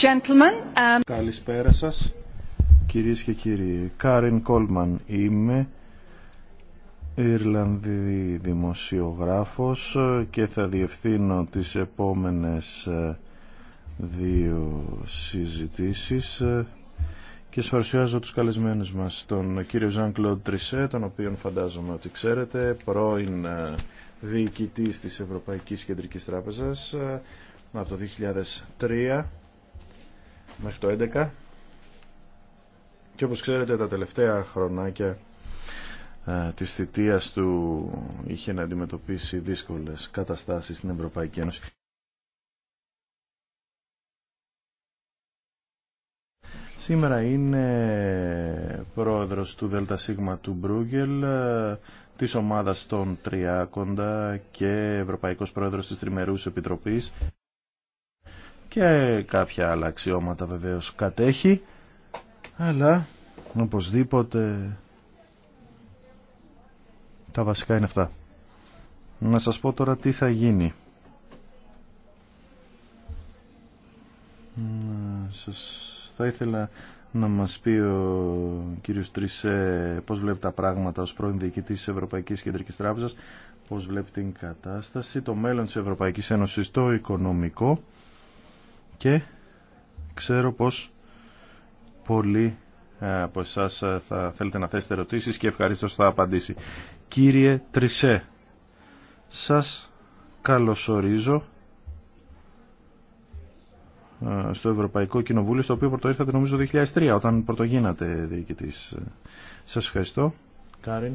gentlemen. Um, Καλησπέρα σας, κυρίες και κύριοι. Κάριν Κόλμαν είμαι, Ιρλανδή δημοσιογράφος και θα διευθύνω τις επόμενες ε, δύο συζητήσεις ε, και σφαρσιάζω τους καλεσμένους μας, τον κύριο Ζαν Κλοντ Τρισέ, τον οποίον φαντάζομαι ότι ξέρετε, πρώην ε, διοικητής της Ευρωπαϊκής Κεντρικής Τράπεζας, από το 2003 μέχρι το 2011 και όπως ξέρετε τα τελευταία χρονάκια ε, της θητείας του είχε να αντιμετωπίσει δύσκολες καταστάσεις στην Ευρωπαϊκή Ένωση. Σήμερα είναι πρόεδρος του ΔΣ του Μπρούγκελ, ε, της ομάδας των Τριάκοντα και ευρωπαϊκός πρόεδρος της Τριμερούς Επιτροπής και κάποια άλλα αξιώματα βεβαίως κατέχει αλλά οπωσδήποτε τα βασικά είναι αυτά. Να σας πω τώρα τι θα γίνει. Θα ήθελα να μας πει ο κύριος Τρισέ πώς βλέπει τα πράγματα ως πρώην διοικητής της Ευρωπαϊκής Κεντρικής Τράπεζας, πώς βλέπει την κατάσταση, το μέλλον της Ευρωπαϊκής Ένωσης, το οικονομικό και ξέρω πως πολλοί ε, από εσάς ε, θα θέλετε να θέσετε ερωτήσεις και ευχαρίστως θα απαντήσει. Κύριε Τρισέ, σας καλωσορίζω ε, στο Ευρωπαϊκό Κοινοβούλιο, στο οποίο πρωτοήρθατε νομίζω το 2003, όταν πρωτογίνατε διοικητής. Σας ευχαριστώ. Κάριν.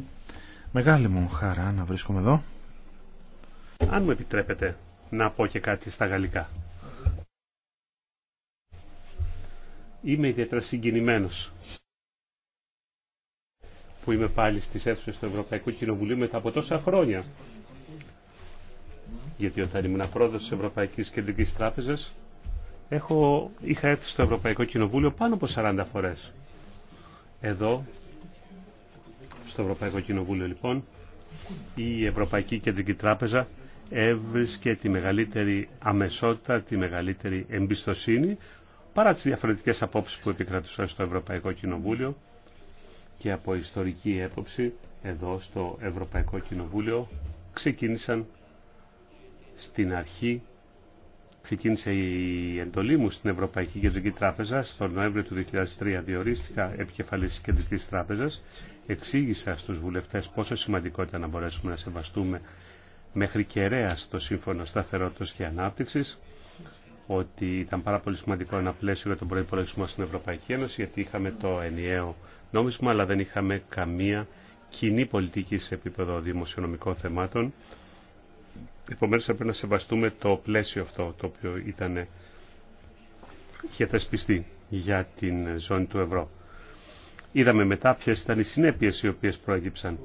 Μεγάλη μου χαρά να βρίσκομαι εδώ. Αν μου επιτρέπετε να πω και κάτι στα γαλλικά. είμαι ιδιαίτερα συγκινημένο που είμαι πάλι στις αίθουσες του Ευρωπαϊκού Κοινοβουλίου μετά από τόσα χρόνια. Γιατί όταν ήμουν πρόεδρος της Ευρωπαϊκής Κεντρικής Τράπεζας έχω, είχα έρθει στο Ευρωπαϊκό Κοινοβούλιο πάνω από 40 φορές. Εδώ, στο Ευρωπαϊκό Κοινοβούλιο λοιπόν, η Ευρωπαϊκή Κεντρική Τράπεζα έβρισκε τη μεγαλύτερη αμεσότητα, τη μεγαλύτερη εμπιστοσύνη παρά τις διαφορετικές απόψεις που επικρατούσαν στο Ευρωπαϊκό Κοινοβούλιο και από ιστορική έποψη εδώ στο Ευρωπαϊκό Κοινοβούλιο ξεκίνησαν στην αρχή ξεκίνησε η εντολή μου στην Ευρωπαϊκή Κεντρική Τράπεζα. Στον Νοέμβριο του 2003 διορίστηκα επικεφαλής της Κεντρικής Τράπεζας. Εξήγησα στους βουλευτές πόσο σημαντικό ήταν να μπορέσουμε να σεβαστούμε μέχρι κεραία στο Σύμφωνο Σταθερότητας και Ανάπτυξης ότι ήταν πάρα πολύ σημαντικό ένα πλαίσιο για τον προϋπολογισμό στην Ευρωπαϊκή Ένωση γιατί είχαμε το ενιαίο νόμισμα αλλά δεν είχαμε καμία κοινή πολιτική σε επίπεδο δημοσιονομικών θεμάτων. Επομένως έπρεπε να σεβαστούμε το πλαίσιο αυτό το οποίο ήταν είχε θεσπιστεί για την ζώνη του ευρώ. Είδαμε μετά ποιες ήταν οι συνέπειες οι οποίες προέγυψαν.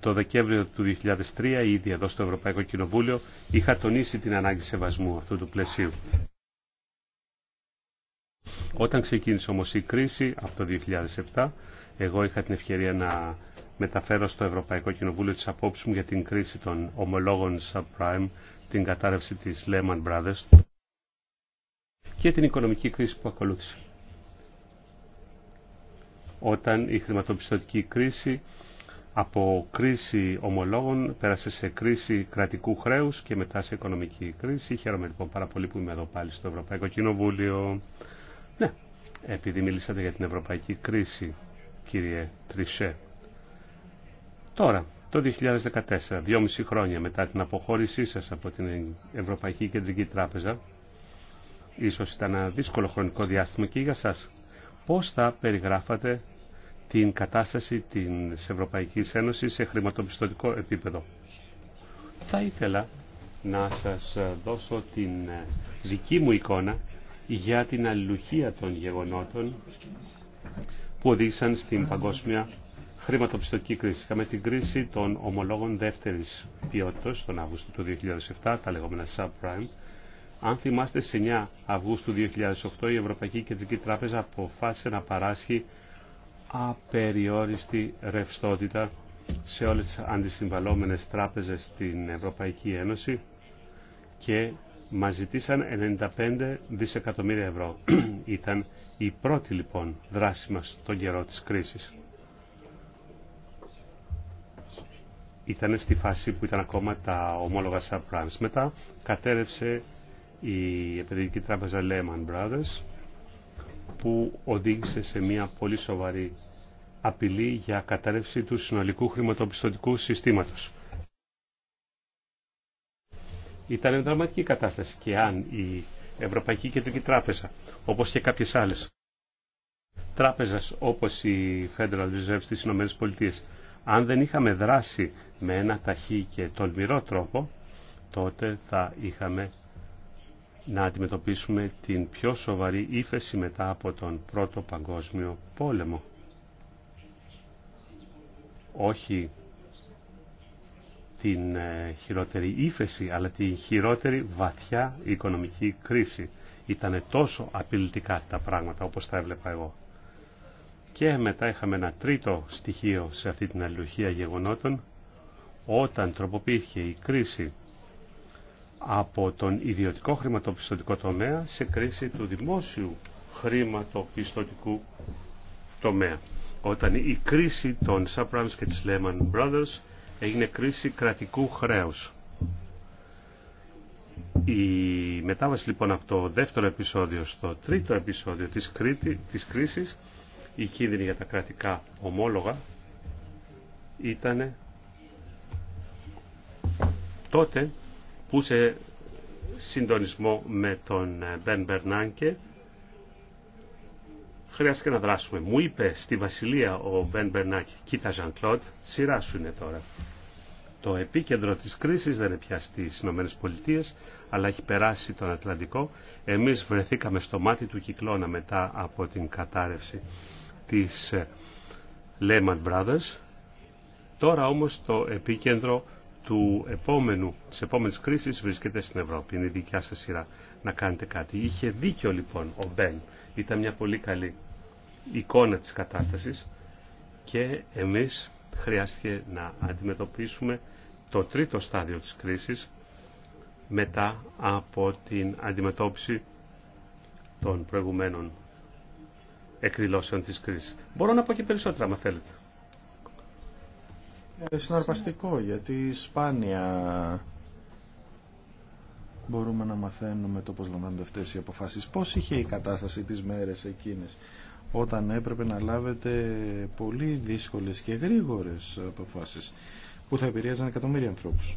Το Δεκέμβριο του 2003 ήδη εδώ στο Ευρωπαϊκό Κοινοβούλιο είχα τονίσει την ανάγκη σεβασμού αυτού του πλαισίου. Όταν ξεκίνησε όμως η κρίση από το 2007, εγώ είχα την ευκαιρία να μεταφέρω στο Ευρωπαϊκό Κοινοβούλιο τις απόψεις μου για την κρίση των ομολόγων subprime, την κατάρρευση της Lehman Brothers και την οικονομική κρίση που ακολούθησε. Όταν η χρηματοπιστωτική κρίση από κρίση ομολόγων πέρασε σε κρίση κρατικού χρέους και μετά σε οικονομική κρίση. Χαίρομαι λοιπόν πάρα πολύ που είμαι εδώ πάλι στο Ευρωπαϊκό Κοινοβούλιο. Ναι, επειδή μιλήσατε για την ευρωπαϊκή κρίση, κύριε Τρισέ. Τώρα, το 2014, δυόμιση χρόνια μετά την αποχώρησή σας από την Ευρωπαϊκή Κεντρική Τράπεζα, ίσως ήταν ένα δύσκολο χρονικό διάστημα και για σας, πώς θα περιγράφατε την κατάσταση της Ευρωπαϊκής Ένωσης σε χρηματοπιστωτικό επίπεδο. Θα ήθελα να σας δώσω την δική μου εικόνα για την αλληλουχία των γεγονότων που οδήγησαν στην παγκόσμια χρηματοπιστωτική κρίση. Είχαμε την κρίση των ομολόγων δεύτερης ποιότητα, τον Αύγουστο του 2007, τα λεγόμενα subprime. Αν θυμάστε, στις 9 Αυγούστου 2008 η Ευρωπαϊκή Κεντρική Τράπεζα αποφάσισε να παράσχει απεριόριστη ρευστότητα σε όλες τις αντισυμβαλόμενες τράπεζες στην Ευρωπαϊκή Ένωση και μας ζητήσαν 95 δισεκατομμύρια ευρώ. Ήταν η πρώτη λοιπόν δράση μας τον καιρό της κρίσης. Ήταν στη φάση που ήταν ακόμα τα ομόλογα subprimes. Μετά κατέρευσε η επενδυτική τράπεζα Lehman Brothers που οδήγησε σε μια πολύ σοβαρή απειλή για κατάρρευση του συνολικού χρηματοπιστωτικού συστήματος ήταν μια δραματική κατάσταση και αν η Ευρωπαϊκή Κεντρική Τράπεζα όπως και κάποιες άλλες τράπεζες όπως η Federal Reserve στις Ηνωμένες Πολιτείες αν δεν είχαμε δράσει με ένα ταχύ και τολμηρό τρόπο τότε θα είχαμε να αντιμετωπίσουμε την πιο σοβαρή ύφεση μετά από τον Πρώτο Παγκόσμιο Πόλεμο. Όχι την ε, χειρότερη ύφεση, αλλά την χειρότερη βαθιά οικονομική κρίση. Ήταν τόσο απειλητικά τα πράγματα όπως τα έβλεπα εγώ. Και μετά είχαμε ένα τρίτο στοιχείο σε αυτή την αλληλουχία γεγονότων, όταν τροποποιήθηκε η κρίση από τον ιδιωτικό χρηματοπιστωτικό τομέα σε κρίση του δημόσιου χρηματοπιστωτικού τομέα. Όταν η κρίση των subprimes και της Lehman Brothers έγινε κρίση κρατικού χρέους. Η μετάβαση λοιπόν από το δεύτερο επεισόδιο στο τρίτο επεισόδιο της, κρίτη, της κρίσης, η κίνδυνη για τα κρατικά ομόλογα, ήταν τότε που σε συντονισμό με τον Μπεν Μπερνάνκε χρειάστηκε να δράσουμε. Μου είπε στη Βασιλεία ο Μπεν Μπερνάκη, κοίτα Ζαν Κλοντ, σειρά σου είναι τώρα. Το επίκεντρο της κρίσης δεν είναι πια στις ΗΠΑ, αλλά έχει περάσει τον Ατλαντικό. Εμείς βρεθήκαμε στο μάτι του κυκλώνα μετά από την κατάρρευση της ε, Lehman Brothers. Τώρα όμως το επίκεντρο του επόμενου, της επόμενης κρίσης βρίσκεται στην Ευρώπη. Είναι η δικιά σας σειρά να κάνετε κάτι. Είχε δίκιο λοιπόν ο Μπεν. Ήταν μια πολύ καλή εικόνα της κατάστασης και εμείς χρειάστηκε να αντιμετωπίσουμε το τρίτο στάδιο της κρίσης μετά από την αντιμετώπιση των προηγουμένων εκδηλώσεων της κρίσης. Μπορώ να πω και περισσότερα, αν θέλετε. Ε, συναρπαστικό, γιατί σπάνια μπορούμε να μαθαίνουμε το πώς λαμβάνονται αυτές οι αποφάσεις. Πώς είχε η κατάσταση τις μέρες εκείνες όταν έπρεπε να λάβετε πολύ δύσκολες και γρήγορες αποφάσεις που θα επηρέαζαν εκατομμύρια ανθρώπους.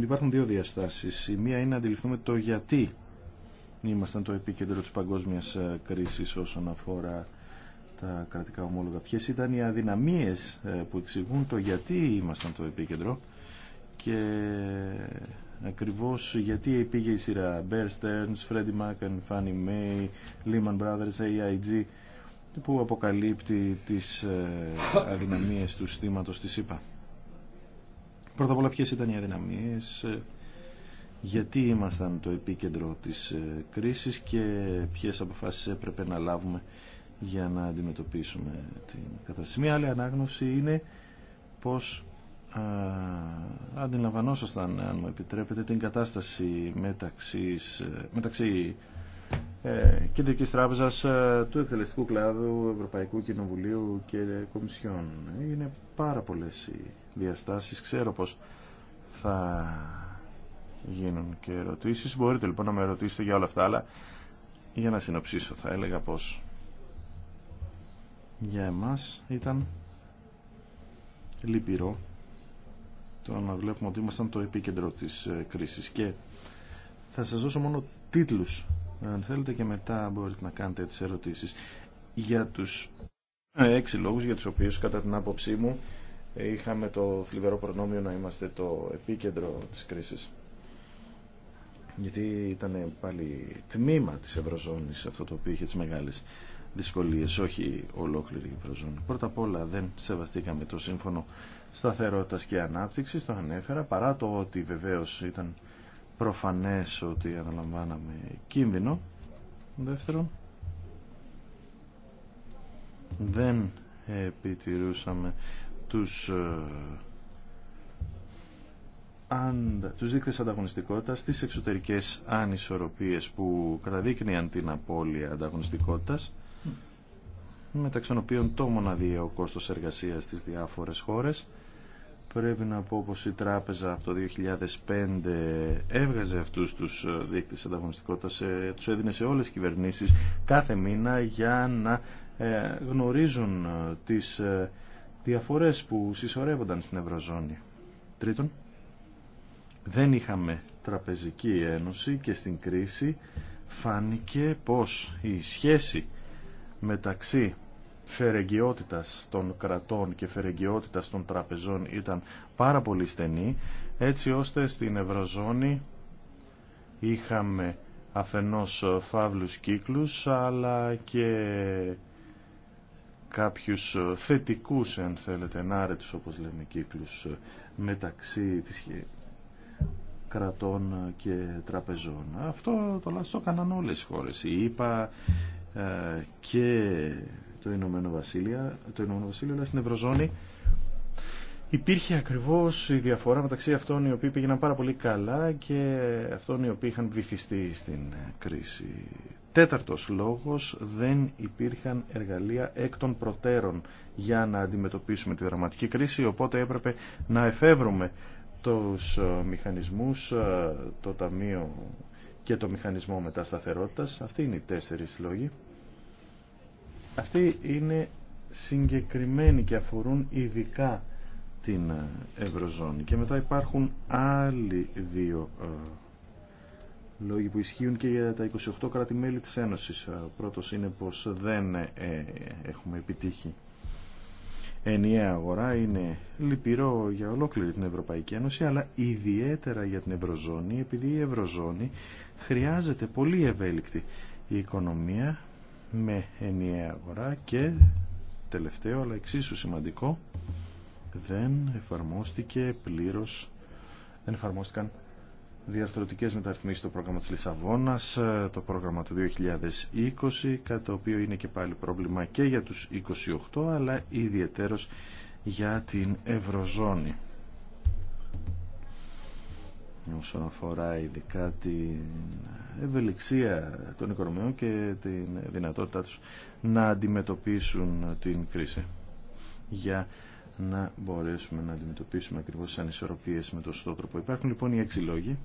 Υπάρχουν δύο διαστάσεις. Η μία είναι να αντιληφθούμε το γιατί ήμασταν το επίκεντρο της παγκόσμιας ε, κρίσης όσον αφορά τα κρατικά ομόλογα. Ποιες ήταν οι αδυναμίες ε, που εξηγούν το γιατί ήμασταν το επίκεντρο και Ακριβώς γιατί πήγε η σειρά Bear Stearns, Freddie Mac and Fannie Mae, Lehman Brothers, AIG που αποκαλύπτει τις ε, αδυναμίες του στήματος της ΕΠΑ. Πρώτα απ' όλα ποιες ήταν οι αδυναμίες, ε, γιατί ήμασταν το επίκεντρο της ε, κρίσης και ποιες αποφάσεις έπρεπε να λάβουμε για να αντιμετωπίσουμε την κατάσταση. Μια ανάγνωση είναι πως αντιλαμβανόσασταν, αν μου επιτρέπετε, την κατάσταση μεταξύς, μεταξύ ε, Κεντρικής Τράπεζας ε, του Εκτελεστικού Κλάδου Ευρωπαϊκού Κοινοβουλίου και Κομισιόν. Είναι πάρα πολλές οι διαστάσεις. Ξέρω πως θα γίνουν και ερωτήσεις. Μπορείτε λοιπόν να με ρωτήσετε για όλα αυτά, αλλά για να συνοψίσω θα έλεγα πως για εμάς ήταν λυπηρό το να βλέπουμε ότι ήμασταν το επίκεντρο της ε, κρίσης και θα σας δώσω μόνο τίτλους αν θέλετε και μετά μπορείτε να κάνετε τις ερωτήσεις για τους ε, έξι λόγους για τους οποίους κατά την άποψή μου ε, είχαμε το θλιβερό προνόμιο να είμαστε το επίκεντρο της κρίσης γιατί ήταν πάλι τμήμα της Ευρωζώνης αυτό το οποίο είχε τις μεγάλες δυσκολίες όχι ολόκληρη η Ευρωζώνη πρώτα απ' όλα δεν σεβαστήκαμε το σύμφωνο σταθερότητας και ανάπτυξης, το ανέφερα, παρά το ότι βεβαίως ήταν προφανές ότι αναλαμβάναμε κίνδυνο. Δεύτερον, δεν επιτηρούσαμε τους, ε, αν, τους δείκτες ανταγωνιστικότητας, τις εξωτερικές ανισορροπίες που καταδείκνυαν την απώλεια ανταγωνιστικότητας μεταξύ των οποίων το μοναδιαίο κόστος εργασίας στις διάφορες χώρες. Πρέπει να πω πως η τράπεζα από το 2005 έβγαζε αυτούς τους δείκτες ανταγωνιστικότητας, ε, τους έδινε σε όλες τις κυβερνήσεις κάθε μήνα για να ε, γνωρίζουν ε, τις διαφορές που συσσωρεύονταν στην Ευρωζώνη. Τρίτον, δεν είχαμε τραπεζική ένωση και στην κρίση φάνηκε πως η σχέση μεταξύ φερεγγιότητας των κρατών και φερεγγιότητας των τραπεζών ήταν πάρα πολύ στενή, έτσι ώστε στην Ευρωζώνη είχαμε αφενός φαύλους κύκλους, αλλά και κάποιους θετικούς, αν θέλετε, ενάρετους, όπως λέμε, κύκλους μεταξύ της κρατών και τραπεζών. Αυτό το λάστο το έκαναν όλες οι χώρες. Η ε, και το Ηνωμένο Βασίλειο, το Ηνωμένο Βασίλειο αλλά στην Ευρωζώνη υπήρχε ακριβώς η διαφορά μεταξύ αυτών οι οποίοι πήγαιναν πάρα πολύ καλά και αυτών οι οποίοι είχαν βυθιστεί στην κρίση. Τέταρτος λόγος, δεν υπήρχαν εργαλεία εκ των προτέρων για να αντιμετωπίσουμε τη δραματική κρίση, οπότε έπρεπε να εφεύρουμε τους ε, μηχανισμούς, ε, το Ταμείο και το Μηχανισμό Μετασταθερότητας. Αυτοί είναι οι τέσσερις λόγοι. Αυτοί είναι συγκεκριμένοι και αφορούν ειδικά την ε, Ευρωζώνη. Και μετά υπάρχουν άλλοι δύο ε, λόγοι που ισχύουν και για τα 28 κράτη-μέλη της Ένωσης. Ε, ο πρώτος είναι πως δεν έχουμε επιτύχει ενιαία αγορά. Είναι λυπηρό για ολόκληρη την Ευρωπαϊκή Ένωση, αλλά ιδιαίτερα για την Ευρωζώνη, επειδή η Ευρωζώνη χρειάζεται πολύ ευέλικτη η οικονομία με ενιαία αγορά και τελευταίο αλλά εξίσου σημαντικό δεν εφαρμόστηκε πλήρως δεν εφαρμόστηκαν διαρθρωτικές μεταρρυθμίσεις στο πρόγραμμα της Λισαβόνας ε, το πρόγραμμα του 2020 κατά το οποίο είναι και πάλι πρόβλημα και για τους 28 αλλά ιδιαίτερος για την Ευρωζώνη όσον αφορά ειδικά την ευελιξία των οικονομιών και την δυνατότητά τους να αντιμετωπίσουν την κρίση για να μπορέσουμε να αντιμετωπίσουμε ακριβώς τις ανισορροπίες με το σωστό τρόπο. Υπάρχουν λοιπόν οι έξι λόγοι,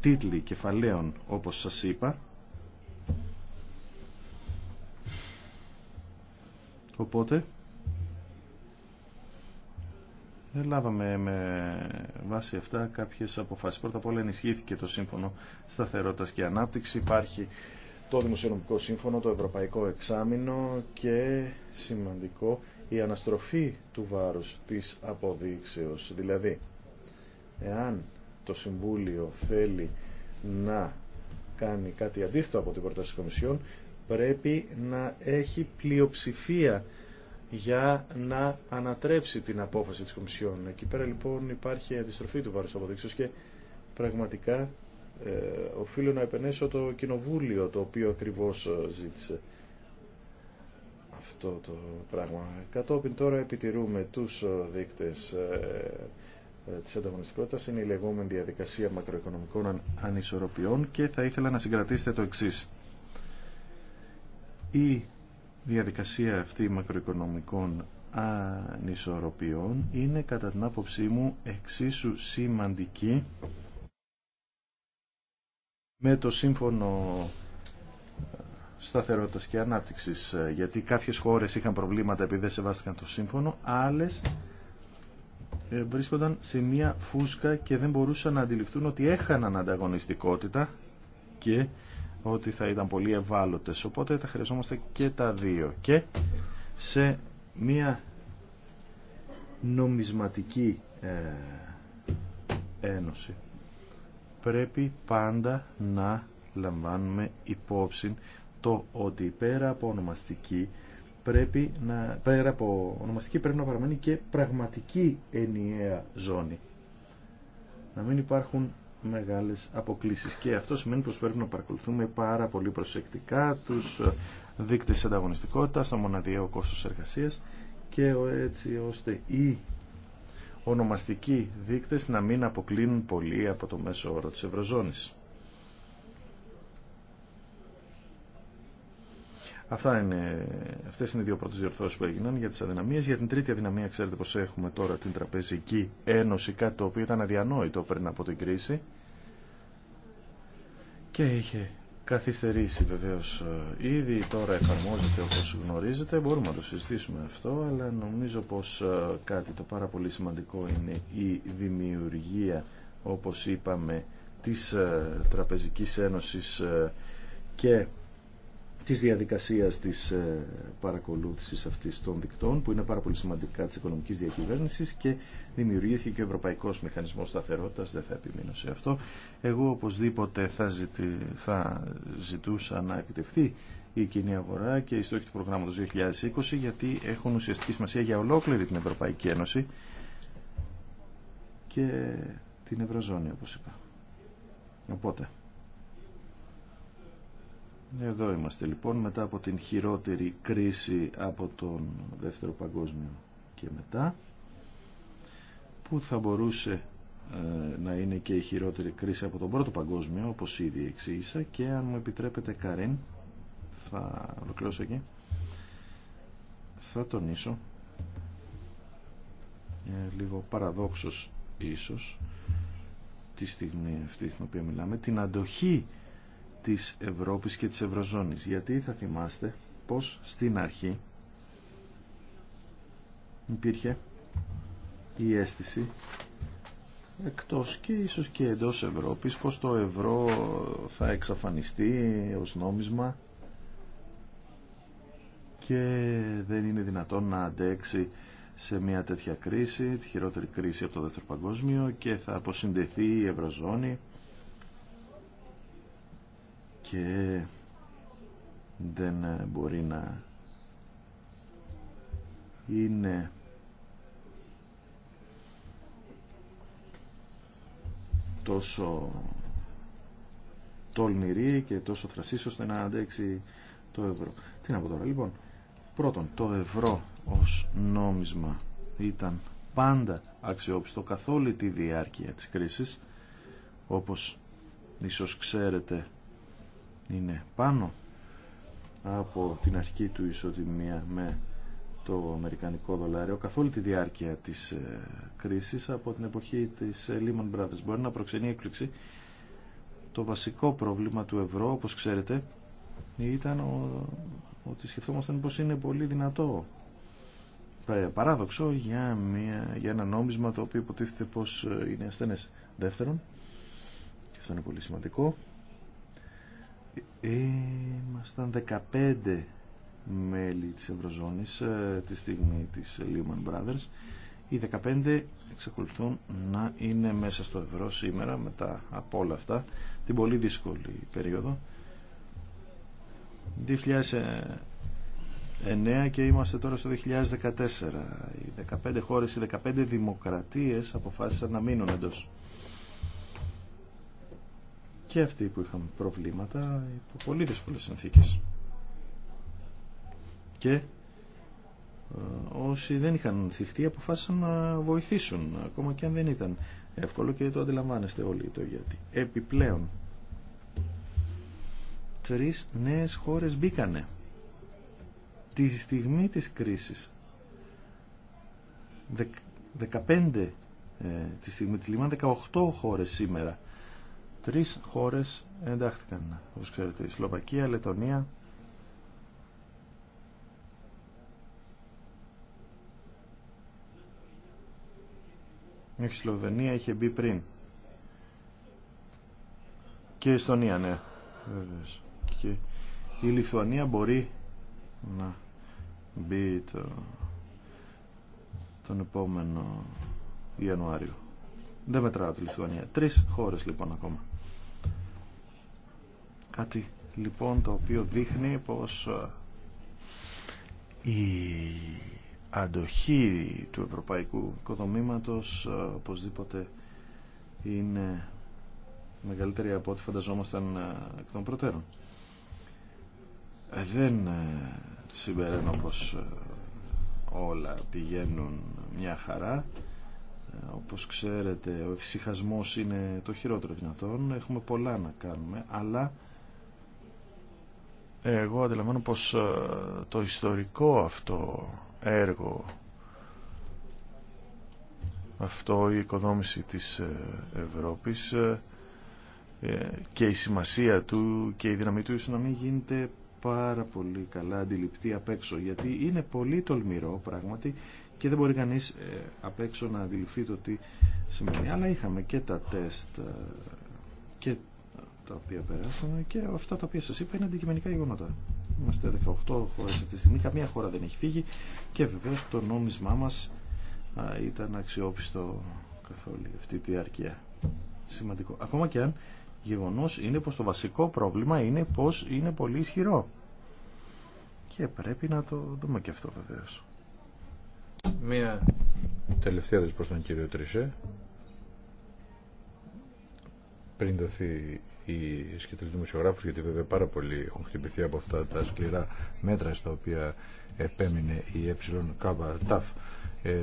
τίτλοι κεφαλαίων όπως σας είπα, οπότε δεν λάβαμε με βάση αυτά κάποιες αποφάσεις. Πρώτα απ' όλα ενισχύθηκε το Σύμφωνο Σταθερότητας και Ανάπτυξη. Υπάρχει το Δημοσιονομικό Σύμφωνο, το Ευρωπαϊκό Εξάμεινο και σημαντικό η αναστροφή του βάρους της αποδείξεως. Δηλαδή, εάν το Συμβούλιο θέλει να κάνει κάτι αντίθετο από την πρόταση της Κομισιόν, πρέπει να έχει πλειοψηφία για να ανατρέψει την απόφαση της Κομισιόν. Εκεί πέρα λοιπόν υπάρχει αντιστροφή του βάρους αποδείξεως και πραγματικά ε, οφείλω να επενέσω το κοινοβούλιο το οποίο ακριβώς ε, ζήτησε αυτό το πράγμα. Κατόπιν τώρα επιτηρούμε τους ε, δείκτες ε, της ανταγωνιστικότητας είναι η λεγόμενη διαδικασία μακροοικονομικών ανισορροπιών και θα ήθελα να συγκρατήσετε το εξής. Η διαδικασία αυτή μακροοικονομικών ανισορροπιών είναι κατά την άποψή μου εξίσου σημαντική με το σύμφωνο ε, σταθερότητας και ανάπτυξης ε, γιατί κάποιες χώρες είχαν προβλήματα επειδή δεν σεβάστηκαν το σύμφωνο άλλες ε, βρίσκονταν σε μία φούσκα και δεν μπορούσαν να αντιληφθούν ότι έχαναν ανταγωνιστικότητα και ότι θα ήταν πολύ ευάλωτες. Οπότε θα χρειαζόμαστε και τα δύο. Και σε μία νομισματική ε, ένωση πρέπει πάντα να λαμβάνουμε υπόψη το ότι πέρα από ονομαστική πρέπει να, πέρα από ονομαστική πρέπει να παραμένει και πραγματική ενιαία ζώνη. Να μην υπάρχουν μεγάλες αποκλήσεις και αυτό σημαίνει πως πρέπει να παρακολουθούμε πάρα πολύ προσεκτικά τους δείκτες ανταγωνιστικότητας, το μοναδιαίο κόστος εργασίας και έτσι ώστε οι ονομαστικοί δείκτες να μην αποκλίνουν πολύ από το μέσο όρο της Ευρωζώνης. Αυτά είναι, αυτές είναι οι δύο πρώτε διορθώσει που έγιναν για τι αδυναμίες. Για την τρίτη αδυναμία ξέρετε πω έχουμε τώρα την Τραπεζική Ένωση, κάτι το οποίο ήταν αδιανόητο πριν από την κρίση και είχε καθυστερήσει βεβαίω ε, ήδη, τώρα εφαρμόζεται όπω γνωρίζετε, μπορούμε να το συζητήσουμε αυτό, αλλά νομίζω πω ε, κάτι το πάρα πολύ σημαντικό είναι η δημιουργία, όπω είπαμε, τη ε, τραπεζική Ένωση και της διαδικασίας της ε, παρακολούθησης αυτής των δικτών που είναι πάρα πολύ σημαντικά της οικονομικής διακυβέρνησης και δημιουργήθηκε και ο Ευρωπαϊκός Μηχανισμός Σταθερότητας, δεν θα επιμείνω σε αυτό. Εγώ οπωσδήποτε θα, θα ζητούσα να επιτευχθεί η κοινή αγορά και η στόχη του προγράμματος 2020 γιατί έχουν ουσιαστική σημασία για ολόκληρη την Ευρωπαϊκή Ένωση και την Ευρωζώνη όπως είπα. Οπότε, εδώ είμαστε λοιπόν μετά από την χειρότερη κρίση από τον Δεύτερο Παγκόσμιο και μετά που θα μπορούσε ε, να είναι και η χειρότερη κρίση από τον Πρώτο Παγκόσμιο όπως ήδη εξήγησα και αν μου επιτρέπετε Καρίν θα ολοκληρώσω εκεί θα τονίσω ε, λίγο παραδόξως ίσως τη στιγμή αυτή την οποία μιλάμε την αντοχή της Ευρώπης και της Ευρωζώνης. Γιατί θα θυμάστε πως στην αρχή υπήρχε η αίσθηση εκτός και ίσως και εντός Ευρώπης πως το ευρώ θα εξαφανιστεί ως νόμισμα και δεν είναι δυνατόν να αντέξει σε μια τέτοια κρίση, τη χειρότερη κρίση από το Δεύτερο Παγκόσμιο και θα αποσυνδεθεί η Ευρωζώνη και δεν ε, μπορεί να είναι τόσο τολμηρή και τόσο θρασής ώστε να αντέξει το ευρώ. Τι να πω τώρα λοιπόν. Πρώτον, το ευρώ ως νόμισμα ήταν πάντα αξιόπιστο καθ' όλη τη διάρκεια της κρίσης όπως ίσως ξέρετε είναι πάνω από την αρχή του ισοτιμία με το αμερικανικό δολάριο καθ' όλη τη διάρκεια της ε, κρίσης από την εποχή της ε, Lehman Brothers. Μπορεί να προξενεί έκπληξη το βασικό πρόβλημα του ευρώ, όπως ξέρετε, ήταν ότι σκεφτόμασταν πως είναι πολύ δυνατό ε, παράδοξο για, μια, για ένα νόμισμα το οποίο υποτίθεται πως είναι ασθενές. Δεύτερον, και αυτό είναι πολύ σημαντικό, Ήμασταν 15 μέλη της Ευρωζώνης ε, τη στιγμή της Lehman Brothers. Οι 15 εξακολουθούν να είναι μέσα στο ευρώ σήμερα μετά από όλα αυτά την πολύ δύσκολη περίοδο. 2009 και είμαστε τώρα στο 2014. Οι 15 χώρες, οι 15 δημοκρατίες αποφάσισαν να μείνουν εντός και αυτοί που είχαν προβλήματα υπό πολύ δύσκολες συνθήκες. Και ε, όσοι δεν είχαν θυχτεί αποφάσισαν να βοηθήσουν ακόμα και αν δεν ήταν εύκολο και το αντιλαμβάνεστε όλοι το γιατί. Επιπλέον τρεις νέες χώρες μπήκανε τη στιγμή της κρίσης 15 ε, τη στιγμή της Λίμαν 18 χώρες σήμερα Τρεις χώρες εντάχθηκαν, όπως ξέρετε, η Σλοβακία, η Λετωνία Η Σλοβενία είχε μπει πριν. Και η Εστονία, ναι. Και η Λιθουανία μπορεί να μπει το... τον επόμενο Ιανουάριο. Δεν μετράω τη Λιθουανία. Τρεις χώρες λοιπόν ακόμα. Κάτι λοιπόν το οποίο δείχνει πως ε, η αντοχή του ευρωπαϊκού οικοδομήματος ε, οπωσδήποτε είναι μεγαλύτερη από ό,τι φανταζόμασταν ε, εκ των προτέρων. Δεν συμπεραίνω πως όλα πηγαίνουν μια χαρά. Όπως ξέρετε ο εφησυχασμός είναι το χειρότερο δυνατόν. Έχουμε πολλά να κάνουμε, αλλά εγώ αντιλαμβάνω πως ε, το ιστορικό αυτό έργο, αυτό η οικοδόμηση της ε, Ευρώπης ε, και η σημασία του και η δύναμη του ίσως να μην γίνεται πάρα πολύ καλά αντιληπτή απ' έξω γιατί είναι πολύ τολμηρό πράγματι και δεν μπορεί κανείς απ' έξω να αντιληφθεί το τι σημαίνει αλλά είχαμε και τα τεστ και τα οποία περάσαμε και αυτά τα οποία σας είπα είναι αντικειμενικά γεγονότα. Είμαστε 18 χώρες αυτή τη στιγμή, καμία χώρα δεν έχει φύγει και βεβαίως το νόμισμά μας ήταν αξιόπιστο καθόλου. αυτή τη διάρκεια. Σημαντικό. Ακόμα και αν γεγονός είναι πως το βασικό πρόβλημα είναι πως είναι πολύ ισχυρό. Και πρέπει να το δούμε και αυτό βεβαίως. Μία τελευταία δες προς τον κύριο Τρισέ πριν δοθεί οι σχετικοί δημοσιογράφους γιατί βέβαια πάρα πολλοί έχουν χτυπηθεί από αυτά τα σκληρά μέτρα στα οποία επέμεινε η ΕΚΤ ε,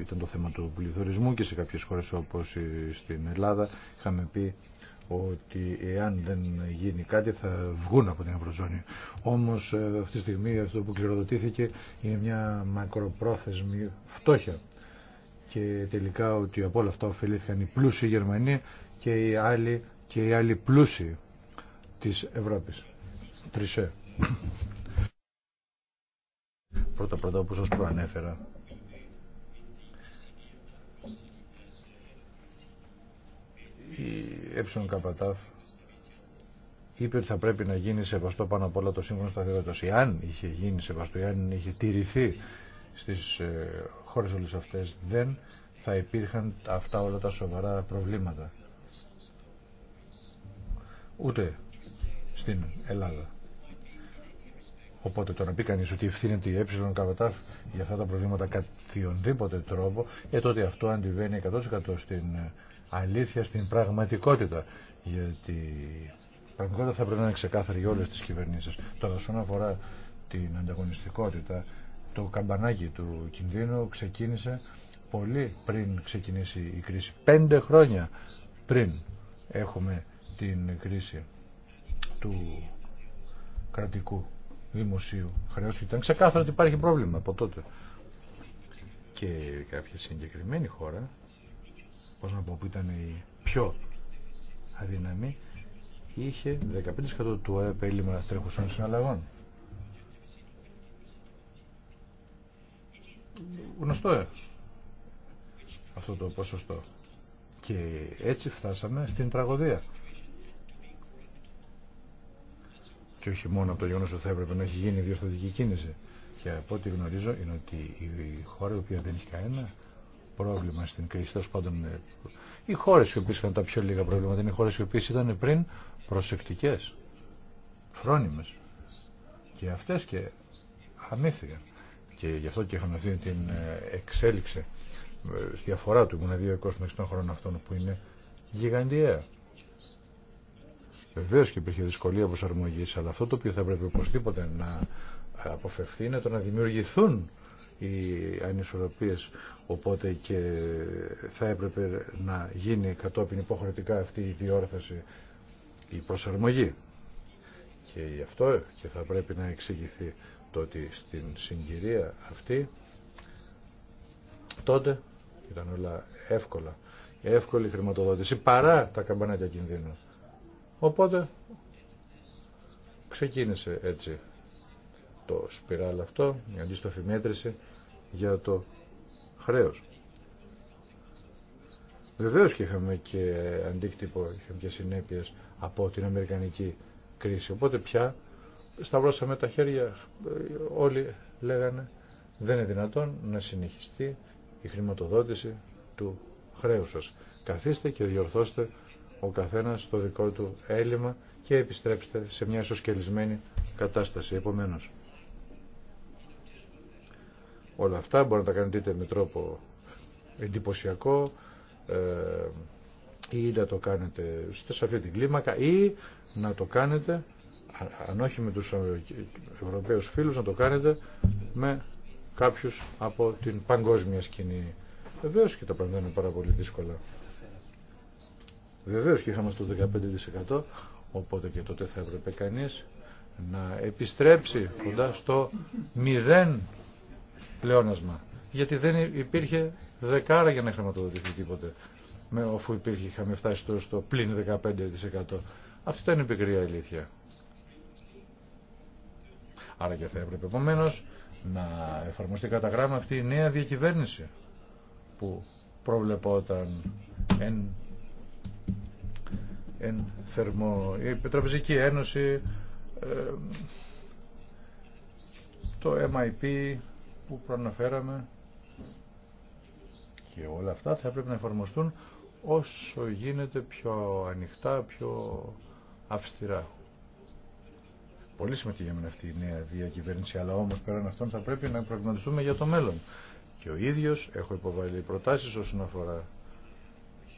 ήταν το θέμα του πληθωρισμού και σε κάποιες χώρες όπως στην Ελλάδα είχαμε πει ότι εάν δεν γίνει κάτι θα βγουν από την Ευρωζώνη. Όμως ε, αυτή τη στιγμή αυτό που κληροδοτήθηκε είναι μια μακροπρόθεσμη φτώχεια και τελικά ότι από όλα αυτά ωφελήθηκαν οι πλούσιοι Γερμανοί και οι άλλοι και οι άλλοι πλούσιοι της Ευρώπης. Τρισέ. Πρώτα πρώτα όπως σας προανέφερα. Η Καπατάφ είπε ότι θα πρέπει να γίνει σεβαστό πάνω απ' όλα το σύμφωνο σταθερότητας. Εάν είχε γίνει σεβαστό, εάν είχε τηρηθεί στις ε, χώρες όλες αυτές, δεν θα υπήρχαν αυτά όλα τα σοβαρά προβλήματα ούτε στην Ελλάδα. Οπότε το να πει κανεί ότι ευθύνεται η ΕΚΤ για αυτά τα προβλήματα καθιονδήποτε τρόπο, ε, τότε αυτό αντιβαίνει 100% στην ε, αλήθεια, στην πραγματικότητα. Γιατί η πραγματικότητα θα πρέπει να είναι ξεκάθαρη για όλε τι κυβερνήσει. Τώρα, όσον αφορά την ανταγωνιστικότητα, το καμπανάκι του κινδύνου ξεκίνησε πολύ πριν ξεκινήσει η κρίση. Πέντε χρόνια πριν έχουμε την κρίση του κρατικού δημοσίου χρέους. Ήταν ξεκάθαρο ότι υπάρχει πρόβλημα από τότε. Και κάποια συγκεκριμένη χώρα, πώς να πω που ήταν η πιο αδύναμη, είχε 15% του ΑΕΠ έλλειμμα τρέχουσών συναλλαγών. Γνωστό ε, αυτό το ποσοστό. Και έτσι φτάσαμε στην τραγωδία. και όχι μόνο από το γεγονό ότι θα έπρεπε να έχει γίνει διορθωτική κίνηση. Και από ό,τι γνωρίζω είναι ότι η χώρα η οποία δεν έχει κανένα πρόβλημα στην κρίση, τέλο πάντων ε, οι χώρε οι οποίε είχαν τα πιο λίγα προβλήματα είναι οι χώρε οι οποίε ήταν πριν προσεκτικέ, φρόνιμε. Και αυτέ και αμύθηκαν. Και γι' αυτό και είχαμε αυτή την ε, εξέλιξη, ε, διαφορά του μοναδίου 26 των χρόνων αυτών που είναι γιγαντιαία. Βεβαίω και υπήρχε δυσκολία προσαρμογή, αλλά αυτό το οποίο θα πρέπει οπωσδήποτε να αποφευθεί είναι το να δημιουργηθούν οι ανισορροπίες οπότε και θα έπρεπε να γίνει κατόπιν υποχρεωτικά αυτή η διόρθωση η προσαρμογή και γι' αυτό και θα πρέπει να εξηγηθεί το ότι στην συγκυρία αυτή τότε ήταν όλα εύκολα εύκολη χρηματοδότηση παρά τα καμπανάκια κινδύνου Οπότε ξεκίνησε έτσι το σπιράλ αυτό, η αντίστοφη μέτρηση για το χρέος. Βεβαίως και είχαμε και αντίκτυπο, είχαμε και συνέπειες από την Αμερικανική κρίση. Οπότε πια σταυρώσαμε τα χέρια, όλοι λέγανε δεν είναι δυνατόν να συνεχιστεί η χρηματοδότηση του χρέους σας. Καθίστε και διορθώστε ο καθένας το δικό του έλλειμμα και επιστρέψτε σε μια ισοσκελισμένη κατάσταση. Επομένως, όλα αυτά μπορεί να τα κάνετε με τρόπο εντυπωσιακό ε, ή να το κάνετε σε αυτή την κλίμακα ή να το κάνετε αν όχι με τους ε, Ευρωπαίους φίλους να το κάνετε με κάποιους από την παγκόσμια σκηνή. Βεβαίως και τα πράγματα είναι πάρα πολύ δύσκολα. Βεβαίως και είχαμε στο 15% οπότε και τότε θα έπρεπε κανείς να επιστρέψει κοντά στο μηδέν πλεόνασμα. Γιατί δεν υπήρχε δεκάρα για να χρηματοδοτηθεί τίποτε. Με, αφού υπήρχε, είχαμε φτάσει στο, στο πλήν 15%. Αυτή ήταν η πικρή αλήθεια. Άρα και θα έπρεπε επομένω να εφαρμοστεί κατά γράμμα αυτή η νέα διακυβέρνηση που προβλεπόταν εν εν θερμό. Η Τραπεζική Ένωση, ε, το MIP που προαναφέραμε και όλα αυτά θα πρέπει να εφαρμοστούν όσο γίνεται πιο ανοιχτά, πιο αυστηρά. Πολύ σημαντική για μένα αυτή η νέα διακυβέρνηση, αλλά όμως πέραν αυτών θα πρέπει να προγραμματιστούμε για το μέλλον. Και ο ίδιος έχω υποβάλει προτάσεις όσον αφορά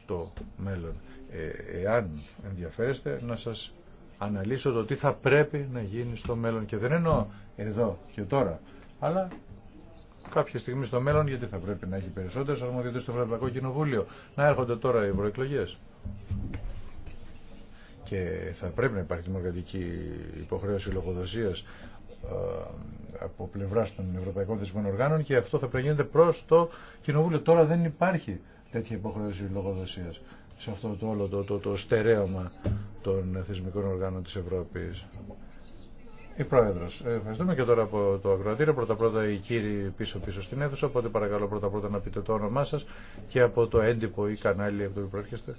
στο μέλλον. Ε, εάν ενδιαφέρεστε να σας αναλύσω το τι θα πρέπει να γίνει στο μέλλον και δεν εννοώ εδώ και τώρα, αλλά κάποια στιγμή στο μέλλον γιατί θα πρέπει να έχει περισσότερες αρμοδιότητες στο Ευρωπαϊκό Κοινοβούλιο να έρχονται τώρα οι ευρωεκλογέ. Και θα πρέπει να υπάρχει δημοκρατική υποχρέωση λογοδοσίας ε, από πλευρά των Ευρωπαϊκών Θεσμών Οργάνων και αυτό θα πρέπει να γίνεται προ το Κοινοβούλιο. Τώρα δεν υπάρχει τέτοια υποχρέωση λογοδοσίας σε αυτό το όλο το, το, στερέωμα των θεσμικών οργάνων της Ευρώπης. Η Πρόεδρος. Ε, ευχαριστούμε και τώρα από το Ακροατήριο. Πρώτα-πρώτα οι κύριοι πίσω-πίσω στην αίθουσα, οπότε παρακαλώ πρώτα-πρώτα να πείτε το όνομά σας και από το έντυπο ή κανάλι από το οποίο προέρχεστε.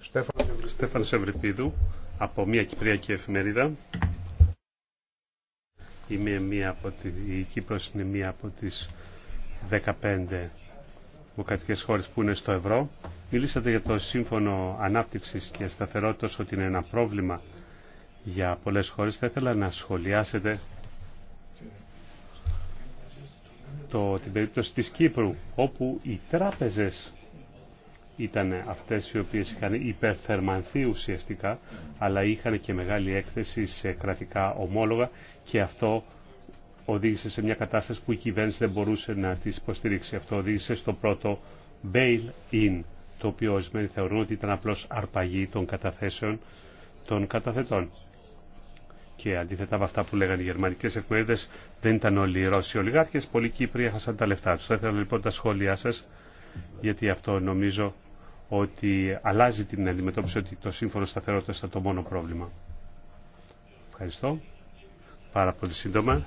Στέφαν. Στέφαν Σευρυπίδου, από μια Κυπριακή εφημερίδα. Είμαι μία από τη... Η Κύπρος είναι μία από τις 15 δημοκρατικές χώρες που είναι στο ευρώ. Μιλήσατε για το σύμφωνο ανάπτυξης και σταθερότητα ότι είναι ένα πρόβλημα για πολλές χώρες. Θα ήθελα να σχολιάσετε το, την περίπτωση της Κύπρου, όπου οι τράπεζες ήταν αυτές οι οποίες είχαν υπερθερμανθεί ουσιαστικά, αλλά είχαν και μεγάλη έκθεση σε κρατικά ομόλογα και αυτό οδήγησε σε μια κατάσταση που η κυβέρνηση δεν μπορούσε να τις υποστηρίξει. Αυτό οδήγησε στο πρώτο bail-in, το οποίο ορισμένοι θεωρούν ότι ήταν απλώς αρπαγή των καταθέσεων των καταθετών. Και αντίθετα από αυτά που λέγανε οι γερμανικές εφημερίδες, δεν ήταν όλοι οι Ρώσοι ολιγάρχες, πολλοί Κύπροι έχασαν τα λεφτά τους. Θα ήθελα λοιπόν τα σχόλιά σας, γιατί αυτό νομίζω ότι αλλάζει την αντιμετώπιση ότι το σύμφωνο σταθερότητα ήταν το μόνο πρόβλημα. Ευχαριστώ. Πάρα πολύ σύντομα.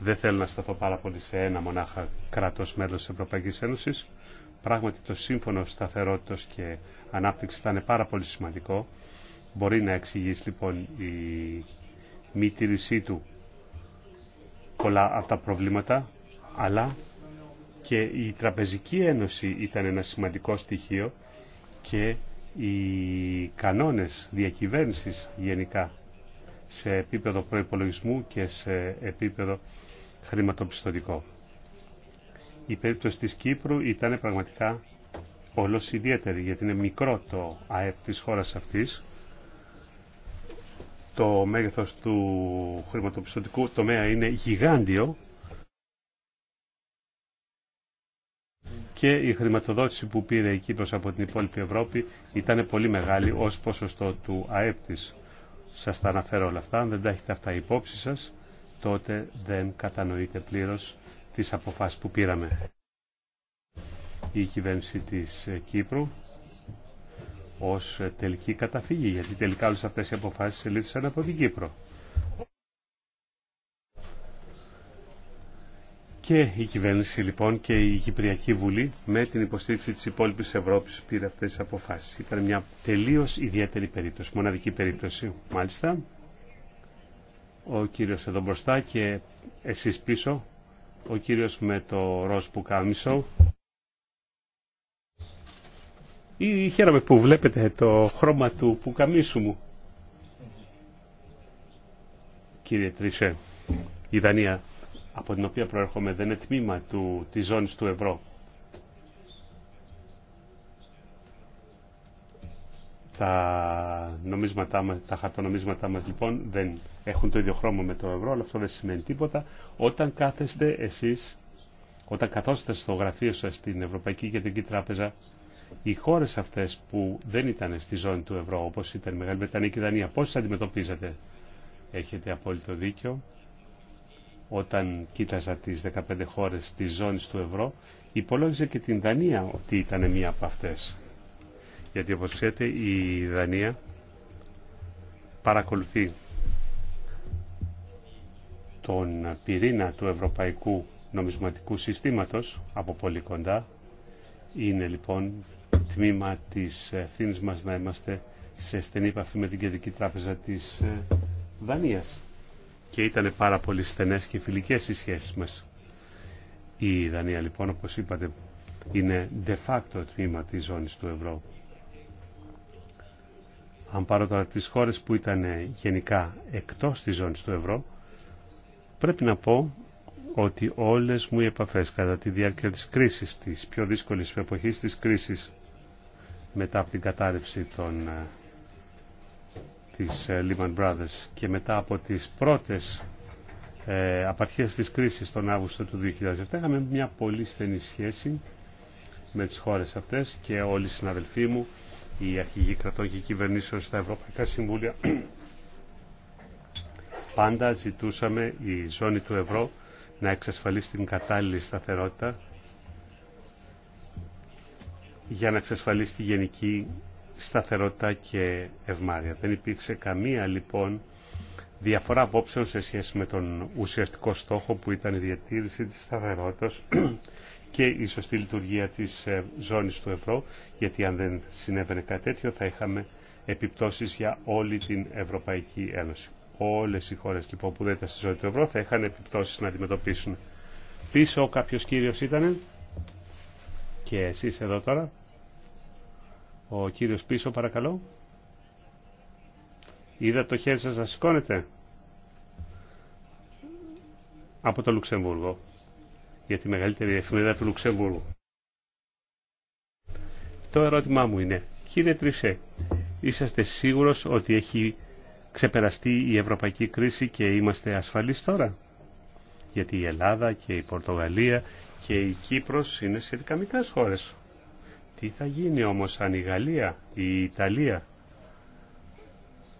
Δεν θέλω να σταθώ πάρα πολύ σε ένα μονάχα κράτος μέλος της Ευρωπαϊκής Ένωσης. Πράγματι το σύμφωνο σταθερότητας και ανάπτυξης θα είναι πάρα πολύ σημαντικό. Μπορεί να εξηγήσει λοιπόν η μη τήρησή του πολλά από τα προβλήματα, αλλά και η Τραπεζική Ένωση ήταν ένα σημαντικό στοιχείο και οι κανόνες διακυβέρνησης γενικά σε επίπεδο προϋπολογισμού και σε επίπεδο χρηματοπιστωτικό. Η περίπτωση της Κύπρου ήταν πραγματικά όλος ιδιαίτερη, γιατί είναι μικρό το ΑΕΠ της χώρας αυτής. Το μέγεθος του χρηματοπιστωτικού τομέα είναι γιγάντιο και η χρηματοδότηση που πήρε η Κύπρος από την υπόλοιπη Ευρώπη ήταν πολύ μεγάλη ως ποσοστό του ΑΕΠ της σας τα αναφέρω όλα αυτά, αν δεν τα έχετε αυτά υπόψη σας, τότε δεν κατανοείτε πλήρως τις αποφάσεις που πήραμε. Η κυβέρνηση της ε, Κύπρου ως ε, τελική καταφύγη, γιατί τελικά όλες αυτές οι αποφάσεις ελήφθησαν από την Κύπρο. Και η κυβέρνηση λοιπόν και η Κυπριακή Βουλή με την υποστήριξη της υπόλοιπης Ευρώπης πήρε αυτές τις αποφάσεις. Ήταν μια τελείως ιδιαίτερη περίπτωση, μοναδική περίπτωση. Μάλιστα, ο κύριος εδώ μπροστά και εσείς πίσω, ο κύριος με το ροζ που κάμισο. Ή χαίρομαι που βλέπετε το χρώμα του πουκαμίσου μου. Κύριε Τρίσε, η Δανία από την οποία προέρχομαι δεν είναι τμήμα του, της ζώνης του ευρώ. Τα, νομίσματά μας, τα χαρτονομίσματά μας λοιπόν δεν έχουν το ίδιο χρώμα με το ευρώ, αλλά αυτό δεν σημαίνει τίποτα. Όταν κάθεστε εσείς, όταν καθόσετε στο γραφείο σας στην Ευρωπαϊκή Κεντρική Τράπεζα, οι χώρες αυτές που δεν ήταν στη ζώνη του ευρώ, όπως ήταν η Μεγάλη Βρετανία και η Δανία, πώς αντιμετωπίζετε. Έχετε απόλυτο δίκιο όταν κοίταζα τις 15 χώρες της ζώνης του ευρώ, υπολόγιζε και την Δανία ότι ήταν μία από αυτές. Γιατί όπως ξέρετε η Δανία παρακολουθεί τον πυρήνα του Ευρωπαϊκού Νομισματικού Συστήματος από πολύ κοντά. Είναι λοιπόν τμήμα της ευθύνη μας να είμαστε σε στενή επαφή με την Κεντρική Τράπεζα της ε, Δανίας και ήταν πάρα πολύ στενές και φιλικές οι σχέσεις μας. Η Δανία λοιπόν, όπως είπατε, είναι de facto τμήμα της ζώνης του ευρώ. Αν πάρω τώρα τις χώρες που ήταν ε, γενικά εκτός της ζώνης του ευρώ, πρέπει να πω ότι όλες μου οι επαφές κατά τη διάρκεια της κρίσης, της πιο δύσκολης εποχής της κρίσης, μετά από την κατάρρευση των ε, της ε, Lehman Brothers και μετά από τις πρώτες ε, απαρχές της κρίσης τον Αύγουστο του 2007 είχαμε μια πολύ στενή σχέση με τις χώρες αυτές και όλοι οι συναδελφοί μου, οι αρχηγοί κρατών και κυβερνήσεων στα Ευρωπαϊκά Συμβούλια πάντα ζητούσαμε η ζώνη του ευρώ να εξασφαλίσει την κατάλληλη σταθερότητα για να εξασφαλίσει τη γενική σταθερότητα και ευμάρεια. Δεν υπήρξε καμία λοιπόν διαφορά απόψεων σε σχέση με τον ουσιαστικό στόχο που ήταν η διατήρηση της σταθερότητας και η σωστή λειτουργία της ε, ζώνης του ευρώ, γιατί αν δεν συνέβαινε κάτι τέτοιο θα είχαμε επιπτώσεις για όλη την Ευρωπαϊκή Ένωση. Όλες οι χώρες λοιπόν που δεν ήταν στη ζώνη του ευρώ θα είχαν επιπτώσεις να αντιμετωπίσουν. Πίσω κάποιος κύριος ήταν και εσείς εδώ τώρα. Ο κύριος πίσω παρακαλώ. Είδα το χέρι σας να σηκώνετε. Από το Λουξεμβούργο. Για τη μεγαλύτερη εφημερίδα του Λουξεμβούργου. Το ερώτημά μου είναι, κύριε Τρισέ, είσαστε σίγουρος ότι έχει ξεπεραστεί η ευρωπαϊκή κρίση και είμαστε ασφαλείς τώρα. Γιατί η Ελλάδα και η Πορτογαλία και η Κύπρος είναι σχετικά μικρές χώρες. Τι θα γίνει όμως αν η Γαλλία ή η Ιταλία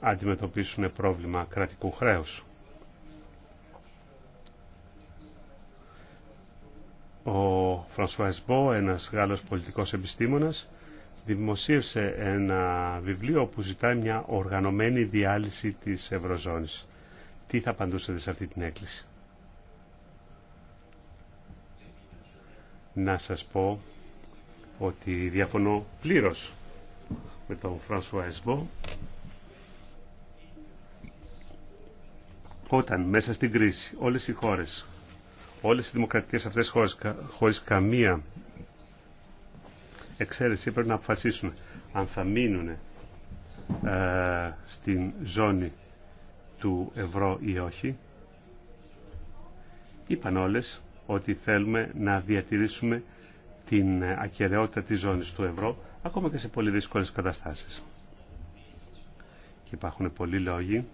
αντιμετωπίσουν πρόβλημα κρατικού χρέους. Ο Φρανσουάς Μπό, ένας Γάλλος πολιτικός επιστήμονας, δημοσίευσε ένα βιβλίο που ζητάει μια οργανωμένη διάλυση της Ευρωζώνης. Τι θα απαντούσατε σε αυτή την έκκληση. Να σας πω ότι διαφωνώ πλήρως με τον Φρανσουά Εσμπό όταν μέσα στην κρίση όλες οι χώρες όλες οι δημοκρατικές αυτές χώρες χωρίς καμία εξαίρεση πρέπει να αποφασίσουν αν θα μείνουν ε, στην ζώνη του ευρώ ή όχι είπαν όλες ότι θέλουμε να διατηρήσουμε την ακαιρεότητα της ζώνης του ευρώ, ακόμα και σε πολύ δύσκολες καταστάσεις. Και υπάρχουν πολλοί λόγοι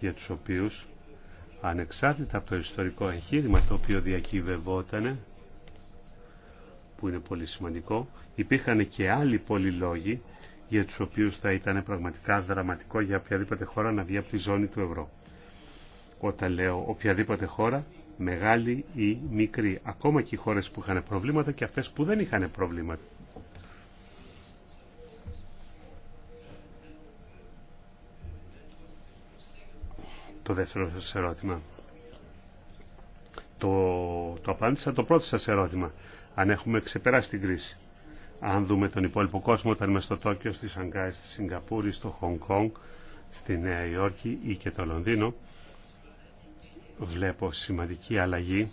για τους οποίους ανεξάρτητα από το ιστορικό εγχείρημα το οποίο διακυβευόταν που είναι πολύ σημαντικό υπήρχαν και άλλοι πολλοί λόγοι για τους οποίους θα ήταν πραγματικά δραματικό για οποιαδήποτε χώρα να βγει από τη ζώνη του ευρώ. Όταν λέω οποιαδήποτε χώρα μεγάλη ή μικρή. Ακόμα και οι χώρες που είχαν προβλήματα και αυτές που δεν είχαν προβλήματα. Το δεύτερο σας ερώτημα. Το, το απάντησα το πρώτο σας ερώτημα. Αν έχουμε ξεπεράσει την κρίση. Αν δούμε τον υπόλοιπο κόσμο, όταν είμαστε στο Τόκιο, στη Σανγκάη, στη Σιγκαπούρη, στο Χονγκ Κόνγκ, στη Νέα Υόρκη ή και το Λονδίνο, βλέπω σημαντική αλλαγή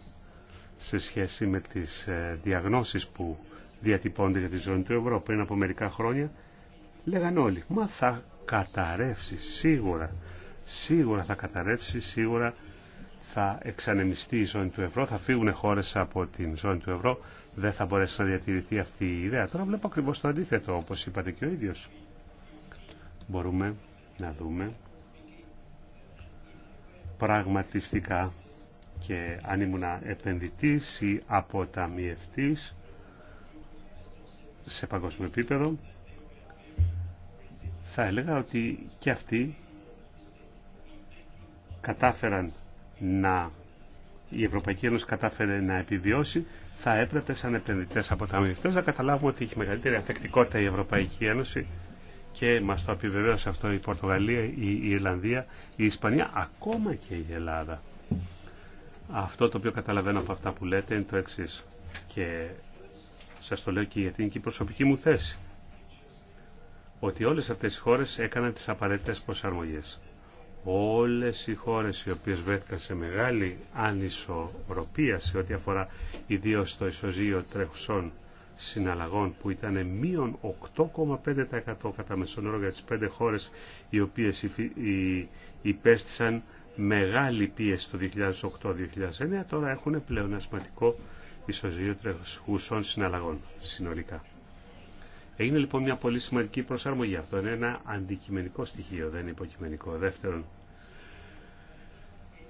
σε σχέση με τις ε, διαγνώσεις που διατυπώνται για τη ζώνη του ευρώ. Πριν από μερικά χρόνια Λέγανε όλοι, μα θα καταρρεύσει σίγουρα, σίγουρα θα καταρρεύσει, σίγουρα θα εξανεμιστεί η ζώνη του ευρώ, θα φύγουν χώρες από την ζώνη του ευρώ, δεν θα μπορέσει να διατηρηθεί αυτή η ιδέα. Τώρα βλέπω ακριβώς το αντίθετο, όπως είπατε και ο ίδιος. Μπορούμε να δούμε πραγματιστικά και αν ήμουν επενδυτής ή αποταμιευτής σε παγκόσμιο επίπεδο θα έλεγα ότι και αυτοί κατάφεραν να η Ευρωπαϊκή Ένωση κατάφερε να επιβιώσει, θα έπρεπε σαν επενδυτές αποταμιευτές να καταλάβουμε ότι έχει μεγαλύτερη ανθεκτικότητα η Ευρωπαϊκή Ένωση και μας το επιβεβαίωσε αυτό η Πορτογαλία, η Ιρλανδία, η Ισπανία, ακόμα και η Ελλάδα. Αυτό το οποίο καταλαβαίνω από αυτά που λέτε είναι το εξή. Και σα το λέω και γιατί είναι και η προσωπική μου θέση. Ότι όλε αυτέ οι χώρε έκαναν τι απαραίτητε προσαρμογέ. Όλε οι χώρε οι οποίε βρέθηκαν σε μεγάλη ανισορροπία σε ό,τι αφορά ιδίω το ισοζύγιο τρέχουσών συναλλαγών που ήταν μείον 8,5% κατά μεσονόρο για τις πέντε χώρες οι οποίες υπέστησαν μεγάλη πίεση το 2008-2009 τώρα έχουν πλεονασματικό ισοζύγιο τρεχουσών συναλλαγών συνολικά. Έγινε λοιπόν μια πολύ σημαντική προσαρμογή. Αυτό είναι ένα αντικειμενικό στοιχείο, δεν είναι υποκειμενικό. Δεύτερον,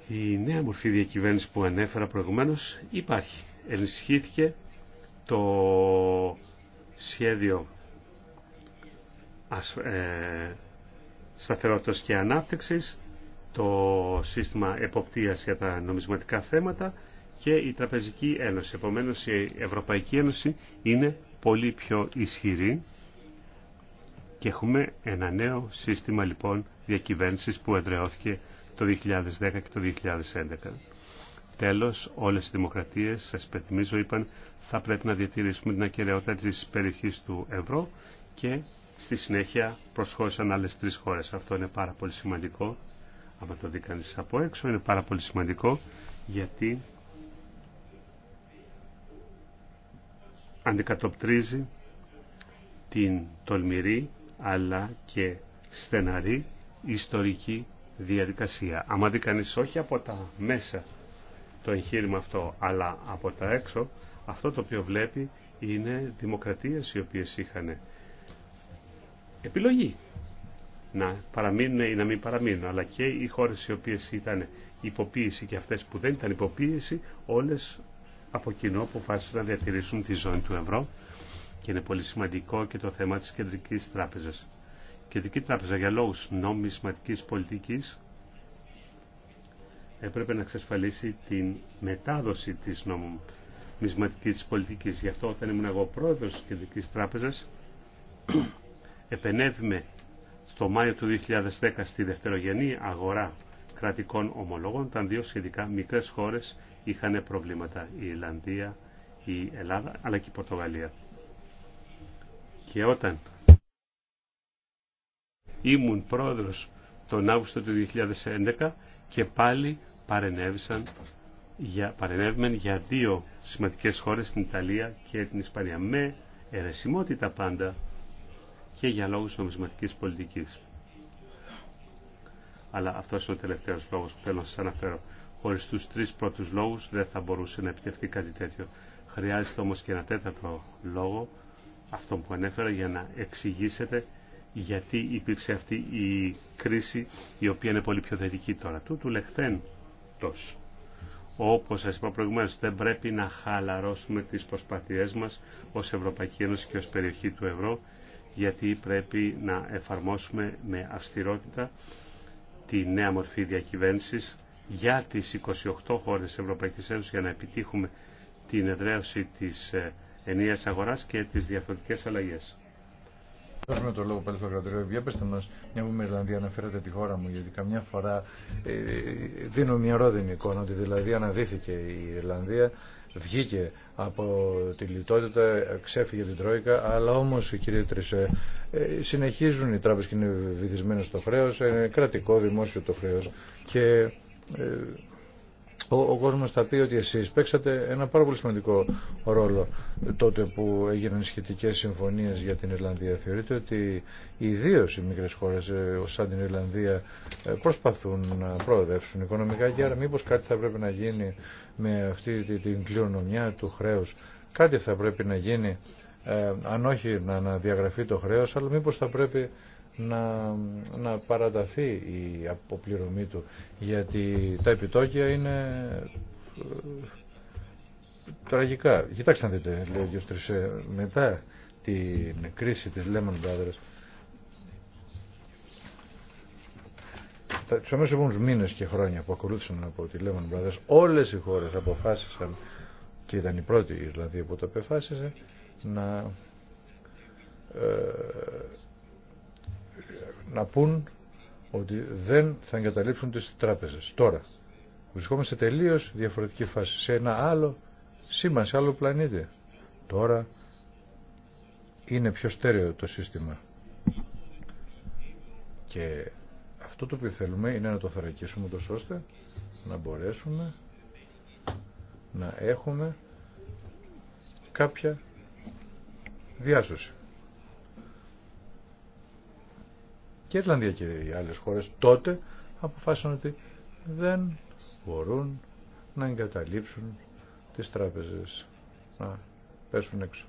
η νέα μορφή διακυβέρνηση που ανέφερα προηγουμένω υπάρχει. Ενισχύθηκε το σχέδιο ε, σταθερότητας και ανάπτυξης, το σύστημα εποπτείας για τα νομισματικά θέματα και η Τραπεζική Ένωση. Επομένως η Ευρωπαϊκή Ένωση είναι πολύ πιο ισχυρή και έχουμε ένα νέο σύστημα λοιπόν διακυβέρνησης που εδρεώθηκε το 2010 και το 2011. Τέλος, όλες οι δημοκρατίες, σας υπενθυμίζω, είπαν, θα πρέπει να διατηρήσουμε την ακεραιότητα της περιοχής του ευρώ και στη συνέχεια προσχώρησαν άλλες τρεις χώρες. Αυτό είναι πάρα πολύ σημαντικό. Άμα το δει κανείς από έξω, είναι πάρα πολύ σημαντικό γιατί αντικατοπτρίζει την τολμηρή αλλά και στεναρή ιστορική διαδικασία. Άμα δει κανείς όχι από τα μέσα το εγχείρημα αυτό, αλλά από τα έξω αυτό το οποίο βλέπει είναι δημοκρατίες οι οποίες είχαν επιλογή να παραμείνουν ή να μην παραμείνουν, αλλά και οι χώρες οι οποίες ήταν υποποίηση και αυτές που δεν ήταν υποποίηση, όλες από κοινό αποφάσισαν να διατηρήσουν τη ζώνη του ευρώ και είναι πολύ σημαντικό και το θέμα της κεντρικής τράπεζας. κεντρική τράπεζα για λόγους νομισματικής πολιτικής έπρεπε να εξασφαλίσει την μετάδοση της νομισματικής τη πολιτικής. Γι' αυτό όταν ήμουν εγώ πρόεδρος της Κεντρικής Τράπεζας, επενέβημε το Μάιο του 2010 στη δευτερογενή αγορά κρατικών ομολόγων, όταν δύο σχετικά μικρές χώρες είχαν προβλήματα, η Ιλλανδία, η Ελλάδα, αλλά και η Πορτογαλία. Και όταν ήμουν πρόεδρος τον Αύγουστο του 2011 και πάλι παρενέβησαν για, παρενέβημεν για δύο σημαντικές χώρες, στην Ιταλία και την Ισπανία, με ερεσιμότητα πάντα και για λόγους νομισματικής πολιτικής. Αλλά αυτό είναι ο τελευταίος λόγος που θέλω να σας αναφέρω. Χωρίς τους τρεις πρώτους λόγους δεν θα μπορούσε να επιτευχθεί κάτι τέτοιο. Χρειάζεται όμως και ένα τέταρτο λόγο, αυτό που ανέφερα, για να εξηγήσετε γιατί υπήρξε αυτή η κρίση η οποία είναι πολύ πιο θετική τώρα. Τούτου λεχθέν αυτός. Όπως σας είπα προηγουμένως, δεν πρέπει να χαλαρώσουμε τις προσπάθειές μας ως Ευρωπαϊκή Ένωση και ως περιοχή του ευρώ, γιατί πρέπει να εφαρμόσουμε με αυστηρότητα τη νέα μορφή διακυβέρνησης για τις 28 χώρες της Ευρωπαϊκής Ένωσης για να επιτύχουμε την εδραίωση της ε, ενίας αγοράς και τις διαφορετικές αλλαγές δώσουμε το λόγο πάλι στο κρατήριο. μα, μια που με Ιρλανδία αναφέρατε τη χώρα μου, γιατί καμιά φορά ε, δίνω μια ρόδινη εικόνα ότι δηλαδή αναδύθηκε η Ιρλανδία, βγήκε από τη λιτότητα, ξέφυγε την Τρόικα, αλλά όμω, κύριε Τρισέ, ε, συνεχίζουν οι τράπεζε και είναι βυθισμένε στο χρέο, ε, κρατικό, δημόσιο το χρέο. Και ε, ο κόσμο θα πει ότι εσείς παίξατε ένα πάρα πολύ σημαντικό ρόλο τότε που έγιναν σχετικέ συμφωνίες για την Ιρλανδία. Θεωρείτε ότι ιδίω οι μικρές χώρες ε, σαν την Ιρλανδία ε, προσπαθούν να προοδεύσουν οικονομικά και άρα μήπως κάτι θα πρέπει να γίνει με αυτή την κληρονομιά του χρέου. Κάτι θα πρέπει να γίνει, ε, αν όχι να αναδιαγραφεί το χρέο, αλλά μήπω θα πρέπει να, να παραταθεί η αποπληρωμή του γιατί τα επιτόκια είναι ε, τραγικά. Κοιτάξτε να δείτε, λέει ο Τρισέ, μετά την κρίση της Lehman Brothers Στου αμέσω επόμενου μήνες και χρόνια που ακολούθησαν από τη Lehman Brothers όλες οι χώρε αποφάσισαν και ήταν η πρώτη δηλαδή που το αποφάσισε να ε, να πούν ότι δεν θα εγκαταλείψουν τις τράπεζες. Τώρα βρισκόμαστε σε τελείως διαφορετική φάση, σε ένα άλλο σήμα, σε άλλο πλανήτη. Τώρα είναι πιο στέρεο το σύστημα. Και αυτό το οποίο θέλουμε είναι να το θωρακίσουμε τόσο ώστε να μπορέσουμε να έχουμε κάποια διάσωση. και η Ιρλανδία και οι άλλες χώρες τότε αποφάσισαν ότι δεν μπορούν να εγκαταλείψουν τις τράπεζες, να πέσουν έξω.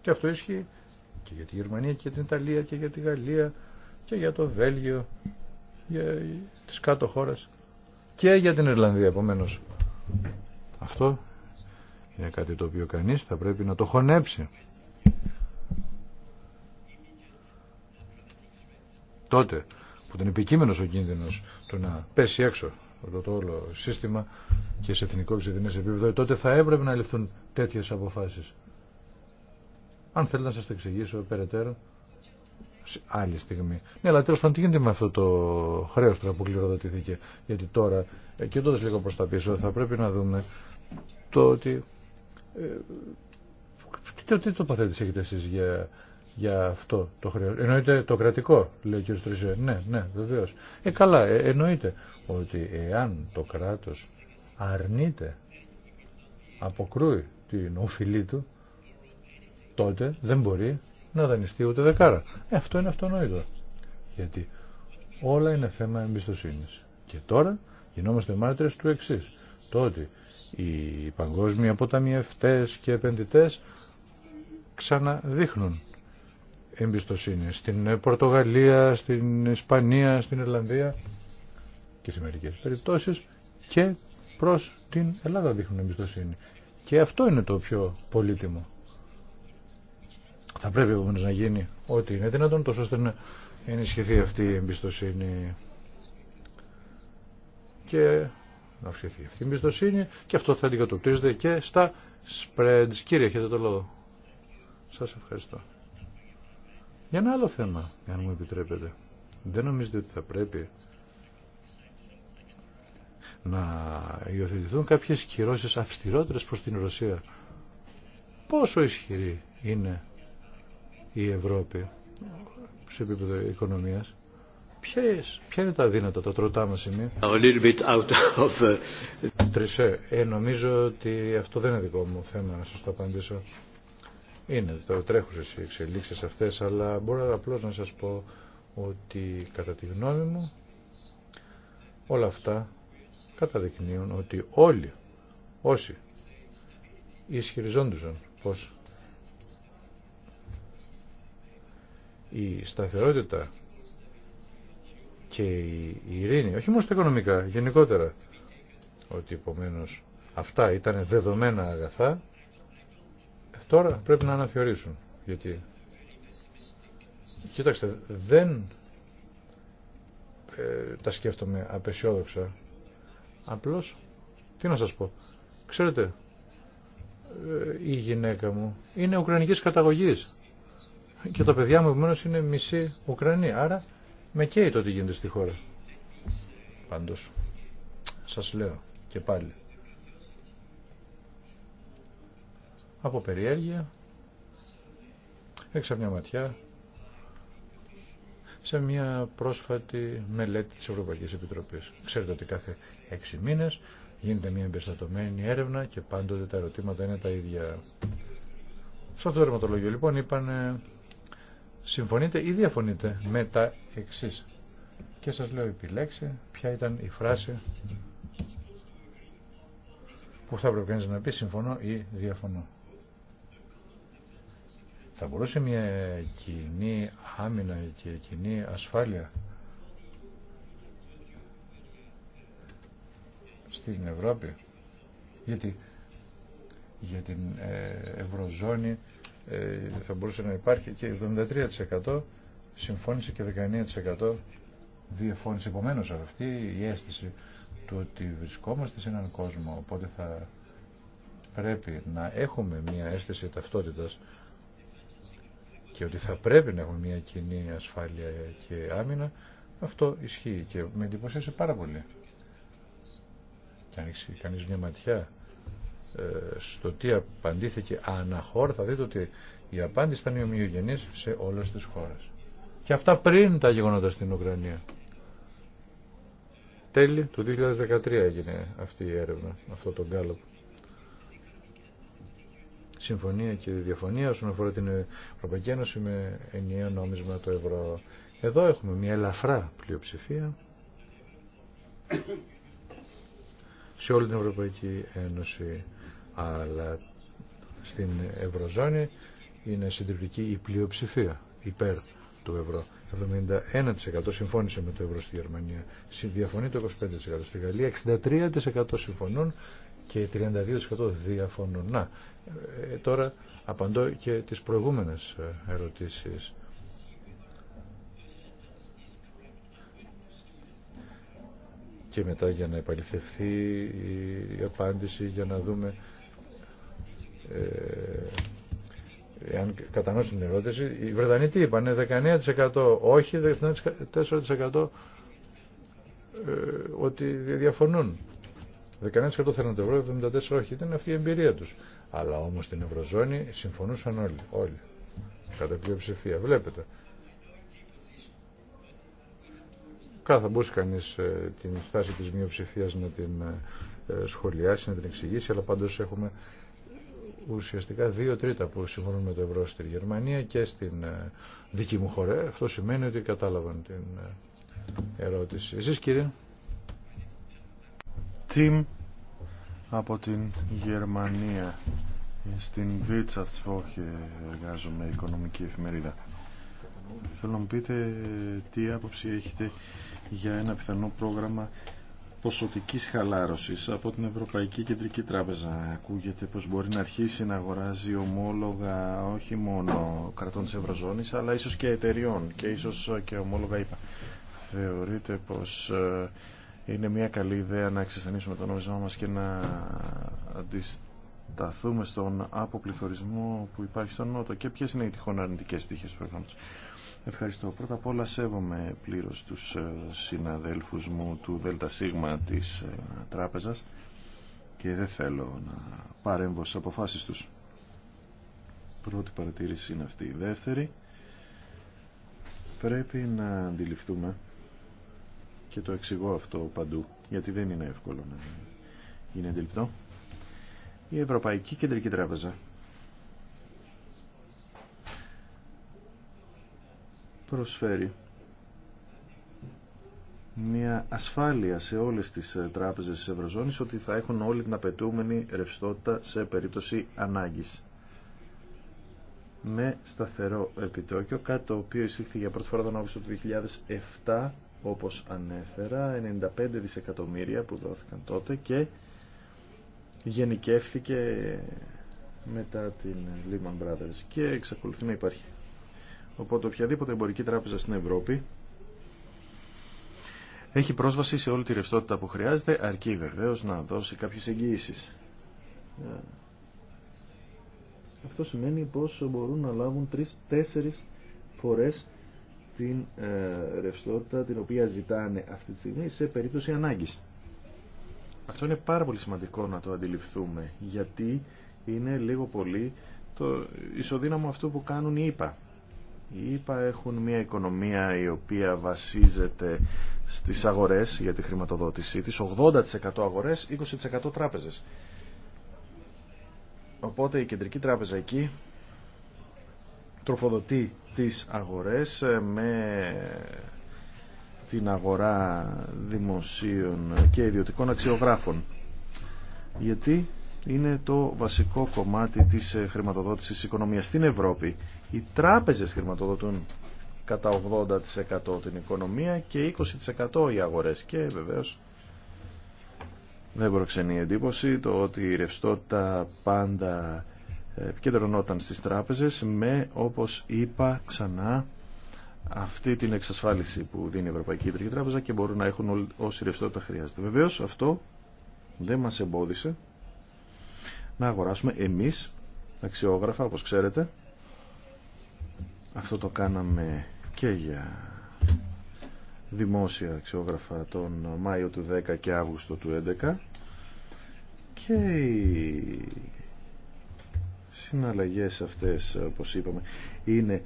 Και αυτό ίσχυε και για τη Γερμανία και για την Ιταλία και για τη Γαλλία και για το Βέλγιο, για τις κάτω χώρες και για την Ιρλανδία επομένω. Αυτό είναι κάτι το οποίο κανείς θα πρέπει να το χωνέψει. τότε που ήταν επικείμενο ο κίνδυνο του να πέσει έξω το όλο σύστημα και σε εθνικό και σε διεθνέ επίπεδο, ε, τότε θα έπρεπε να ληφθούν τέτοιε αποφάσει. Αν θέλετε να σα το εξηγήσω περαιτέρω, σε άλλη στιγμή. Ναι, αλλά τέλο πάντων τι γίνεται με αυτό το χρέο τώρα που κληροδοτήθηκε. Γιατί τώρα, και τότε λίγο προ τα πίσω, θα πρέπει να δούμε το ότι. Ε, τι, το τι τοποθέτηση έχετε εσεί για για αυτό το χρέο. Εννοείται το κρατικό, λέει ο κ. Ναι, ναι, βεβαίω. Ε, καλά, ε, εννοείται ότι εάν το κράτο αρνείται, αποκρούει την οφειλή του, τότε δεν μπορεί να δανειστεί ούτε δεκάρα. Ε, αυτό είναι αυτονόητο. Γιατί όλα είναι θέμα εμπιστοσύνη. Και τώρα γινόμαστε μάρτυρε του εξή. Το ότι οι παγκόσμιοι αποταμιευτέ και επενδυτέ ξαναδείχνουν εμπιστοσύνη. Στην Πορτογαλία, στην Ισπανία, στην Ιρλανδία και σε μερικές περιπτώσεις και προς την Ελλάδα δείχνουν εμπιστοσύνη. Και αυτό είναι το πιο πολύτιμο. Θα πρέπει επομένω να γίνει ό,τι είναι δυνατόν τόσο ώστε να ενισχυθεί αυτή η εμπιστοσύνη και να αυξηθεί αυτή η εμπιστοσύνη και αυτό θα αντικατοπτρίζεται και στα spreads. Κύριε, έχετε το λόγο. Σας ευχαριστώ. Για ένα άλλο θέμα, αν μου επιτρέπετε. Δεν νομίζετε ότι θα πρέπει να υιοθετηθούν κάποιες κυρώσεις αυστηρότερες προς την Ρωσία. Πόσο ισχυρή είναι η Ευρώπη σε επίπεδο οικονομίας. Ποιες, ποια είναι τα δύνατα, τα τρωτά μας σημεία. of... Uh, Τρισέ, ε, νομίζω ότι αυτό δεν είναι δικό μου θέμα να σας το απαντήσω είναι το τρέχουσες οι εξελίξεις αυτές, αλλά μπορώ απλώς να σας πω ότι κατά τη γνώμη μου όλα αυτά καταδεικνύουν ότι όλοι όσοι ισχυριζόντουσαν πως η σταθερότητα και η ειρήνη, όχι μόνο στα οικονομικά, γενικότερα, ότι επομένως αυτά ήταν δεδομένα αγαθά Τώρα πρέπει να αναθεωρήσουν. Γιατί, κοίταξτε, δεν ε, τα σκέφτομαι απεσιόδοξα. Απλώς, τι να σας πω. Ξέρετε, ε, η γυναίκα μου είναι ουκρανικής καταγωγής. Και τα παιδιά μου επομένως είναι μισή Ουκρανή. Άρα με καίει το τι γίνεται στη χώρα. Πάντως, σας λέω και πάλι. από περιέργεια έξα μια ματιά σε μια πρόσφατη μελέτη της Ευρωπαϊκής Επιτροπής. Ξέρετε ότι κάθε έξι μήνες γίνεται μια εμπεριστατωμένη έρευνα και πάντοτε τα ερωτήματα είναι τα ίδια. Σε αυτό το ερωματολόγιο λοιπόν είπαν συμφωνείτε ή διαφωνείτε με τα εξή. Και σας λέω επιλέξει ποια ήταν η φράση που θα πρέπει να πει συμφωνώ ή διαφωνώ. Θα μπορούσε μια κοινή άμυνα και κοινή ασφάλεια στην Ευρώπη. Γιατί για την ε, Ευρωζώνη ε, θα μπορούσε να υπάρχει και 73% συμφώνησε και 19% διεφώνησε επομένω αυτή η αίσθηση του ότι βρισκόμαστε σε έναν κόσμο, οπότε θα πρέπει να έχουμε μια αίσθηση ταυτότητας και ότι θα πρέπει να έχουμε μια κοινή ασφάλεια και άμυνα, αυτό ισχύει και με εντυπωσίασε πάρα πολύ. Και αν έχει κανείς μια ματιά ε, στο τι απαντήθηκε αναχώρα, θα δείτε ότι η απάντηση ήταν η ομοιογενής σε όλες τις χώρες. Και αυτά πριν τα γεγονότα στην Ουκρανία. Τέλη του 2013 έγινε αυτή η έρευνα, αυτό το γκάλωπ συμφωνία και διαφωνία όσον αφορά την Ευρωπαϊκή Ένωση με ενιαίο νόμισμα το ευρώ. Εδώ έχουμε μια ελαφρά πλειοψηφία σε όλη την Ευρωπαϊκή Ένωση αλλά στην Ευρωζώνη είναι συντριπτική η πλειοψηφία υπέρ του ευρώ. 71% συμφώνησε με το ευρώ στη Γερμανία. Διαφωνεί το 25%. Στη Γαλλία 63% συμφωνούν και 32% διαφωνούν. Να, ε, τώρα απαντώ και τις προηγούμενες ε, ερωτήσεις. Και μετά για να επαληθευθεί η απάντηση, για να δούμε ε, εάν κατανόησαν την ερώτηση. Οι Βρετανοί τι είπαν, 19% όχι, 14% ότι διαφωνούν. 19% θέλουν το ευρώ, 74% όχι. Ήταν αυτή η εμπειρία του. Αλλά όμω στην Ευρωζώνη συμφωνούσαν όλοι. όλοι. Κατά πλειοψηφία. Βλέπετε. Κάθε θα κανείς ε, την στάση τη μειοψηφία να την ε, ε, σχολιάσει, να την εξηγήσει, αλλά πάντω έχουμε ουσιαστικά δύο τρίτα που συμφωνούν με το ευρώ στη Γερμανία και στην δική μου χώρα. Αυτό σημαίνει ότι κατάλαβαν την ερώτηση. Εσείς κύριε. Team από την Γερμανία. Στην Wirtschaftswoche εργάζομαι οικονομική εφημερίδα. Θέλω να μου πείτε τι άποψη έχετε για ένα πιθανό πρόγραμμα ποσοτικής χαλάρωσης από την Ευρωπαϊκή Κεντρική Τράπεζα. Ακούγεται πως μπορεί να αρχίσει να αγοράζει ομόλογα όχι μόνο κρατών της Ευρωζώνης αλλά ίσως και εταιριών και ίσως και ομόλογα είπα. Θεωρείτε πως ε, είναι μια καλή ιδέα να εξασθενήσουμε το νόμισμά μας και να αντισταθούμε στον αποπληθωρισμό που υπάρχει στον Νότο και ποιες είναι οι τυχόν αρνητικές πτυχές του προγράμματος. Ευχαριστώ. Πρώτα απ' όλα σέβομαι πλήρως τους ε, συναδέλφους μου του ΔΣ της ε, τράπεζας και δεν θέλω να παρέμβω στις αποφάσεις τους. Πρώτη παρατήρηση είναι αυτή. Η δεύτερη πρέπει να αντιληφθούμε και το εξηγώ αυτό παντού γιατί δεν είναι εύκολο να είναι αντιληπτό η Ευρωπαϊκή Κεντρική Τράπεζα προσφέρει μια ασφάλεια σε όλες τις ε, τράπεζες της Ευρωζώνης ότι θα έχουν όλη την απαιτούμενη ρευστότητα σε περίπτωση ανάγκης με σταθερό επιτόκιο, κάτι το οποίο εισήχθη για πρώτη φορά τον Αύγουστο του 2007 όπως ανέφερα, 95 δισεκατομμύρια που δόθηκαν τότε και γενικεύθηκε μετά την Lehman Brothers και εξακολουθεί να υπάρχει. Οπότε οποιαδήποτε εμπορική τράπεζα στην Ευρώπη έχει πρόσβαση σε όλη τη ρευστότητα που χρειάζεται, αρκεί βεβαίω να δώσει κάποιες εγγύησεις. Ε, αυτό σημαίνει πως μπορούν να λάβουν 3-4 φορές την ε, ρευστότητα την οποία ζητάνε αυτή τη στιγμή σε περίπτωση ανάγκης. Αυτό είναι πάρα πολύ σημαντικό να το αντιληφθούμε γιατί είναι λίγο πολύ το ισοδύναμο αυτού που κάνουν οι ΙΠΑ. Οι ΙΠΑ έχουν μια οικονομία η οποία βασίζεται στις αγορές για τη χρηματοδότησή της, 80% αγορές, 20% τράπεζες. Οπότε η κεντρική τράπεζα εκεί τροφοδοτεί τις αγορές ε, με την αγορά δημοσίων και ιδιωτικών αξιογράφων γιατί είναι το βασικό κομμάτι της ε, χρηματοδότησης της οικονομίας στην Ευρώπη. Οι τράπεζες χρηματοδοτούν κατά 80% την οικονομία και 20% οι αγορές και βεβαίως δεν προξενεί εντύπωση το ότι η ρευστότητα πάντα επικεντρωνόταν στις τράπεζες με, όπως είπα ξανά, αυτή την εξασφάλιση που δίνει η Ευρωπαϊκή Κεντρική Τράπεζα και μπορούν να έχουν όση ρευστότητα χρειάζεται. Βεβαίως αυτό δεν μας εμπόδισε να αγοράσουμε εμείς αξιόγραφα, όπως ξέρετε. Αυτό το κάναμε και για δημόσια αξιόγραφα τον Μάιο του 10 και Αύγουστο του 11 και συναλλαγές αυτές, όπως είπαμε, είναι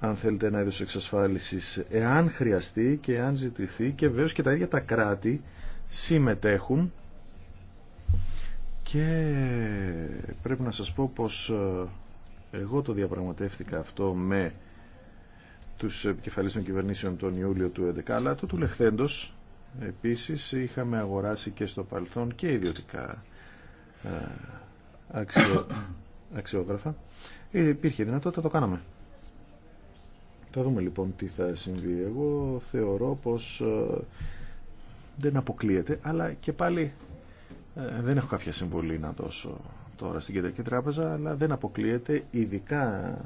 αν θέλετε ένα είδος εξασφάλισης, εάν χρειαστεί και εάν ζητηθεί και βέβαια και τα ίδια τα κράτη συμμετέχουν και πρέπει να σας πω πως ε, εγώ το διαπραγματεύτηκα αυτό με τους επικεφαλής των κυβερνήσεων τον Ιούλιο του 2011, αλλά το του Λεχθέντος επίσης είχαμε αγοράσει και στο παρελθόν και ιδιωτικά ε, αξιο αξιόγραφα. Ε, υπήρχε δυνατότητα, το κάναμε. Θα δούμε λοιπόν τι θα συμβεί. Εγώ θεωρώ πως ε, δεν αποκλείεται, αλλά και πάλι ε, δεν έχω κάποια συμβολή να δώσω τώρα στην Κεντρική Τράπεζα, αλλά δεν αποκλείεται ειδικά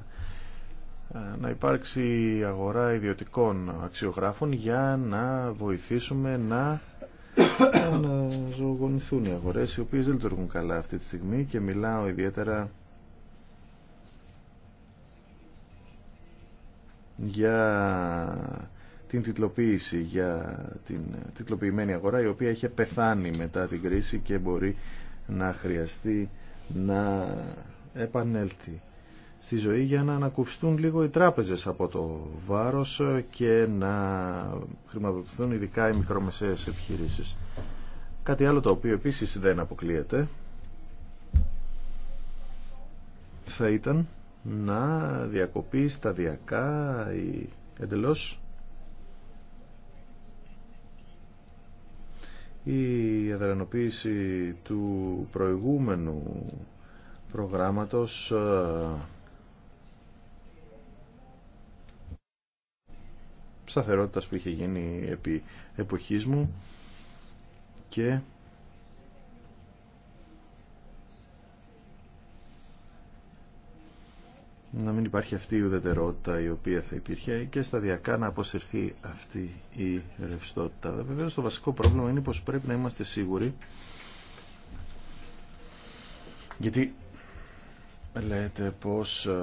να υπάρξει αγορά ιδιωτικών αξιογράφων για να βοηθήσουμε να να ζωογονηθούν οι αγορές οι οποίες δεν λειτουργούν καλά αυτή τη στιγμή και μιλάω ιδιαίτερα για την τιτλοποίηση, για την τιτλοποιημένη αγορά η οποία είχε πεθάνει μετά την κρίση και μπορεί να χρειαστεί να επανέλθει στη ζωή για να ανακουφιστούν λίγο οι τράπεζες από το βάρος και να χρηματοδοτηθούν ειδικά οι μικρομεσαίες επιχειρήσεις. Κάτι άλλο το οποίο επίσης δεν αποκλείεται θα ήταν να διακοπεί σταδιακά ή εντελώς η αδρανοποίηση του προηγούμενου προγράμματος ε, σταθερότητας που είχε γίνει επί εποχής μου και να μην υπάρχει αυτή η ουδετερότητα η οποία θα υπήρχε και σταδιακά να αποσυρθεί αυτή η ρευστότητα. Βεβαίω το βασικό πρόβλημα είναι πως πρέπει να είμαστε σίγουροι γιατί λέτε πως ε,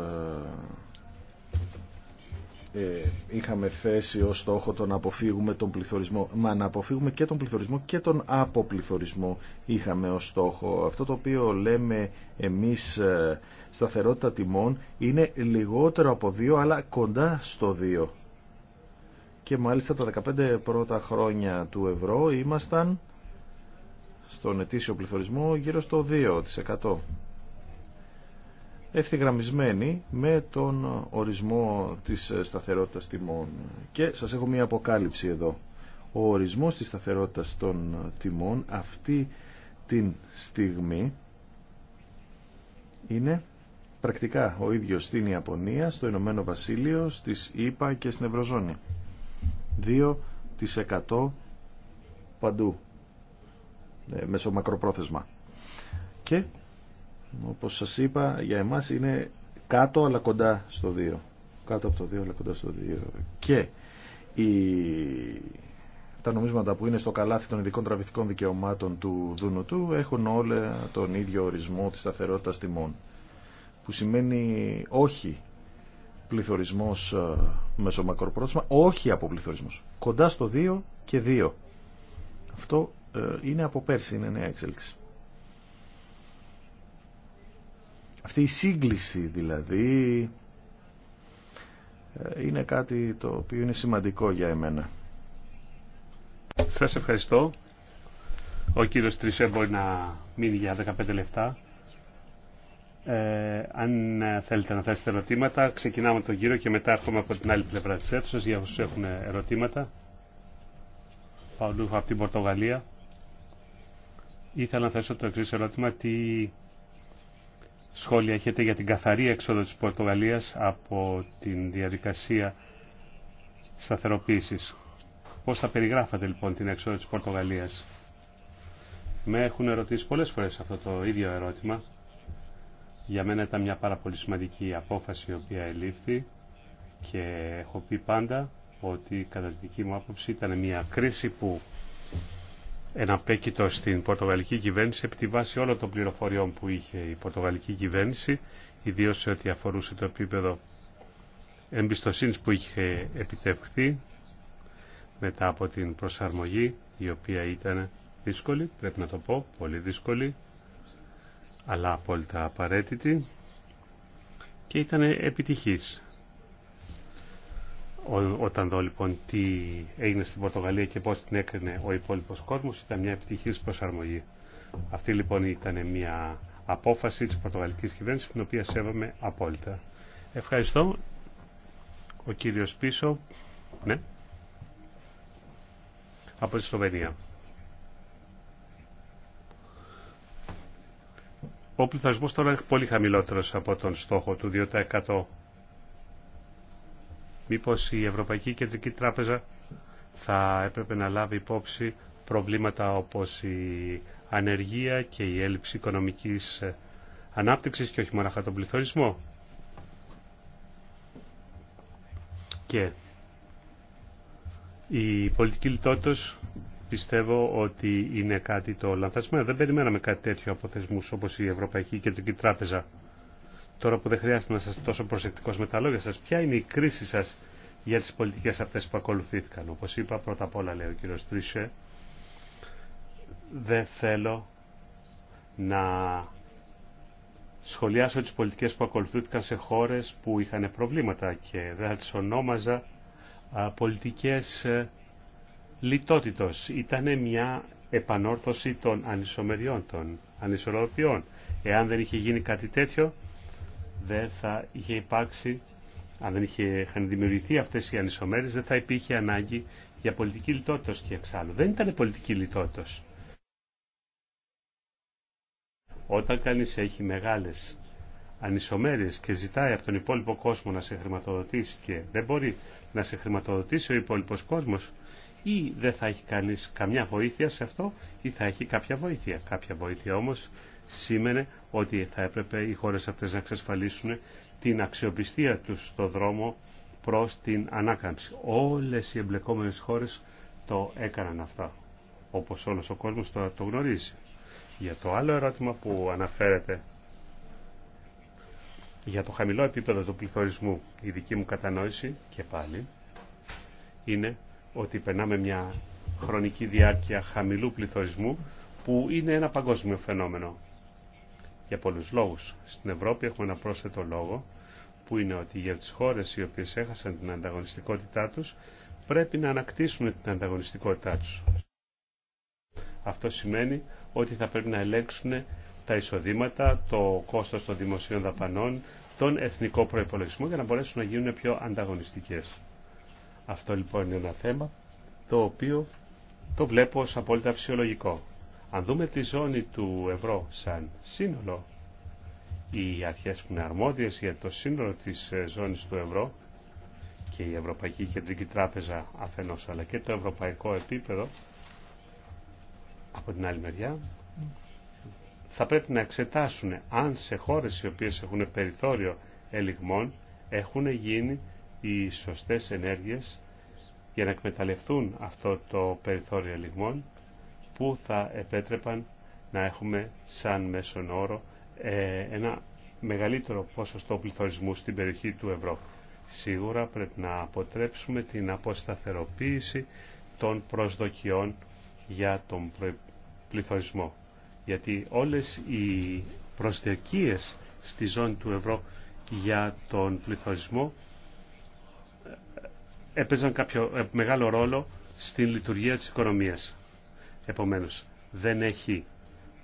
ε, είχαμε θέσει ως στόχο το να αποφύγουμε τον πληθωρισμό μα να αποφύγουμε και τον πληθωρισμό και τον αποπληθωρισμό είχαμε ως στόχο αυτό το οποίο λέμε εμείς ε, σταθερότητα τιμών είναι λιγότερο από δύο αλλά κοντά στο δύο και μάλιστα τα 15 πρώτα χρόνια του ευρώ ήμασταν στον ετήσιο πληθωρισμό γύρω στο 2% ευθυγραμμισμένη με τον ορισμό της σταθερότητας τιμών. Και σας έχω μία αποκάλυψη εδώ. Ο ορισμός της σταθερότητας των τιμών αυτή την στιγμή είναι πρακτικά ο ίδιος στην Ιαπωνία, στο Ηνωμένο Βασίλειο, στις ΗΠΑ και στην Ευρωζώνη. 2% παντού, ε, μέσω μακροπρόθεσμα. Και όπως σας είπα για εμάς είναι κάτω αλλά κοντά στο 2 κάτω από το 2 αλλά κοντά στο 2 και η... τα νομίσματα που είναι στο καλάθι των ειδικών τραβηθικών δικαιωμάτων του Δουνουτού έχουν όλα τον ίδιο ορισμό της σταθερότητας τιμών που σημαίνει όχι πληθωρισμός ε, μεσομακροπρόθεσμα, όχι πληθωρισμός Κοντά στο 2 και 2. Αυτό ε, είναι από πέρσι, είναι νέα εξέλιξη. Αυτή η σύγκληση δηλαδή ε, είναι κάτι το οποίο είναι σημαντικό για εμένα. Σας ευχαριστώ. Ο κύριος Τρισέ μπορεί να μείνει για 15 λεπτά. Ε, αν ε, θέλετε να θέσετε ερωτήματα, ξεκινάμε τον γύρο και μετά έρχομαι από την άλλη πλευρά της αίθουσας για όσους έχουν ερωτήματα. Παουλούχα από την Πορτογαλία. Ήθελα να θέσω το εξή ερώτημα. Τι σχόλια έχετε για την καθαρή έξοδο της Πορτογαλίας από την διαδικασία σταθεροποίησης. Πώς θα περιγράφατε λοιπόν την έξοδο της Πορτογαλίας. Με έχουν ερωτήσει πολλές φορές αυτό το ίδιο ερώτημα. Για μένα ήταν μια πάρα πολύ σημαντική απόφαση η οποία ελήφθη και έχω πει πάντα ότι κατά τη μου άποψη ήταν μια κρίση που εναπέκειτο στην πορτογαλική κυβέρνηση επί τη βάση όλων των πληροφοριών που είχε η πορτογαλική κυβέρνηση, ιδίως σε ό,τι αφορούσε το επίπεδο εμπιστοσύνης που είχε επιτευχθεί μετά από την προσαρμογή, η οποία ήταν δύσκολη, πρέπει να το πω, πολύ δύσκολη, αλλά απόλυτα απαραίτητη και ήταν επιτυχής. Όταν δω λοιπόν τι έγινε στην Πορτογαλία και πώς την έκρινε ο υπόλοιπος κόσμος, ήταν μια επιτυχής προσαρμογή. Αυτή λοιπόν ήταν μια απόφαση της πορτογαλικής κυβέρνησης, την οποία σέβομαι απόλυτα. Ευχαριστώ. Ο κύριος πίσω, ναι, από τη Σλοβενία. Ο πληθυσμό τώρα είναι πολύ χαμηλότερος από τον στόχο του 2%. Μήπως η Ευρωπαϊκή Κεντρική Τράπεζα θα έπρεπε να λάβει υπόψη προβλήματα όπως η ανεργία και η έλλειψη οικονομικής ανάπτυξης και όχι μόνο τον πληθωρισμό. Και η πολιτική λιτότητας πιστεύω ότι είναι κάτι το λανθασμένο. Δεν περιμέναμε κάτι τέτοιο από θεσμούς όπως η Ευρωπαϊκή Κεντρική Τράπεζα τώρα που δεν χρειάζεται να σας τόσο προσεκτικός με τα λόγια σας, ποια είναι η κρίση σας για τις πολιτικές αυτές που ακολουθήθηκαν. Όπως είπα, πρώτα απ' όλα λέει ο κύριος Τρίσε, δεν θέλω να σχολιάσω τις πολιτικές που ακολουθήθηκαν σε χώρες που είχαν προβλήματα και δεν θα τις ονόμαζα πολιτικές ε, λιτότητος. Ήταν μια επανόρθωση των ανισομεριών, των ανισορροπιών. Εάν δεν είχε γίνει κάτι τέτοιο, δεν θα είχε υπάρξει, αν δεν είχε, είχαν δημιουργηθεί αυτές οι ανισομέρειες, δεν θα υπήρχε ανάγκη για πολιτική λιτότητα και εξάλλου. Δεν ήταν πολιτική λιτότητα. Όταν κανείς έχει μεγάλες ανισομέρειες και ζητάει από τον υπόλοιπο κόσμο να σε χρηματοδοτήσει και δεν μπορεί να σε χρηματοδοτήσει ο υπόλοιπο κόσμος ή δεν θα έχει κανείς καμιά βοήθεια σε αυτό ή θα έχει κάποια βοήθεια. Κάποια βοήθεια όμως σήμαινε ότι θα έπρεπε οι χώρες αυτές να εξασφαλίσουν την αξιοπιστία τους στο δρόμο προς την ανάκαμψη. Όλες οι εμπλεκόμενες χώρες το έκαναν αυτά, όπως όλος ο κόσμος το, το γνωρίζει. Για το άλλο ερώτημα που αναφέρεται για το χαμηλό επίπεδο του πληθωρισμού, η δική μου κατανόηση και πάλι είναι ότι περνάμε μια χρονική διάρκεια χαμηλού πληθωρισμού που είναι ένα παγκόσμιο φαινόμενο για πολλούς λόγους. Στην Ευρώπη έχουμε ένα πρόσθετο λόγο που είναι ότι για τις χώρες οι οποίες έχασαν την ανταγωνιστικότητά τους πρέπει να ανακτήσουν την ανταγωνιστικότητά τους. Αυτό σημαίνει ότι θα πρέπει να ελέγξουν τα εισοδήματα, το κόστος των δημοσίων δαπανών, τον εθνικό προϋπολογισμό για να μπορέσουν να γίνουν πιο ανταγωνιστικές. Αυτό λοιπόν είναι ένα θέμα το οποίο το βλέπω ως απόλυτα φυσιολογικό. Αν δούμε τη ζώνη του ευρώ σαν σύνολο, οι αρχές που είναι αρμόδιες για το σύνολο της ε, ζώνης του ευρώ και η Ευρωπαϊκή Κεντρική Τράπεζα αφενός αλλά και το ευρωπαϊκό επίπεδο από την άλλη μεριά θα πρέπει να εξετάσουν αν σε χώρες οι οποίες έχουν περιθώριο ελιγμών έχουν γίνει οι σωστές ενέργειες για να εκμεταλλευτούν αυτό το περιθώριο ελιγμών που θα επέτρεπαν να έχουμε σαν μέσον όρο ε, ένα μεγαλύτερο ποσοστό πληθωρισμού στην περιοχή του ευρώ. Σίγουρα πρέπει να αποτρέψουμε την αποσταθεροποίηση των προσδοκιών για τον πληθωρισμό. Γιατί όλες οι προσδοκίες στη ζώνη του ευρώ για τον πληθωρισμό ε, ε, έπαιζαν κάποιο μεγάλο ρόλο στην λειτουργία της οικονομίας. Επομένως, δεν έχει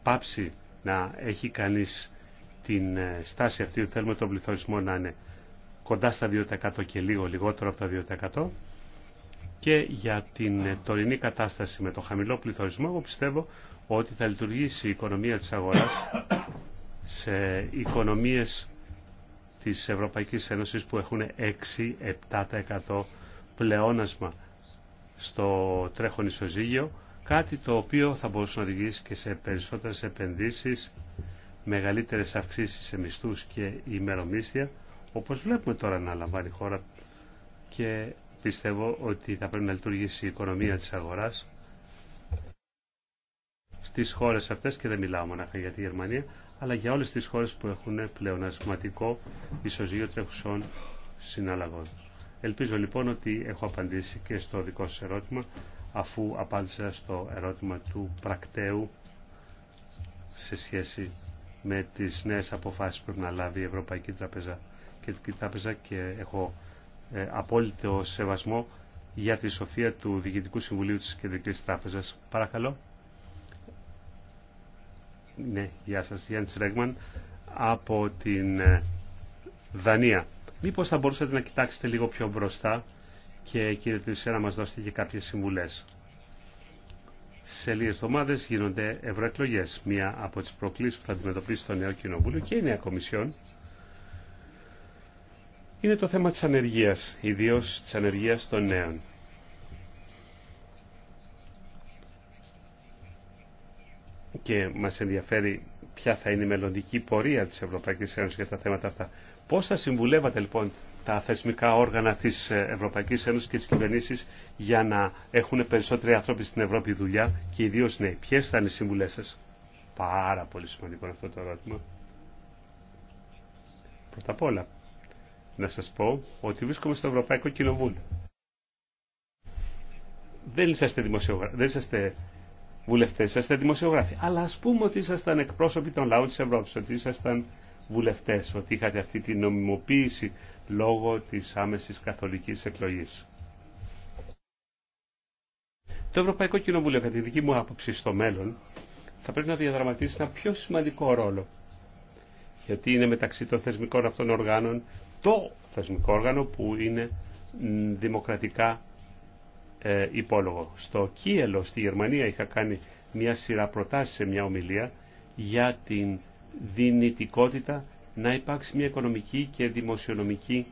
πάψει να έχει κανείς την ε, στάση αυτή ότι θέλουμε τον πληθωρισμό να είναι κοντά στα 2% και λίγο λιγότερο από τα 2% και για την ε, τωρινή κατάσταση με το χαμηλό πληθωρισμό εγώ πιστεύω ότι θα λειτουργήσει η οικονομία της αγοράς σε οικονομίες της Ευρωπαϊκής Ένωσης που έχουν 6-7% πλεόνασμα στο τρέχον ισοζύγιο κάτι το οποίο θα μπορούσε να οδηγήσει και σε περισσότερες επενδύσεις, μεγαλύτερες αυξήσεις σε μισθούς και ημερομίσθια, όπως βλέπουμε τώρα να λαμβάνει η χώρα και πιστεύω ότι θα πρέπει να λειτουργήσει η οικονομία της αγοράς στις χώρες αυτές και δεν μιλάω μόνο για τη Γερμανία, αλλά για όλες τις χώρες που έχουν πλεονασματικό ισοζύγιο τρέχουσών συναλλαγών. Ελπίζω λοιπόν ότι έχω απαντήσει και στο δικό σας ερώτημα αφού απάντησα στο ερώτημα του πρακτέου σε σχέση με τις νέες αποφάσεις που πρέπει να λάβει η Ευρωπαϊκή Τράπεζα και την Τράπεζα και έχω ε, απόλυτο σεβασμό για τη σοφία του Διοικητικού Συμβουλίου της Κεντρικής Τράπεζας. Παρακαλώ. Ναι, γεια σας. Γιάννης Ρέγμαν από την ε, Δανία. Μήπως θα μπορούσατε να κοιτάξετε λίγο πιο μπροστά και κύριε Τρισέ να μας δώσετε και κάποιες συμβουλές. Σε λίγε εβδομάδε γίνονται ευρωεκλογέ. Μία από τι προκλήσει που θα αντιμετωπίσει το νέο κοινοβούλιο και η νέα Κομισιόν είναι το θέμα τη ανεργία, ιδίω τη ανεργία των νέων. Και μα ενδιαφέρει ποια θα είναι η μελλοντική πορεία τη Ευρωπαϊκή Ένωση για τα θέματα αυτά. Πώ θα συμβουλεύατε λοιπόν τα θεσμικά όργανα της Ευρωπαϊκής Ένωσης και της κυβερνήσεις για να έχουν περισσότεροι άνθρωποι στην Ευρώπη δουλειά και ιδίως νέοι. Ποιες θα είναι οι συμβουλές σας. Πάρα πολύ σημαντικό αυτό το ερώτημα. Πρώτα απ' όλα, να σας πω ότι βρίσκομαι στο Ευρωπαϊκό Κοινοβούλιο. Δεν είσαστε, δημοσιογράφοι, δεν είσαστε βουλευτές, είσαστε δημοσιογράφοι. Αλλά ας πούμε ότι ήσασταν εκπρόσωποι των λαών της Ευρώπης, ότι ήσασταν βουλευτές ότι είχατε αυτή την νομιμοποίηση λόγω της άμεσης καθολικής εκλογής. Το Ευρωπαϊκό Κοινοβούλιο, κατά τη δική μου άποψη στο μέλλον, θα πρέπει να διαδραματίσει ένα πιο σημαντικό ρόλο. Γιατί είναι μεταξύ των θεσμικών αυτών οργάνων το θεσμικό όργανο που είναι δημοκρατικά ε, υπόλογο. Στο Κίελο, στη Γερμανία, είχα κάνει μια σειρά προτάσεις σε μια ομιλία για την δυνητικότητα να υπάρξει μια οικονομική και δημοσιονομική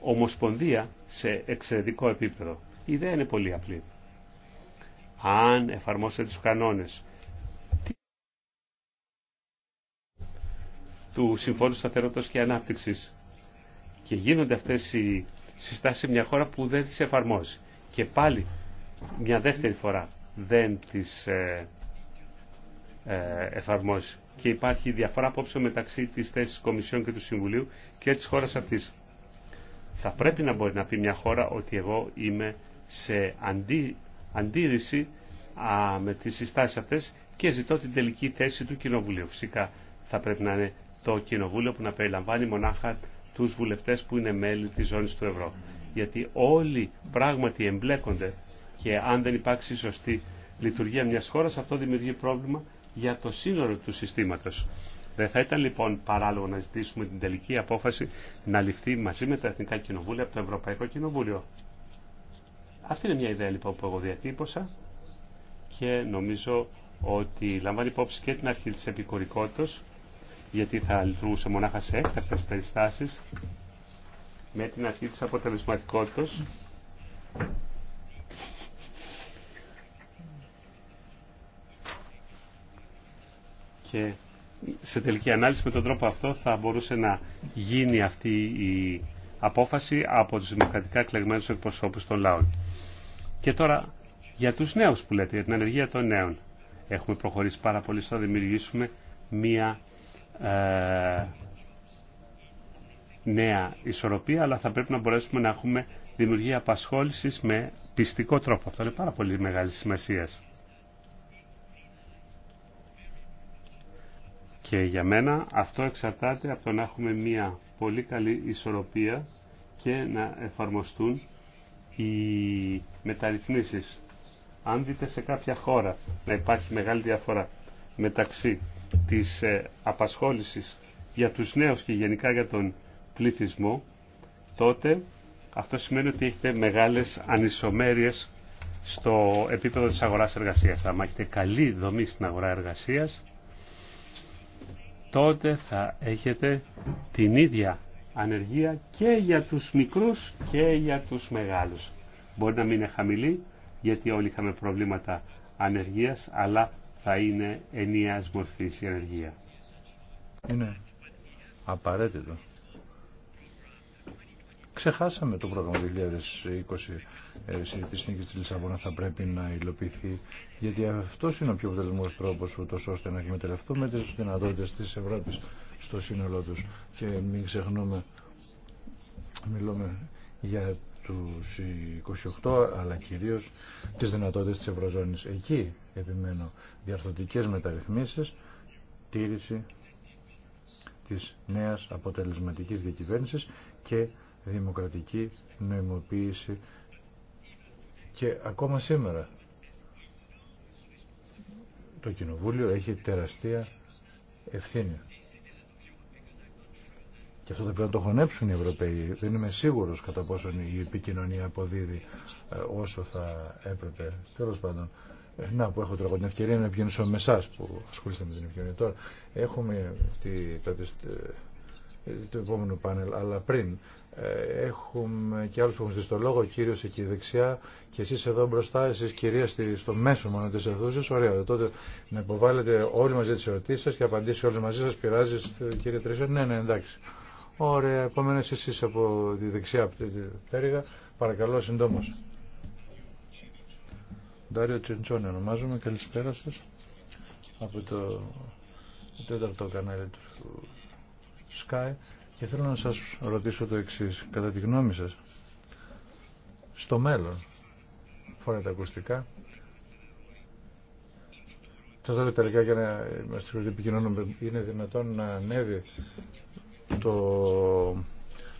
ομοσπονδία σε εξαιρετικό επίπεδο. Η ιδέα είναι πολύ απλή. Αν εφαρμόσετε τους κανόνες του Συμφώνου Σταθερότητας και Ανάπτυξης και γίνονται αυτές οι συστάσεις σε μια χώρα που δεν τις εφαρμόζει και πάλι μια δεύτερη φορά δεν τις ε, ε, εφαρμόζει και υπάρχει διαφορά απόψε μεταξύ της θέσης της Κομισιόν και του Συμβουλίου και της χώρας αυτής. Θα πρέπει να μπορεί να πει μια χώρα ότι εγώ είμαι σε αντί, αντίρρηση α, με τις συστάσεις αυτές και ζητώ την τελική θέση του Κοινοβουλίου. Φυσικά θα πρέπει να είναι το Κοινοβούλιο που να περιλαμβάνει μονάχα τους βουλευτές που είναι μέλη της ζώνης του ευρώ. Γιατί όλοι πράγματι εμπλέκονται και αν δεν υπάρξει σωστή λειτουργία μιας χώρας αυτό δημιουργεί πρόβλημα για το σύνολο του συστήματος. Δεν θα ήταν λοιπόν παράλογο να ζητήσουμε την τελική απόφαση να ληφθεί μαζί με τα Εθνικά Κοινοβούλια από το Ευρωπαϊκό Κοινοβούλιο. Αυτή είναι μια ιδέα λοιπόν που εγώ διατύπωσα και νομίζω ότι λαμβάνει υπόψη και την αρχή της επικορικότητας γιατί θα λειτουργούσε μονάχα σε έκτακτες περιστάσεις με την αρχή της αποτελεσματικότητας και σε τελική ανάλυση με τον τρόπο αυτό θα μπορούσε να γίνει αυτή η απόφαση από τους δημοκρατικά εκλεγμένους εκπροσώπους των λαών. Και τώρα για τους νέους που λέτε, για την ανεργία των νέων. Έχουμε προχωρήσει πάρα πολύ στο να δημιουργήσουμε μία ε, νέα ισορροπία, αλλά θα πρέπει να μπορέσουμε να έχουμε δημιουργία απασχόλησης με πιστικό τρόπο. Αυτό είναι πάρα πολύ μεγάλη σημασία. Και για μένα αυτό εξαρτάται από το να έχουμε μια πολύ καλή ισορροπία και να εφαρμοστούν οι μεταρρυθμίσεις. Αν δείτε σε κάποια χώρα να υπάρχει μεγάλη διαφορά μεταξύ της ε, απασχόλησης για τους νέους και γενικά για τον πληθυσμό, τότε αυτό σημαίνει ότι έχετε μεγάλες ανισομέρειες στο επίπεδο της αγοράς εργασίας. Αν έχετε καλή δομή στην αγορά εργασίας, τότε θα έχετε την ίδια ανεργία και για τους μικρούς και για τους μεγάλους. Μπορεί να μην είναι χαμηλή, γιατί όλοι είχαμε προβλήματα ανεργίας, αλλά θα είναι ενιαία μορφής η ανεργία. Είναι απαραίτητο Ξεχάσαμε το πρόγραμμα 2020 ε, στη τη της τη Λισαβόνα θα πρέπει να υλοποιηθεί, γιατί αυτό είναι ο πιο αποτελεσμό τρόπο ούτω ώστε να εκμεταλλευτούμε τι δυνατότητε τη Ευρώπη στο σύνολό του. Και μην ξεχνούμε, μιλούμε για τους 28 αλλά κυρίως τις δυνατότητες της Ευρωζώνης. Εκεί επιμένω διαρθωτικές μεταρρυθμίσεις, τήρηση της νέας αποτελεσματικής διακυβέρνησης και δημοκρατική νοημοποίηση και ακόμα σήμερα το Κοινοβούλιο έχει τεραστία ευθύνη. Και αυτό θα πρέπει να το χωνέψουν οι Ευρωπαίοι. Δεν είμαι σίγουρος κατά πόσον η επικοινωνία αποδίδει ε, όσο θα έπρεπε. Τέλος πάντων, ε, να που έχω τώρα την ευκαιρία να επικοινωνήσω με εσά που ασχολείστε με την επικοινωνία τώρα. Έχουμε το, το, ε, το, επόμενο πάνελ, αλλά πριν ε, έχουμε και άλλους που έχουν στο λόγο, ο κύριος εκεί δεξιά και εσείς εδώ μπροστά, εσείς κυρία στο μέσο μόνο της αιθούσης, ωραία, τότε να υποβάλλετε όλοι μαζί τις ερωτήσεις σας και απαντήσει όλοι μαζί σας, πειράζει κύριε Τρίσσερ, ναι, ναι, εντάξει. Ωραία, επόμενες εσείς από τη δεξιά, από τη πτέρυγα, παρακαλώ συντόμως. Ντάριο Τσιντσόνη ονομάζομαι, καλησπέρα σας από το τέταρτο κανάλι του Sky. Και θέλω να σας ρωτήσω το εξής, κατά τη γνώμη σας, στο μέλλον, φώνετε ακουστικά, σας λέω τελικά για να είμαστε επικοινωνούμε, είναι δυνατόν να ανέβει το,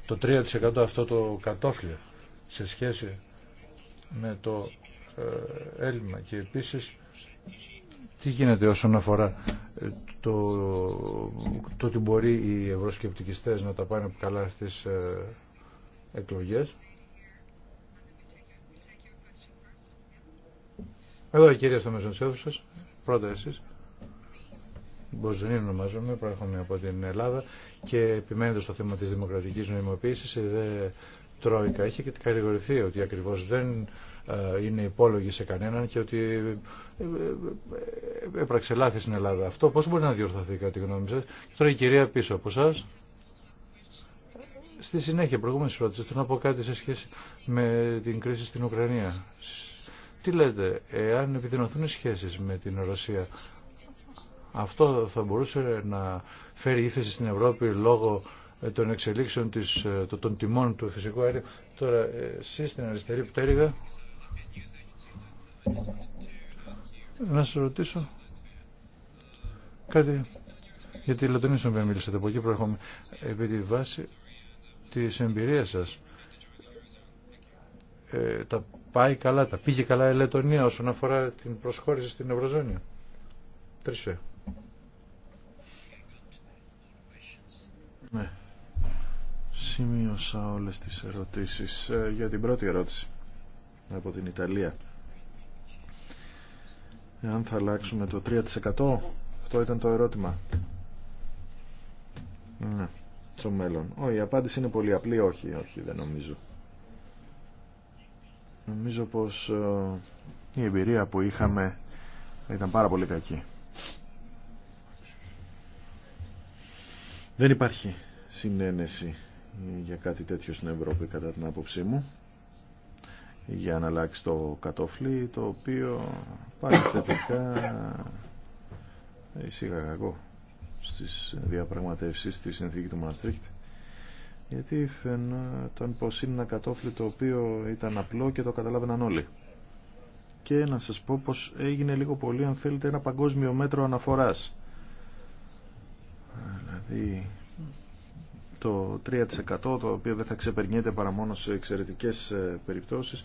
το 3% αυτό το κατόφλιο σε σχέση με το ε, έλλειμμα και επίσης τι γίνεται όσον αφορά ε, το, το ότι μπορεί οι ευρωσκεπτικιστές να τα πάνε καλά στις ε, εκλογές. Εδώ η κυρία στο μέσο της έδωσης. Πρώτα εσείς. Μποζονίν ονομάζομαι, προέρχομαι από την Ελλάδα και επιμένετε στο θέμα της δημοκρατικής νοημοποίησης, η ε, δε Τρόικα. Είχε κατηγορηθεί ότι ακριβώς δεν ε, είναι υπόλογη σε κανέναν και ότι ε, ε, έπραξε λάθη στην Ελλάδα. Αυτό πώς μπορεί να διορθωθεί κατά τη γνώμη σας. Και τώρα η κυρία πίσω από σας. Στη συνέχεια, προηγούμενη ερώτηση, θέλω να πω κάτι σε σχέση με την κρίση στην Ουκρανία. Τι λέτε, εάν επιδεινωθούν οι σχέσεις με την Ρωσία, αυτό θα μπορούσε να φέρει ύφεση στην Ευρώπη λόγω των εξελίξεων της, των τιμών του φυσικού αερίου. Τώρα, εσείς στην αριστερή πτέρυγα να σα ρωτήσω κάτι για τη Λατωνία στην οποία μίλησατε, από εκεί προέρχομαι, επί τη βάση τη εμπειρία σας. Ε, τα πάει καλά, τα πήγε καλά η Λετωνία όσον αφορά την προσχώρηση στην Ευρωζώνη. Τρισέ. Ε. Ναι. Σημείωσα όλες τις ερωτήσεις. Ε, για την πρώτη ερώτηση από την Ιταλία. Εάν θα αλλάξουμε το 3% αυτό ήταν το ερώτημα. Ναι, στο μέλλον. Ό, η απάντηση είναι πολύ απλή. Όχι, όχι, δεν νομίζω. Νομίζω πως ε, η εμπειρία που είχαμε ήταν πάρα πολύ κακή. Δεν υπάρχει συνένεση για κάτι τέτοιο στην Ευρώπη κατά την άποψή μου για να αλλάξει το κατόφλι, το οποίο θετικά εισήγαγα εγώ στις διαπραγματεύσεις στη συνθήκη του Μαστρίχτ γιατί φαινόταν πως είναι ένα κατόφλι το οποίο ήταν απλό και το καταλάβαιναν όλοι και να σας πω πως έγινε λίγο πολύ αν θέλετε ένα παγκόσμιο μέτρο αναφοράς δηλαδή το 3% το οποίο δεν θα ξεπερνιέται παρά μόνο σε εξαιρετικές ε, περιπτώσεις.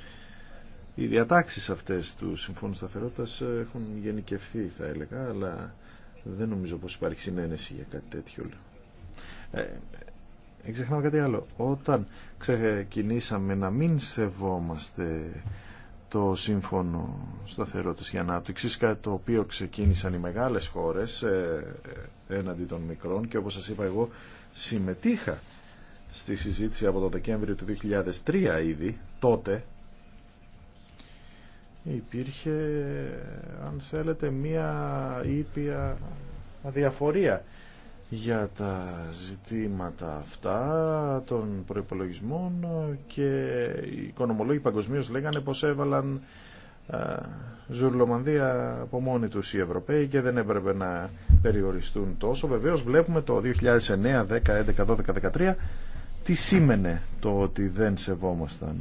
Οι διατάξεις αυτές του Συμφώνου Σταθερότητας ε, έχουν γενικευθεί θα έλεγα, αλλά δεν νομίζω πως υπάρχει συνένεση για κάτι τέτοιο. Ε, ε ξεχνάμε κάτι άλλο. Όταν ξεκινήσαμε να μην σεβόμαστε το σύμφωνο σταθερότητας για ανάπτυξη, κάτι το οποίο ξεκίνησαν οι μεγάλες χώρες ε, έναντι των μικρών και όπως σας είπα εγώ συμμετείχα στη συζήτηση από το Δεκέμβριο του 2003 ήδη, τότε υπήρχε, αν θέλετε, μία ήπια αδιαφορία για τα ζητήματα αυτά των προϋπολογισμών και οι οικονομολόγοι παγκοσμίω λέγανε πως έβαλαν ζουρλομανδία από μόνοι τους οι Ευρωπαίοι και δεν έπρεπε να περιοριστούν τόσο. Βεβαίως βλέπουμε το 2009, 10, 11, 12, 13 τι σήμαινε το ότι δεν σεβόμασταν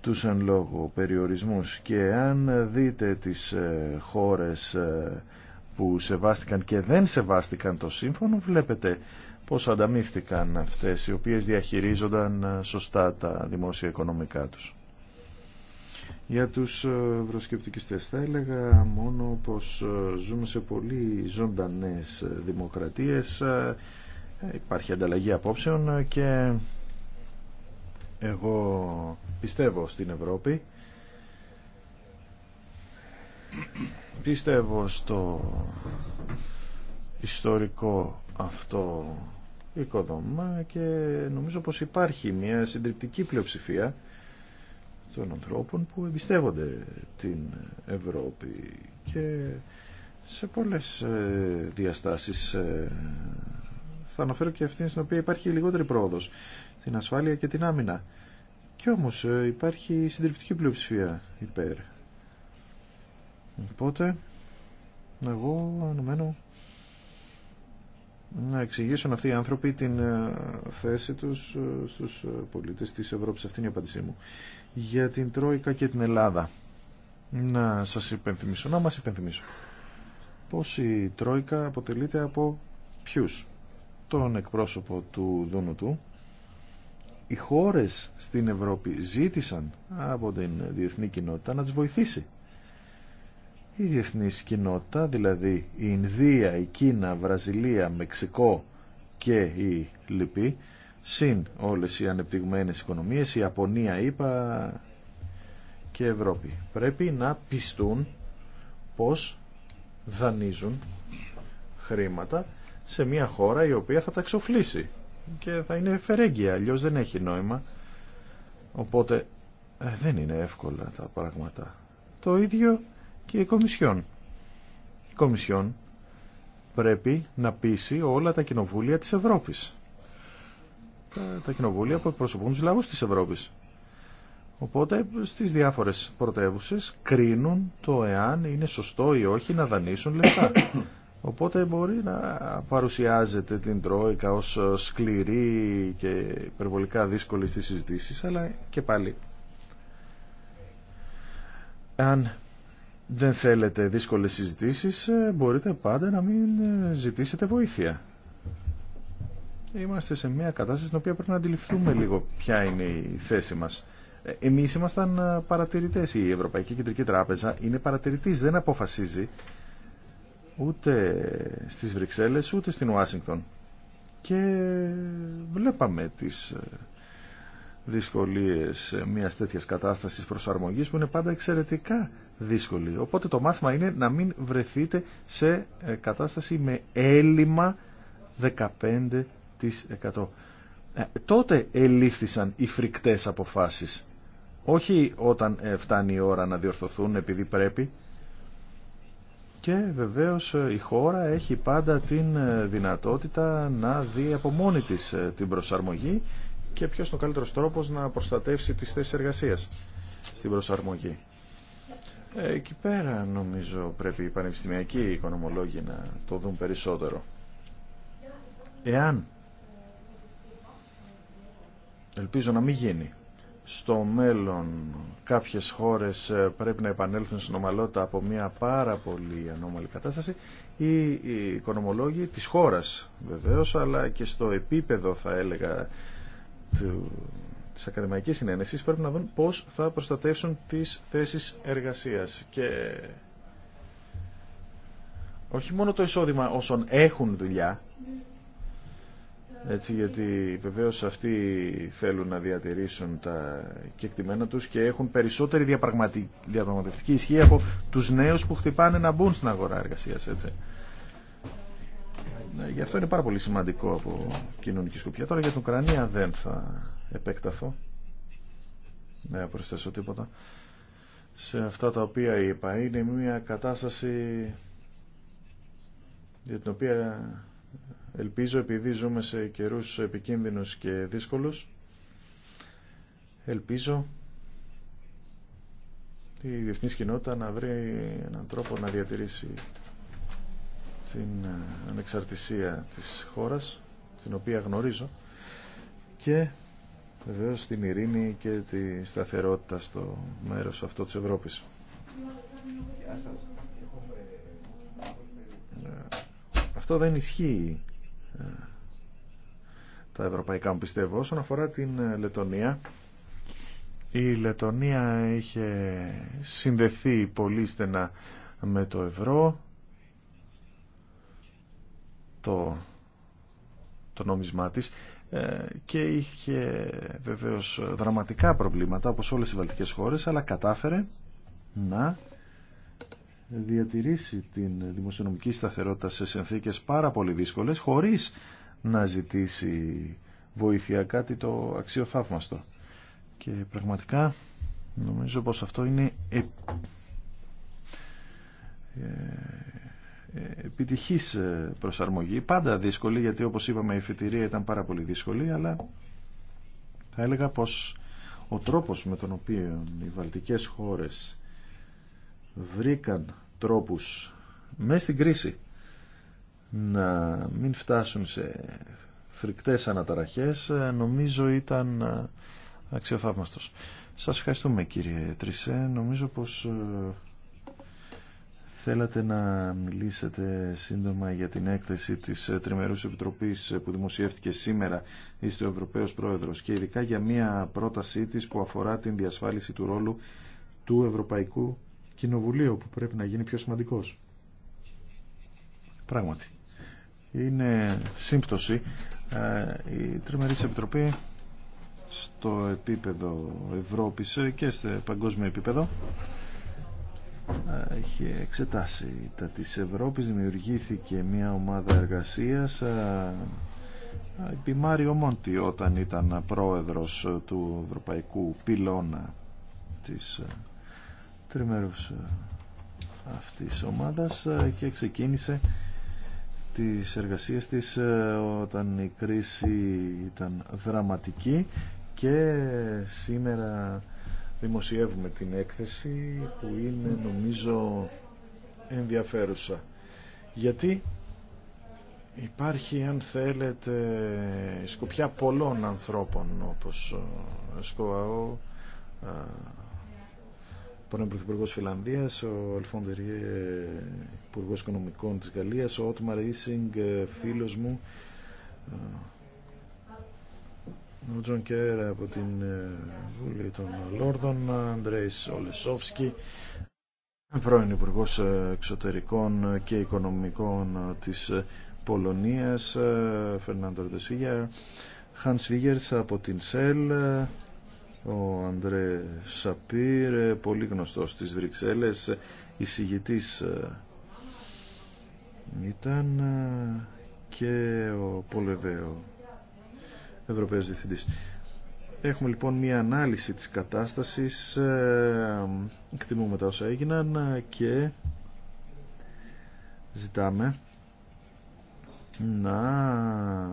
τους εν λόγω περιορισμούς και αν δείτε τις ε, χώρες ε, που σεβάστηκαν και δεν σεβάστηκαν το σύμφωνο βλέπετε πώς ανταμείφθηκαν αυτές οι οποίες διαχειρίζονταν ε, σωστά τα δημόσια οικονομικά τους. Για τους ε, βροσκεπτικιστές θα έλεγα μόνο πως ε, ζούμε σε πολύ ζωντανές ε, δημοκρατίες, υπάρχει ανταλλαγή απόψεων και εγώ πιστεύω στην Ευρώπη. Πιστεύω στο ιστορικό αυτό οικοδόμημα και νομίζω πως υπάρχει μια συντριπτική πλειοψηφία των ανθρώπων που εμπιστεύονται την Ευρώπη και σε πολλές ε, διαστάσεις ε, θα αναφέρω και αυτήν στην οποία υπάρχει λιγότερη πρόοδος την ασφάλεια και την άμυνα και όμως ε, υπάρχει συντριπτική πλειοψηφία υπέρ οπότε εγώ αναμένω να εξηγήσουν αυτοί οι άνθρωποι την ε, θέση τους ε, στους ε, πολίτες της Ευρώπης. Αυτή είναι η απάντησή μου. Για την Τρόικα και την Ελλάδα. Να σας υπενθυμίσω, να μας υπενθυμίσω. Πώς η Τρόικα αποτελείται από ποιους. Τον εκπρόσωπο του Δούνου του. Οι χώρες στην Ευρώπη ζήτησαν από την διεθνή κοινότητα να τις βοηθήσει η διεθνής κοινότητα, δηλαδή η Ινδία, η Κίνα, η Βραζιλία, Μεξικό και η Λιπή, συν όλες οι ανεπτυγμένες οικονομίες, η Ιαπωνία, ΗΠΑ και Ευρώπη. Πρέπει να πιστούν πως δανείζουν χρήματα σε μια χώρα η οποία θα τα εξοφλήσει και θα είναι φερέγγια, αλλιώ δεν έχει νόημα. Οπότε ε, δεν είναι εύκολα τα πράγματα. Το ίδιο και η Κομισιόν. Η Κομισιόν πρέπει να πείσει όλα τα κοινοβούλια της Ευρώπης. Τα, κοινοβούλια που εκπροσωπούν τους λαούς της Ευρώπης. Οπότε στις διάφορες πρωτεύουσε κρίνουν το εάν είναι σωστό ή όχι να δανείσουν λεφτά. Οπότε μπορεί να παρουσιάζεται την Τρόικα ως σκληρή και υπερβολικά δύσκολη στις συζητήσεις, αλλά και πάλι. Αν δεν θέλετε δύσκολες συζητήσεις, ε, μπορείτε πάντα να μην ε, ζητήσετε βοήθεια. Είμαστε σε μια κατάσταση στην οποία πρέπει να αντιληφθούμε λίγο ποια είναι η θέση μας. Ε, εμείς ήμασταν παρατηρητές. Η Ευρωπαϊκή Κεντρική Τράπεζα είναι παρατηρητής, δεν αποφασίζει ούτε στις Βρυξέλλες ούτε στην Ουάσιγκτον. Και βλέπαμε τις δυσκολίες ε, μία τέτοιας κατάστασης προσαρμογής που είναι πάντα εξαιρετικά δύσκολη. Οπότε το μάθημα είναι να μην βρεθείτε σε ε, κατάσταση με έλλειμμα 15%. Ε, τότε ελήφθησαν οι φρικτές αποφάσεις. Όχι όταν φτάνει η ώρα να διορθωθούν επειδή πρέπει. Και βεβαίως η χώρα έχει πάντα την δυνατότητα να δει από μόνη της την προσαρμογή και ποιος είναι ο καλύτερος τρόπος να προστατεύσει τις θέσεις εργασίας στην προσαρμογή. Ε, εκεί πέρα νομίζω πρέπει οι πανεπιστημιακοί οικονομολόγοι να το δουν περισσότερο. Εάν, ελπίζω να μην γίνει, στο μέλλον κάποιες χώρες ε, πρέπει να επανέλθουν στην ομαλότητα από μια πάρα πολύ ανώμαλη κατάσταση οι οικονομολόγοι της χώρας βεβαίως αλλά και στο επίπεδο θα έλεγα του, της ακαδημαϊκής συνένεσης πρέπει να δουν πώς θα προστατεύσουν τις θέσεις εργασίας και όχι μόνο το εισόδημα όσων έχουν δουλειά έτσι, γιατί βεβαίως αυτοί θέλουν να διατηρήσουν τα κεκτημένα τους και έχουν περισσότερη διαπραγματευτική ισχύ από τους νέους που χτυπάνε να μπουν στην αγορά εργασίας. Έτσι. Ναι, γι' αυτό είναι πάρα πολύ σημαντικό από κοινωνική σκοπιά. Τώρα για την Ουκρανία δεν θα επεκταθώ. Δεν ναι, προσθέσω τίποτα. Σε αυτά τα οποία είπα είναι μια κατάσταση για την οποία ελπίζω επειδή ζούμε σε καιρούς επικίνδυνους και δύσκολους ελπίζω η διεθνής κοινότητα να βρει έναν τρόπο να διατηρήσει την ε, ανεξαρτησία της χώρας, την οποία γνωρίζω, και βεβαίω την ειρήνη και τη σταθερότητα στο μέρος αυτό της Ευρώπης. Ε, αυτό δεν ισχύει ε, τα ευρωπαϊκά μου πιστεύω. Όσον αφορά την Λετωνία, η Λετωνία είχε συνδεθεί πολύ στενά με το ευρώ το, το νόμισμά της ε, και είχε βεβαίως δραματικά προβλήματα όπως όλες οι βαλτικές χώρες αλλά κατάφερε να διατηρήσει την δημοσιονομική σταθερότητα σε συνθήκες πάρα πολύ δύσκολες χωρίς να ζητήσει βοήθεια κάτι το αξιοθαύμαστο και πραγματικά νομίζω πως αυτό είναι ε, επιτυχής ε, προσαρμογή, πάντα δύσκολη γιατί όπως είπαμε η φοιτηρία ήταν πάρα πολύ δύσκολη αλλά θα έλεγα πως ο τρόπος με τον οποίο οι βαλτικές χώρες βρήκαν τρόπους μέσα στην κρίση να μην φτάσουν σε φρικτές αναταραχές ε, νομίζω ήταν ε, αξιοθαύμαστος. Σας ευχαριστούμε κύριε Τρισέ. Νομίζω πως Θέλατε να μιλήσετε σύντομα για την έκθεση της Τριμερούς Επιτροπής που δημοσιεύτηκε σήμερα ή στο Ευρωπαίος Πρόεδρος και ειδικά για μια πρότασή της που αφορά την διασφάλιση του ρόλου του Ευρωπαϊκού Κοινοβουλίου που πρέπει να γίνει πιο σημαντικός. Πράγματι. Είναι σύμπτωση ε, η Τριμερής Επιτροπή στο επίπεδο Ευρώπης και σε παγκόσμιο επίπεδο είχε εξετάσει τα της Ευρώπης δημιουργήθηκε μια ομάδα εργασίας επί Μάριο Μόντι όταν ήταν πρόεδρος του Ευρωπαϊκού Πυλώνα της τριμέρους αυτής ομάδας και ξεκίνησε τις εργασίες της όταν η κρίση ήταν δραματική και σήμερα δημοσιεύουμε την έκθεση που είναι νομίζω ενδιαφέρουσα. Γιατί υπάρχει αν θέλετε σκοπιά πολλών ανθρώπων όπως ε, Σκοαό, ε, πρώην Πρωθυπουργός Φιλανδία, ο Αλφοντερίε, Υπουργό Οικονομικών τη Γαλλίας, ο Ότμαρ Ισινγκ, ε, φίλος μου, ο Τζον από την ε, Βουλή των Λόρδων, Αντρέης Ολεσόφσκι, πρώην Υπουργό ε, Εξωτερικών και Οικονομικών ε, της Πολωνίας, Φερνάντο ο Χάνς Φίγερς από την ΣΕΛ, ο Αντρέ Σαπίρ, πολύ γνωστός στις Βρυξέλλες, εισηγητής ήταν και ο Πόλεβεο. Ευρωπαίος Διευθυντής. Έχουμε λοιπόν μία ανάλυση της κατάστασης, ε, ε, εκτιμούμε τα όσα έγιναν ε, και ζητάμε να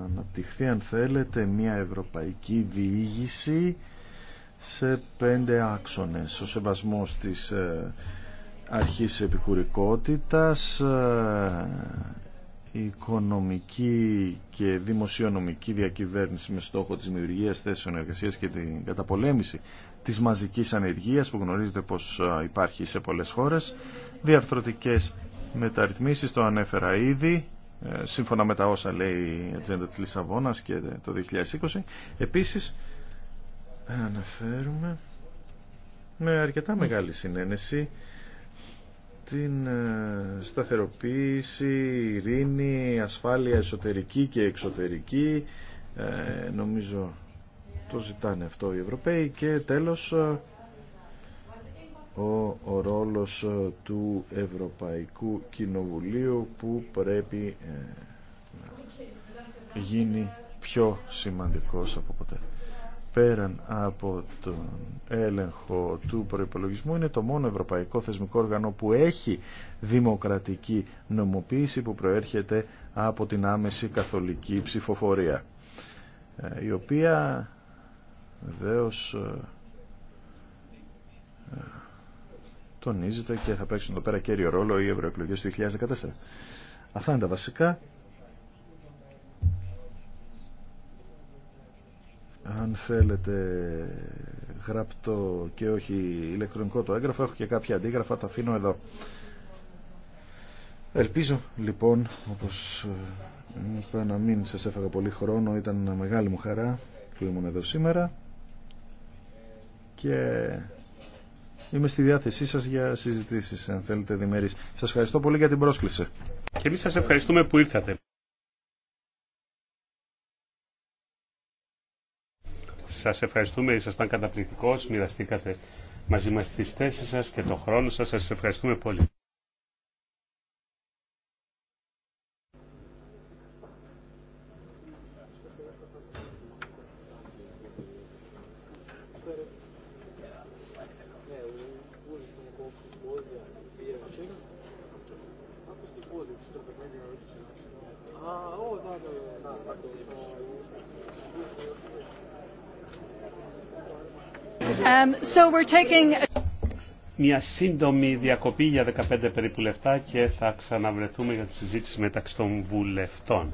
αναπτυχθεί αν θέλετε μία ευρωπαϊκή διήγηση σε πέντε άξονες. Ο σεβασμός της αρχής επικουρικότητας, η οικονομική και δημοσιονομική διακυβέρνηση με στόχο της δημιουργία θέσεων εργασίας και την καταπολέμηση της μαζικής ανεργίας που γνωρίζετε πως υπάρχει σε πολλές χώρες, διαρθρωτικές μεταρρυθμίσεις, το ανέφερα ήδη, ε, σύμφωνα με τα όσα λέει η ατζέντα της Λισαβόνας και το 2020. Επίσης, αναφέρουμε με αρκετά μεγάλη συνένεση την ε, σταθεροποίηση, ειρήνη, ασφάλεια εσωτερική και εξωτερική. Ε, νομίζω το ζητάνε αυτό οι Ευρωπαίοι. Και τέλος ε, ο, ο ρόλος του Ευρωπαϊκού Κοινοβουλίου που πρέπει να γίνει πιο σημαντικός από ποτέ πέραν από τον έλεγχο του προϋπολογισμού είναι το μόνο ευρωπαϊκό θεσμικό όργανο που έχει δημοκρατική νομοποίηση που προέρχεται από την άμεση καθολική ψηφοφορία ε, η οποία βεβαίω ε, ε, τονίζεται και θα παίξουν εδώ πέρα κέριο ρόλο οι ευρωεκλογές του 2014. Αυτά είναι τα βασικά. αν θέλετε γραπτό και όχι ηλεκτρονικό το έγγραφο έχω και κάποια αντίγραφα τα αφήνω εδώ ελπίζω λοιπόν όπως ε, είπα να μην σας έφαγα πολύ χρόνο ήταν μεγάλη μου χαρά που ήμουν εδώ σήμερα και είμαι στη διάθεσή σας για συζητήσεις αν θέλετε διμερείς σας ευχαριστώ πολύ για την πρόσκληση και εμείς σας ευχαριστούμε που ήρθατε Σας ευχαριστούμε, ήσασταν καταπληκτικός, μοιραστήκατε μαζί μας τις θέσεις σας και τον χρόνο σας. Σας ευχαριστούμε πολύ. Um, Μια σύντομη διακοπή για 15 περίπου λεπτά και θα ξαναβρεθούμε για τη συζήτηση μεταξύ των βουλευτών.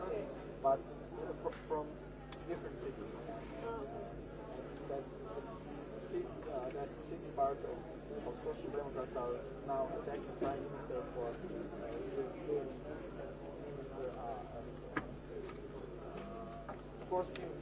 but from different cities. That, that city part of, of Social Democrats are now attacking Prime Minister for Minister uh, forcing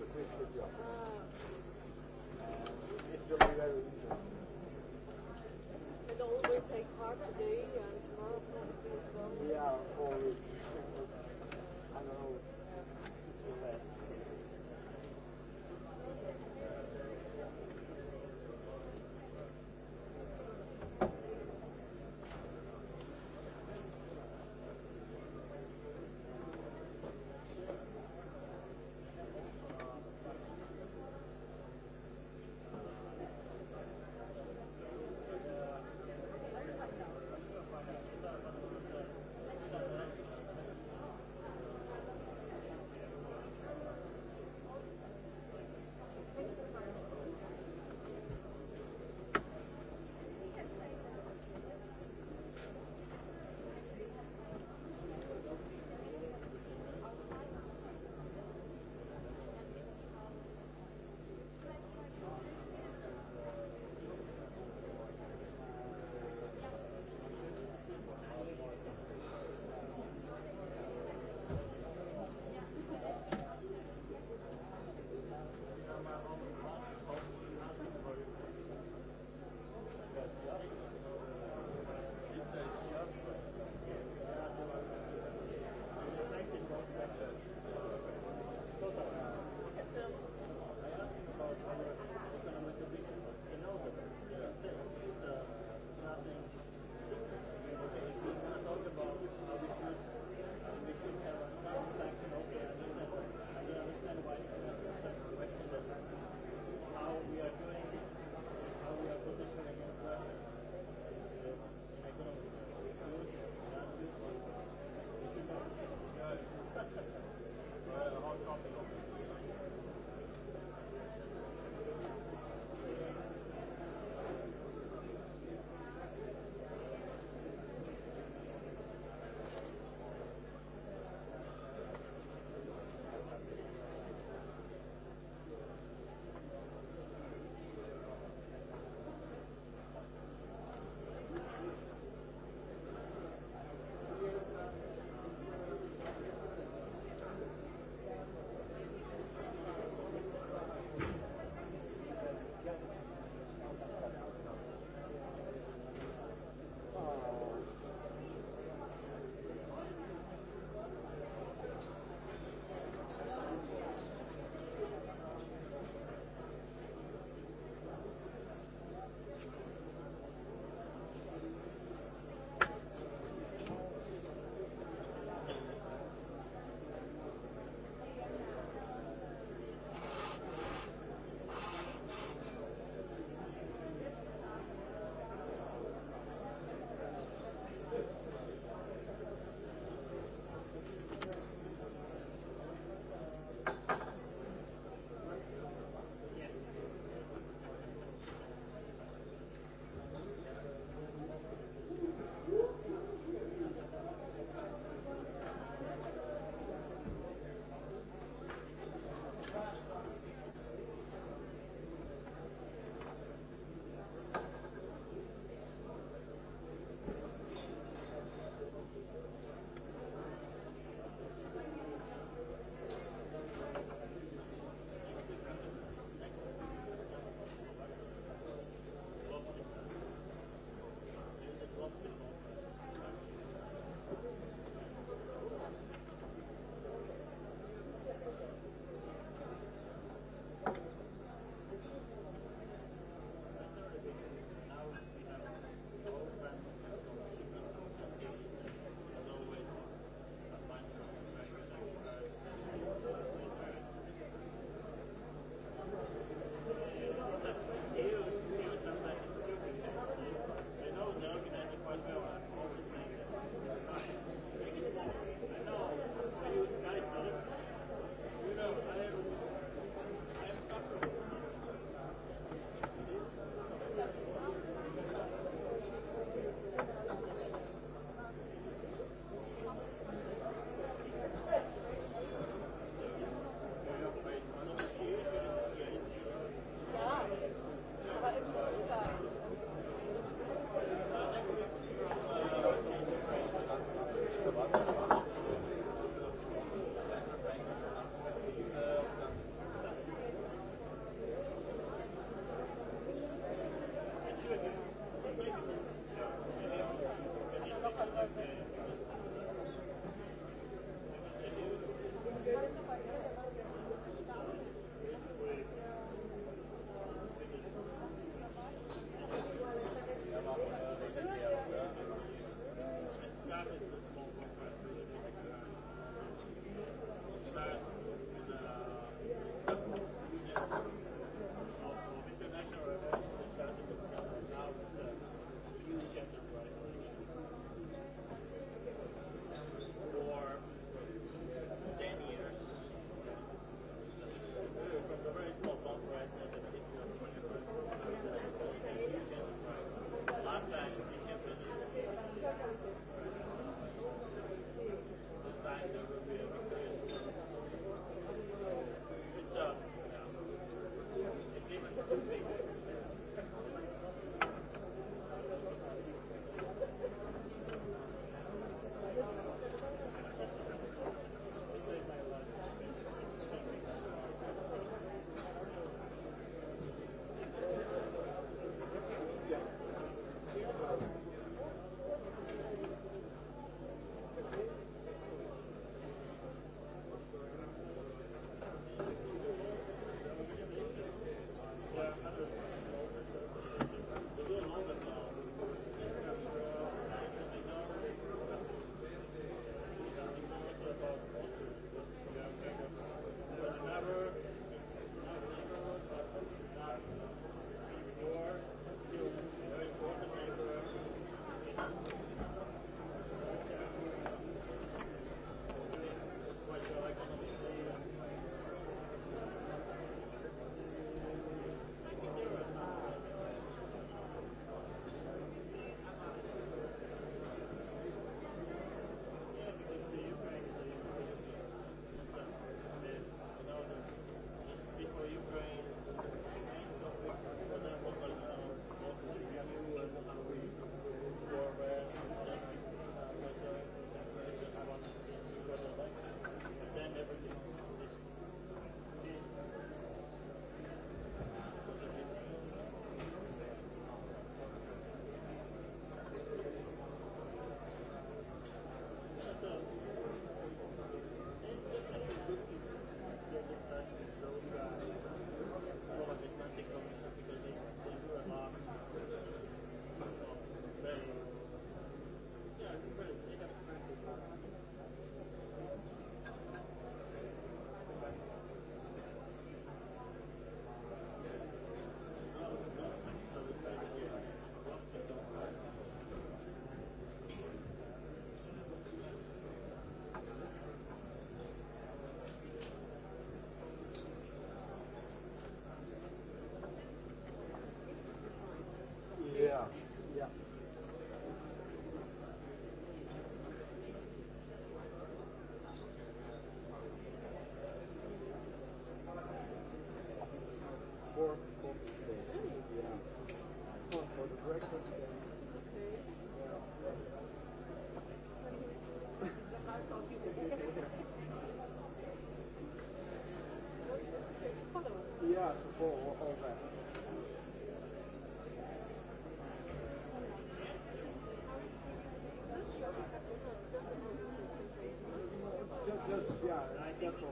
Yeah, I guess so.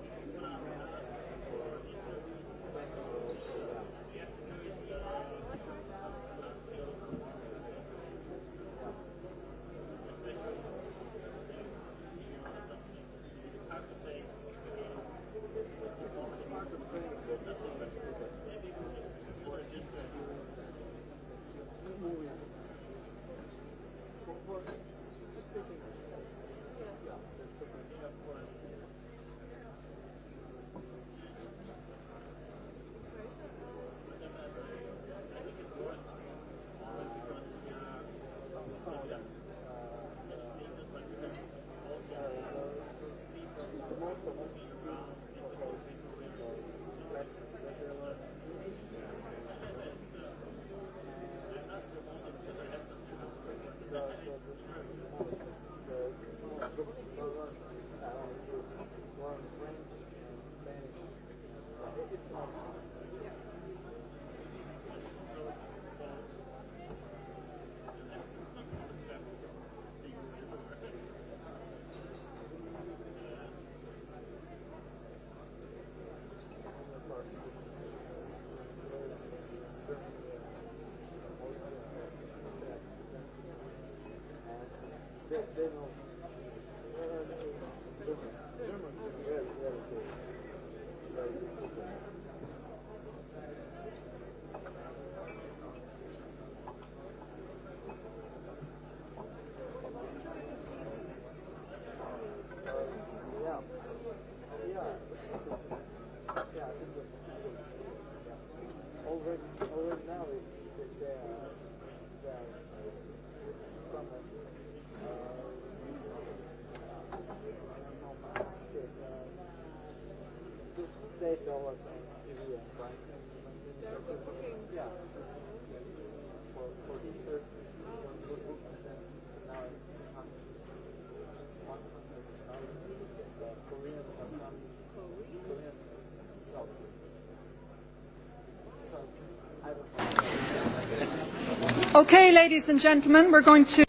Okay,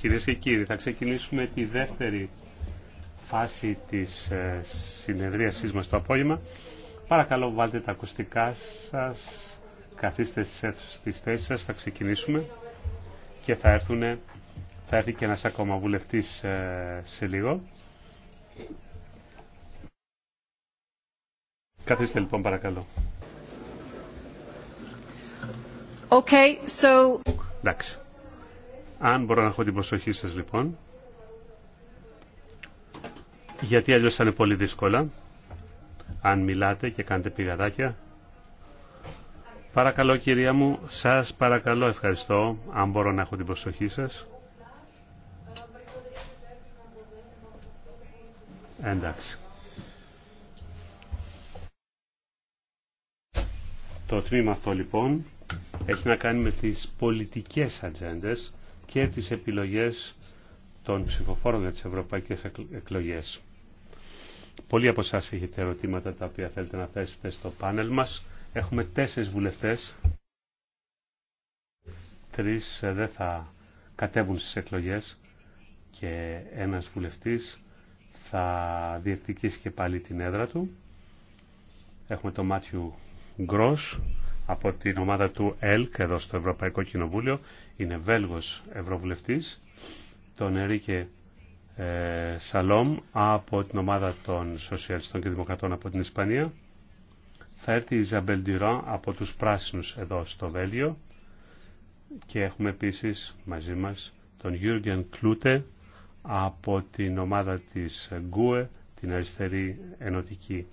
Κυρίες και κύριοι, θα ξεκινήσουμε τη δεύτερη φάση της ε, συνεδρίασής μας το απόγευμα. Παρακαλώ βάλτε τα ακουστικά σας, καθίστε στις θέσεις σας, θα ξεκινήσουμε και θα, έρθουνε, θα έρθει και ένας ακόμα βουλευτής ε, σε λίγο. Καθίστε λοιπόν παρακαλώ. Okay, so... Εντάξει. Αν μπορώ να έχω την προσοχή σας λοιπόν, γιατί αλλιώς θα είναι πολύ δύσκολα, αν μιλάτε και κάνετε πηγαδάκια. Παρακαλώ κυρία μου, σας παρακαλώ ευχαριστώ, αν μπορώ να έχω την προσοχή σας. Εντάξει. Το τμήμα αυτό λοιπόν έχει να κάνει με τις πολιτικές ατζέντε και τις επιλογές των ψηφοφόρων για τις ευρωπαϊκές εκλογές. Πολλοί από εσά έχετε ερωτήματα τα οποία θέλετε να θέσετε στο πάνελ μας. Έχουμε τέσσερις βουλευτές. Τρεις ε, δεν θα κατέβουν στις εκλογές και ένας βουλευτής θα διεκδικήσει και πάλι την έδρα του. Έχουμε τον Μάτιου Γκρός, από την ομάδα του ΕΛΚ εδώ στο Ευρωπαϊκό Κοινοβούλιο. Είναι Βέλγος Ευρωβουλευτής, τον Ερίκε ε, Σαλόμ από την ομάδα των Σοσιαλιστών και Δημοκρατών από την Ισπανία. Θα έρθει η Ζαμπέλ από τους Πράσινους εδώ στο Βέλγιο και έχουμε επίσης μαζί μας τον Γιούργεν Κλούτε από την ομάδα της Γκουε, την αριστερή ενωτική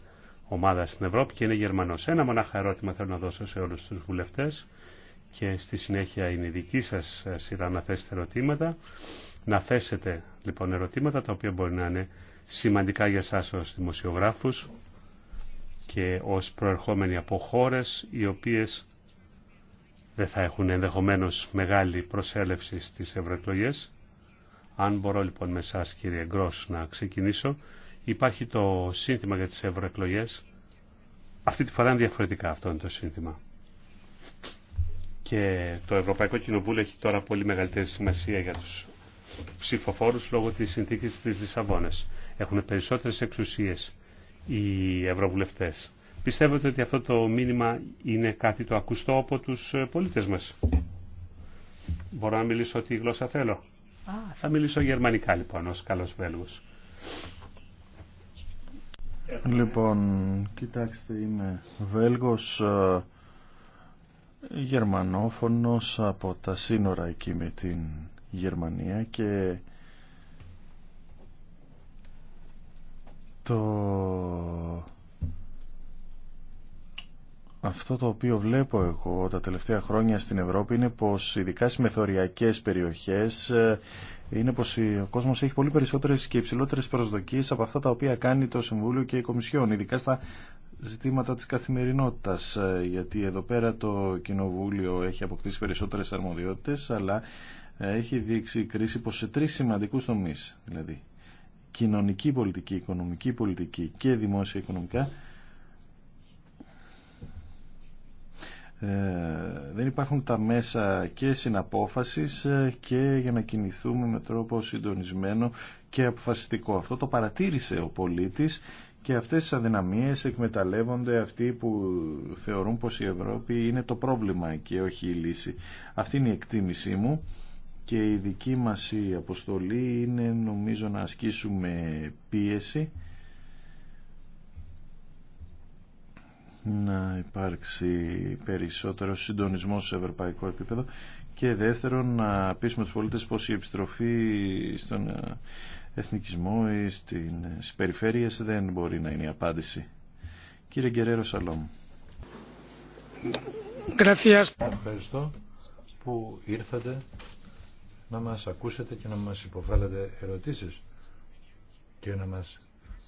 ομάδα στην Ευρώπη και είναι Γερμανό. Ένα μονάχα ερώτημα θέλω να δώσω σε όλου του βουλευτέ και στη συνέχεια είναι η δική σα ε, σειρά να θέσετε ερωτήματα. Να θέσετε λοιπόν ερωτήματα τα οποία μπορεί να είναι σημαντικά για εσά ω δημοσιογράφου και ω προερχόμενοι από χώρες οι οποίε δεν θα έχουν ενδεχομένω μεγάλη προσέλευση στι ευρωεκλογέ. Αν μπορώ λοιπόν με εσά κύριε Γκρός να ξεκινήσω Υπάρχει το σύνθημα για τις ευρωεκλογέ. Αυτή τη φορά είναι διαφορετικά αυτό είναι το σύνθημα. Και το Ευρωπαϊκό Κοινοβούλιο έχει τώρα πολύ μεγαλύτερη σημασία για τους ψηφοφόρους λόγω της συνθήκης της Λισαβόνας. Έχουν περισσότερες εξουσίες οι ευρωβουλευτές. Πιστεύετε ότι αυτό το μήνυμα είναι κάτι το ακουστό από τους πολίτες μας. Μπορώ να μιλήσω ό,τι γλώσσα θέλω. θα μιλήσω γερμανικά λοιπόν ως καλός Βέλγος. Λοιπόν, κοιτάξτε, είμαι Βέλγος, ε, γερμανόφωνος από τα σύνορα εκεί με την Γερμανία και το αυτό το οποίο βλέπω εγώ τα τελευταία χρόνια στην Ευρώπη είναι πως ειδικά στις μεθοριακές περιοχές ε, είναι πως ο κόσμος έχει πολύ περισσότερες και υψηλότερες προσδοκίες από αυτά τα οποία κάνει το Συμβούλιο και η Κομισιόν, ειδικά στα ζητήματα της καθημερινότητας, ε, γιατί εδώ πέρα το Κοινοβούλιο έχει αποκτήσει περισσότερες αρμοδιότητες, αλλά ε, έχει δείξει κρίση πως σε τρεις σημαντικούς τομείς, δηλαδή κοινωνική πολιτική, οικονομική πολιτική και δημόσια οικονομικά, Ε, δεν υπάρχουν τα μέσα και συναπόφασης ε, και για να κινηθούμε με τρόπο συντονισμένο και αποφασιστικό. Αυτό το παρατήρησε ο πολίτης και αυτές τις αδυναμίες εκμεταλλεύονται αυτοί που θεωρούν πως η Ευρώπη είναι το πρόβλημα και όχι η λύση. Αυτή είναι η εκτίμησή μου και η δική μας η αποστολή είναι νομίζω να ασκήσουμε πίεση να υπάρξει περισσότερο συντονισμό σε ευρωπαϊκό επίπεδο και δεύτερον να πείσουμε τους πολίτες πως η επιστροφή στον ε, εθνικισμό ή ε, στις περιφέρειες δεν μπορεί να είναι η απάντηση. Κύριε Γκερέρο Σαλόμ. Ευχαριστώ που ήρθατε να μας ακούσετε και να μας υποβάλλετε ερωτήσεις και να μας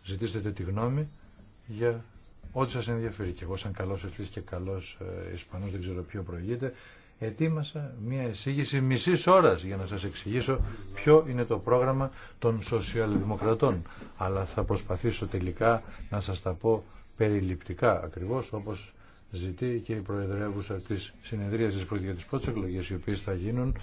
ζητήσετε τη γνώμη για ό,τι σας ενδιαφέρει. Και εγώ σαν καλός ευθύς και καλός ε, Ισπανός, δεν ξέρω ποιο προηγείται, ετοίμασα μια εισήγηση μισή ώρας για να σας εξηγήσω ποιο είναι το πρόγραμμα των σοσιαλδημοκρατών. Αλλά θα προσπαθήσω τελικά να σας τα πω περιληπτικά ακριβώς όπως ζητεί και η Προεδρεύουσα της Συνεδρίας της για τις Πρώτες Εκλογές οι οποίες θα γίνουν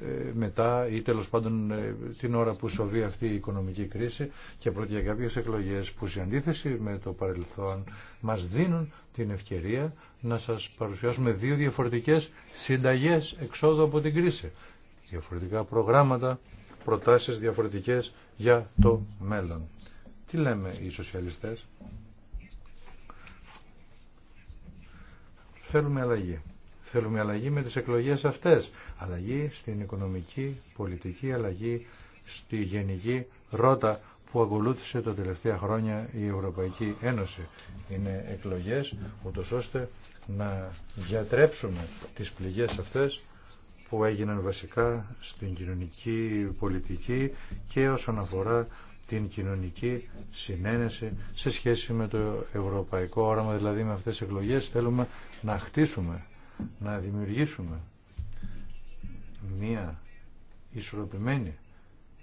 ε, μετά ή τέλος πάντων ε, την ώρα που σοβεί αυτή η τελο παντων την ωρα που κρίση και πρώτη για κάποιες εκλογές που σε αντίθεση με το παρελθόν μας δίνουν την ευκαιρία να σας παρουσιάσουμε δύο διαφορετικές συνταγές εξόδου από την κρίση. Διαφορετικά προγράμματα, προτάσεις διαφορετικές για το μέλλον. Τι λέμε οι σοσιαλιστές. Θέλουμε αλλαγή θέλουμε αλλαγή με τις εκλογές αυτές. Αλλαγή στην οικονομική, πολιτική αλλαγή, στη γενική ρότα που ακολούθησε τα τελευταία χρόνια η Ευρωπαϊκή Ένωση. Είναι εκλογές ούτως ώστε να διατρέψουμε τις πληγές αυτές που έγιναν βασικά στην κοινωνική πολιτική και όσον αφορά την κοινωνική συνένεση σε σχέση με το ευρωπαϊκό όραμα, δηλαδή με αυτές τις εκλογές θέλουμε να χτίσουμε να δημιουργήσουμε μία ισορροπημένη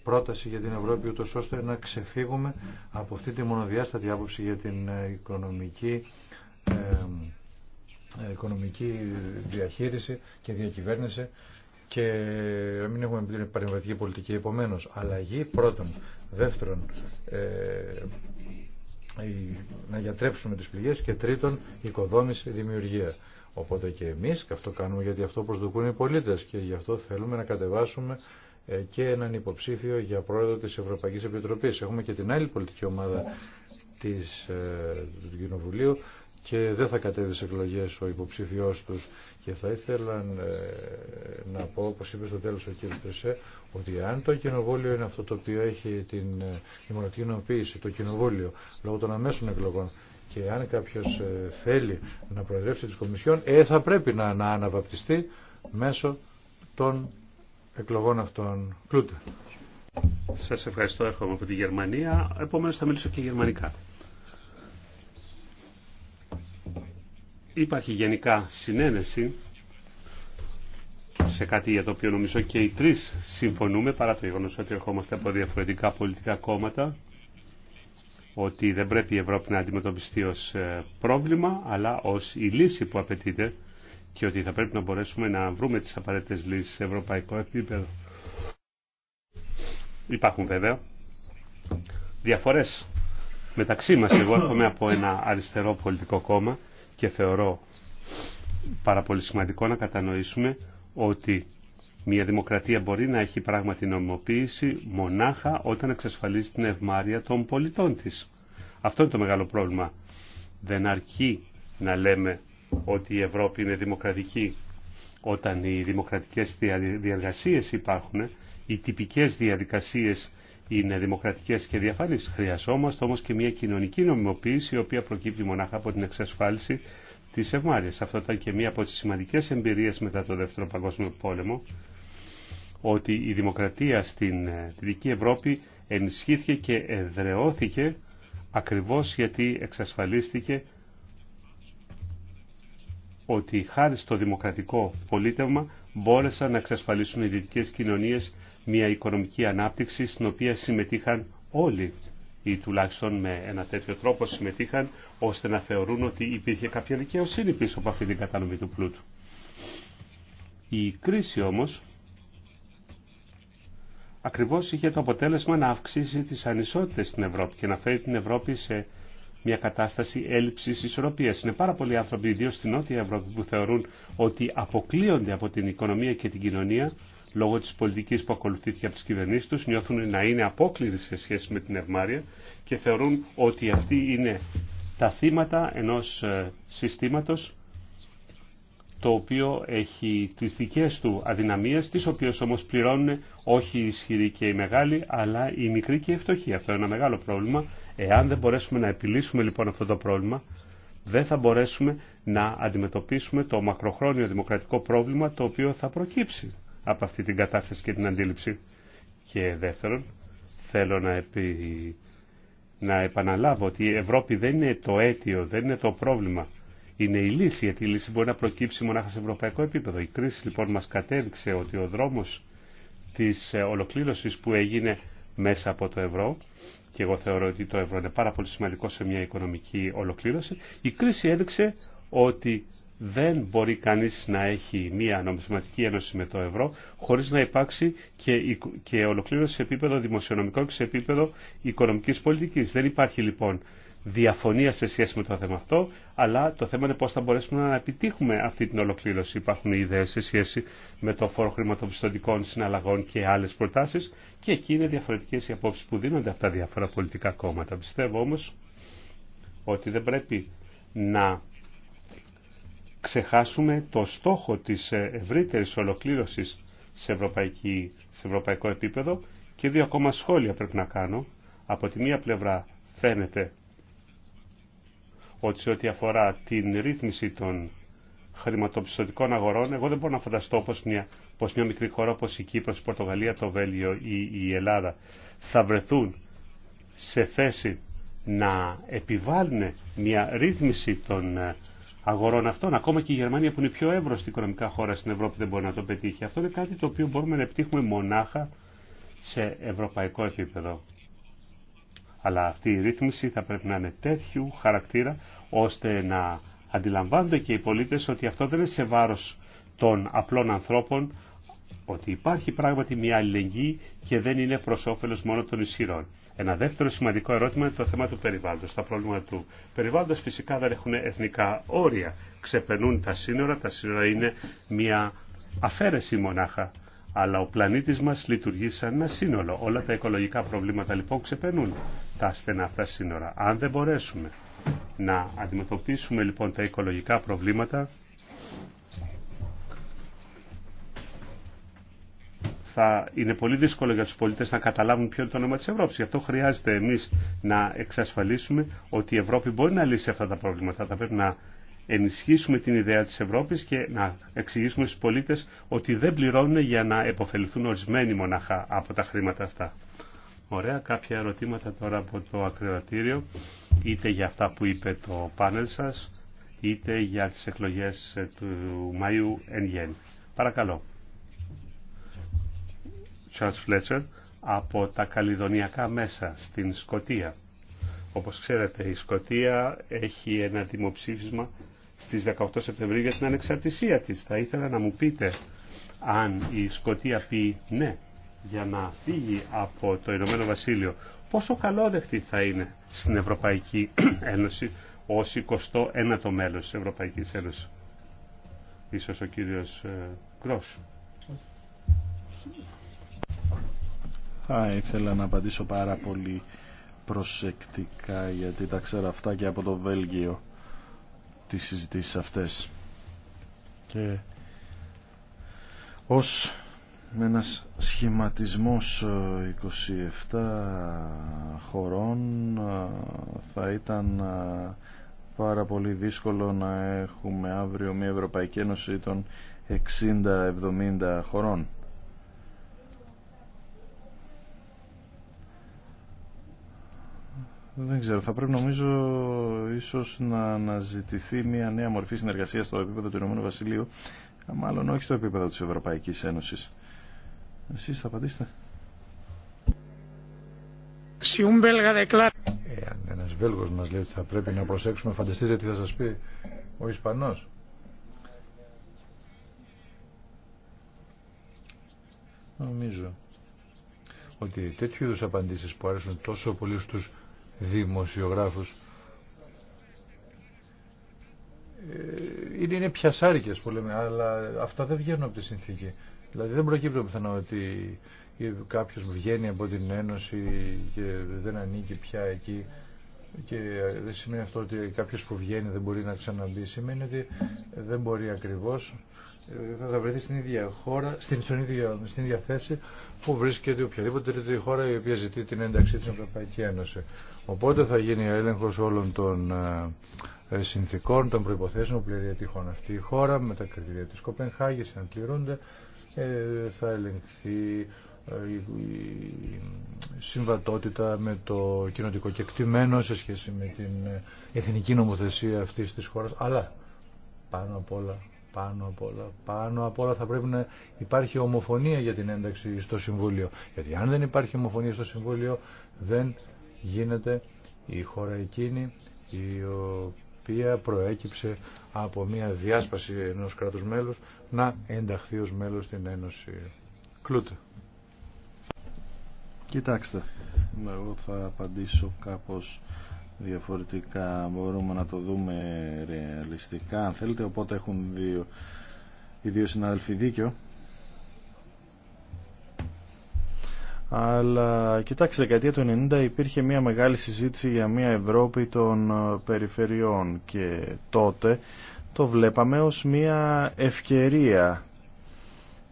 πρόταση για την Ευρώπη ούτως ώστε να ξεφύγουμε από αυτή τη μονοδιάστατη άποψη για την ε, οικονομική, ε, ε, οικονομική διαχείριση και διακυβέρνηση και μην έχουμε την παρεμβατική πολιτική Επομένως, Αλλαγή πρώτον. Δεύτερον, ε, να γιατρέψουμε τις πληγές και τρίτον, οικοδόμηση, δημιουργία. Οπότε και εμείς και αυτό κάνουμε γιατί αυτό προσδοκούν οι πολίτες και γι' αυτό θέλουμε να κατεβάσουμε ε, και έναν υποψήφιο για πρόεδρο της Ευρωπαϊκής Επιτροπής. Έχουμε και την άλλη πολιτική ομάδα της, ε, του Κοινοβουλίου και δεν θα κατέβει σε εκλογές ο υποψήφιός τους και θα ήθελα ε, να πω, όπως είπε στο τέλος ο κ. ότι αν το κοινοβούλιο είναι αυτό το οποίο έχει την δημοκρατική το κοινοβούλιο, λόγω των αμέσων εκλογών, και αν κάποιος ε, θέλει να προεδρεύσει τις Κομισιόν ε, θα πρέπει να, να αναβαπτιστεί μέσω των εκλογών αυτών. Κλούτε. Σας ευχαριστώ, έρχομαι από τη Γερμανία. Επόμενος θα μιλήσω και γερμανικά. Υπάρχει γενικά συνένεση σε κάτι για το οποίο νομίζω και οι τρεις συμφωνούμε παρά το γεγονός ότι ερχόμαστε από διαφορετικά πολιτικά κόμματα ότι δεν πρέπει η Ευρώπη να αντιμετωπιστεί ως ε, πρόβλημα, αλλά ως η λύση που απαιτείται και ότι θα πρέπει να μπορέσουμε να βρούμε τις απαραίτητες λύσεις σε ευρωπαϊκό επίπεδο. Υπάρχουν βέβαια διαφορές μεταξύ μας. Εγώ έρχομαι από ένα αριστερό πολιτικό κόμμα και θεωρώ πάρα πολύ σημαντικό να κατανοήσουμε ότι μια δημοκρατία μπορεί να έχει πράγματι νομιμοποίηση μονάχα όταν εξασφαλίζει την ευμάρεια των πολιτών της. Αυτό είναι το μεγάλο πρόβλημα. Δεν αρκεί να λέμε ότι η Ευρώπη είναι δημοκρατική όταν οι δημοκρατικές διαργασίες υπάρχουν, οι τυπικές διαδικασίες είναι δημοκρατικές και διαφανείς. Χρειαζόμαστε όμως και μια κοινωνική νομιμοποίηση η οποία προκύπτει μονάχα από την εξασφάλιση της ευμάρειας. Αυτό ήταν και μία από τις σημαντικές εμπειρίες μετά το Δεύτερο Παγκόσμιο Πόλεμο ότι η δημοκρατία στην ε, Δυτική Ευρώπη ενισχύθηκε και εδρεώθηκε ακριβώς γιατί εξασφαλίστηκε ότι χάρη στο δημοκρατικό πολίτευμα μπόρεσαν να εξασφαλίσουν οι δυτικές κοινωνίες μια οικονομική ανάπτυξη στην οποία συμμετείχαν όλοι ή τουλάχιστον με ένα τέτοιο τρόπο συμμετείχαν ώστε να θεωρούν ότι υπήρχε κάποια δικαιοσύνη πίσω από αυτή την κατανομή του πλούτου. Η κρίση όμως ακριβώς είχε το αποτέλεσμα να αυξήσει τις ανισότητες στην Ευρώπη και να φέρει την Ευρώπη σε μια κατάσταση έλλειψης ισορροπίας. Είναι πάρα πολλοί άνθρωποι, ιδίω στην Νότια Ευρώπη, που θεωρούν ότι αποκλείονται από την οικονομία και την κοινωνία λόγω της πολιτικής που ακολουθήθηκε από τις κυβερνήσεις τους, νιώθουν να είναι απόκληροι σε σχέση με την ευμάρεια και θεωρούν ότι αυτοί είναι τα θύματα ενός ε, συστήματος το οποίο έχει τις δικές του αδυναμίες, τις οποίες όμως πληρώνουν όχι οι ισχυροί και οι μεγάλοι, αλλά οι μικροί και οι φτωχοί. Αυτό είναι ένα μεγάλο πρόβλημα. Εάν δεν μπορέσουμε να επιλύσουμε λοιπόν αυτό το πρόβλημα, δεν θα μπορέσουμε να αντιμετωπίσουμε το μακροχρόνιο δημοκρατικό πρόβλημα το οποίο θα προκύψει από αυτή την κατάσταση και την αντίληψη. Και δεύτερον, θέλω να, επι... να επαναλάβω ότι η Ευρώπη δεν είναι το αίτιο, δεν είναι το πρόβλημα είναι η λύση, γιατί η λύση μπορεί να προκύψει μονάχα σε ευρωπαϊκό επίπεδο. Η κρίση λοιπόν μας κατέδειξε ότι ο δρόμος της ε, ολοκλήρωσης που έγινε μέσα από το ευρώ και εγώ θεωρώ ότι το ευρώ είναι πάρα πολύ σημαντικό σε μια οικονομική ολοκλήρωση. Η κρίση έδειξε ότι δεν μπορεί κανείς να έχει μια νομισματική ένωση με το ευρώ χωρίς να υπάρξει και, και ολοκλήρωση σε επίπεδο δημοσιονομικό και σε επίπεδο οικονομικής πολιτικής. Δεν υπάρχει λοιπόν διαφωνία σε σχέση με το θέμα αυτό, αλλά το θέμα είναι πώς θα μπορέσουμε να επιτύχουμε αυτή την ολοκλήρωση. Υπάρχουν ιδέες σε σχέση με το φόρο χρηματοπιστωτικών συναλλαγών και άλλες προτάσεις και εκεί είναι διαφορετικές οι απόψεις που δίνονται από τα διάφορα πολιτικά κόμματα. Πιστεύω όμως ότι δεν πρέπει να ξεχάσουμε το στόχο της ευρύτερης ολοκλήρωσης σε, σε ευρωπαϊκό επίπεδο και δύο ακόμα σχόλια πρέπει να κάνω. Από τη μία πλευρά φαίνεται ότι σε ό,τι αφορά την ρύθμιση των χρηματοπιστωτικών αγορών, εγώ δεν μπορώ να φανταστώ πως μια, πως μια μικρή χώρα όπως η Κύπρος, η Πορτογαλία, το Βέλγιο ή η Ελλάδα θα βρεθούν σε θέση να επιβάλλουν μια ρύθμιση των ε, αγορών αυτών. Ακόμα και η Γερμανία που είναι η πιο εύρωστη οικονομικά χώρα στην Ευρώπη δεν μπορεί να το πετύχει. Αυτό είναι κάτι το οποίο μπορούμε να επιτύχουμε μονάχα σε ευρωπαϊκό επίπεδο. Αλλά αυτή η ρύθμιση θα πρέπει να είναι τέτοιου χαρακτήρα ώστε να αντιλαμβάνονται και οι πολίτες ότι αυτό δεν είναι σε βάρος των απλών ανθρώπων ότι υπάρχει πράγματι μια αλληλεγγύη και δεν είναι προ όφελο μόνο των ισχυρών. Ένα δεύτερο σημαντικό ερώτημα είναι το θέμα του περιβάλλοντος, Τα πρόβλημα του περιβάλλοντο φυσικά δεν έχουν εθνικά όρια. Ξεπερνούν τα σύνορα, τα σύνορα είναι μια αφαίρεση μονάχα αλλά ο πλανήτης μας λειτουργεί σαν ένα σύνολο. Όλα τα οικολογικά προβλήματα λοιπόν ξεπερνούν τα στενά αυτά σύνορα. Αν δεν μπορέσουμε να αντιμετωπίσουμε λοιπόν τα οικολογικά προβλήματα, θα είναι πολύ δύσκολο για τους πολίτες να καταλάβουν ποιο είναι το όνομα της Ευρώπης. Γι' αυτό χρειάζεται εμείς να εξασφαλίσουμε ότι η Ευρώπη μπορεί να λύσει αυτά τα προβλήματα ενισχύσουμε την ιδέα της Ευρώπης και να εξηγήσουμε στους πολίτες ότι δεν πληρώνουν για να επωφεληθούν ορισμένοι μοναχά από τα χρήματα αυτά. Ωραία, κάποια ερωτήματα τώρα από το ακροατήριο, είτε για αυτά που είπε το πάνελ σας, είτε για τις εκλογές ε, του Μαΐου εν Παρακαλώ. Charles Fletcher από τα καλλιδονιακά μέσα στην Σκοτία. Όπως ξέρετε η Σκοτία έχει ένα δημοψήφισμα στις 18 Σεπτεμβρίου για την ανεξαρτησία της. Θα ήθελα να μου πείτε αν η Σκοτία πει ναι για να φύγει από το Ηνωμένο Βασίλειο, πόσο καλόδεκτη θα είναι στην Ευρωπαϊκή Ένωση ως 29ο μέλος της Ευρωπαϊκής Ένωσης. Ίσως ο κύριος ισως ο κυριος κροσου Θα ήθελα να απαντήσω πάρα πολύ προσεκτικά γιατί τα ξέρω αυτά και από το Βέλγιο τις συζητήσεις αυτές. Και ως με ένας σχηματισμός 27 ε, χωρών ε, θα ήταν ε, πάρα πολύ δύσκολο να έχουμε αύριο μια Ευρωπαϊκή Ένωση των 60-70 χωρών. Δεν ξέρω, θα πρέπει νομίζω ίσως να αναζητηθεί μια νέα μορφή συνεργασίας στο επίπεδο του Ηνωμένου Βασιλείου, μάλλον όχι στο επίπεδο της Ευρωπαϊκής Ένωσης. Εσείς θα απαντήσετε. Εάν ένας Βέλγος μας λέει ότι θα πρέπει να προσέξουμε, φανταστείτε τι θα σας πει ο Ισπανός. Νομίζω ότι τέτοιου είδου απαντήσεις που αρέσουν τόσο πολύ στους δημοσιογράφους. Ε, είναι, είναι πιασάρικες που λέμε, αλλά αυτά δεν βγαίνουν από τη συνθήκη. Δηλαδή δεν προκύπτει πιθανό ότι κάποιος βγαίνει από την Ένωση και δεν ανήκει πια εκεί και ε, δεν σημαίνει αυτό ότι κάποιος που βγαίνει δεν μπορεί να ξαναμπεί. Σημαίνει ότι δεν μπορεί ακριβώς θα θα βρεθεί στην ίδια χώρα, στην, στην ίδια θέση που βρίσκεται οποιαδήποτε τρίτη χώρα η οποία ζητεί την ένταξή της Ευρωπαϊκή Ένωση. Οπότε θα γίνει έλεγχος όλων των ε, ε, συνθήκων, των προϋποθέσεων που πληρεί τυχόν αυτή η χώρα με τα κριτήρια της Κοπενχάγης, αν πληρούνται, ε, θα ελεγχθεί η συμβατότητα με το κοινοτικό κεκτημένο σε σχέση με την εθνική νομοθεσία αυτής της χώρας, αλλά πάνω απ' όλα πάνω απ' όλα, πάνω απ' θα πρέπει να υπάρχει ομοφωνία για την ένταξη στο Συμβούλιο. Γιατί αν δεν υπάρχει ομοφωνία στο Συμβούλιο δεν γίνεται η χώρα εκείνη η οποία προέκυψε από μια διάσπαση ενός κράτους μέλους να ενταχθεί ως μέλος στην Ένωση. Κλούτε. Κοιτάξτε, εγώ θα απαντήσω κάπως διαφορετικά μπορούμε να το δούμε ρεαλιστικά αν θέλετε οπότε έχουν δύο, οι δύο συναδελφοί δίκιο αλλά κοιτάξτε δεκαετία του 90 υπήρχε μια μεγάλη συζήτηση για μια Ευρώπη των ε, περιφερειών και τότε το βλέπαμε ως μια ευκαιρία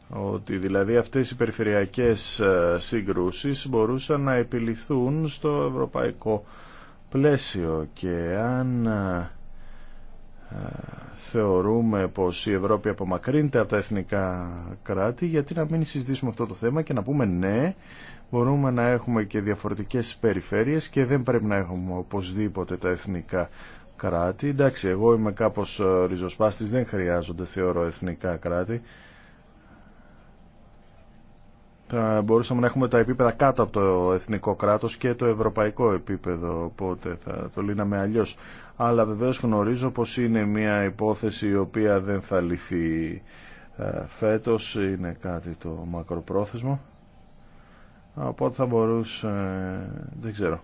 ότι δηλαδή αυτές οι περιφερειακές ε, σύγκρουσεις μπορούσαν να επιληθούν στο ευρωπαϊκό πλαίσιο και αν θεωρούμε πως η Ευρώπη απομακρύνεται από τα εθνικά κράτη γιατί να μην συζητήσουμε αυτό το θέμα και να πούμε ναι μπορούμε να έχουμε και διαφορετικές περιφέρειες και δεν πρέπει να έχουμε οπωσδήποτε τα εθνικά κράτη εντάξει εγώ είμαι κάπως ε, ριζοσπάστης δεν χρειάζονται θεωρώ εθνικά κράτη θα μπορούσαμε να έχουμε τα επίπεδα κάτω από το εθνικό κράτος και το ευρωπαϊκό επίπεδο, οπότε θα το λύναμε αλλιώς. Αλλά βεβαίως γνωρίζω πως είναι μια υπόθεση η οποία δεν θα λυθεί ε, φέτος, είναι κάτι το μακροπρόθεσμο. Οπότε θα μπορούσε, δεν ξέρω.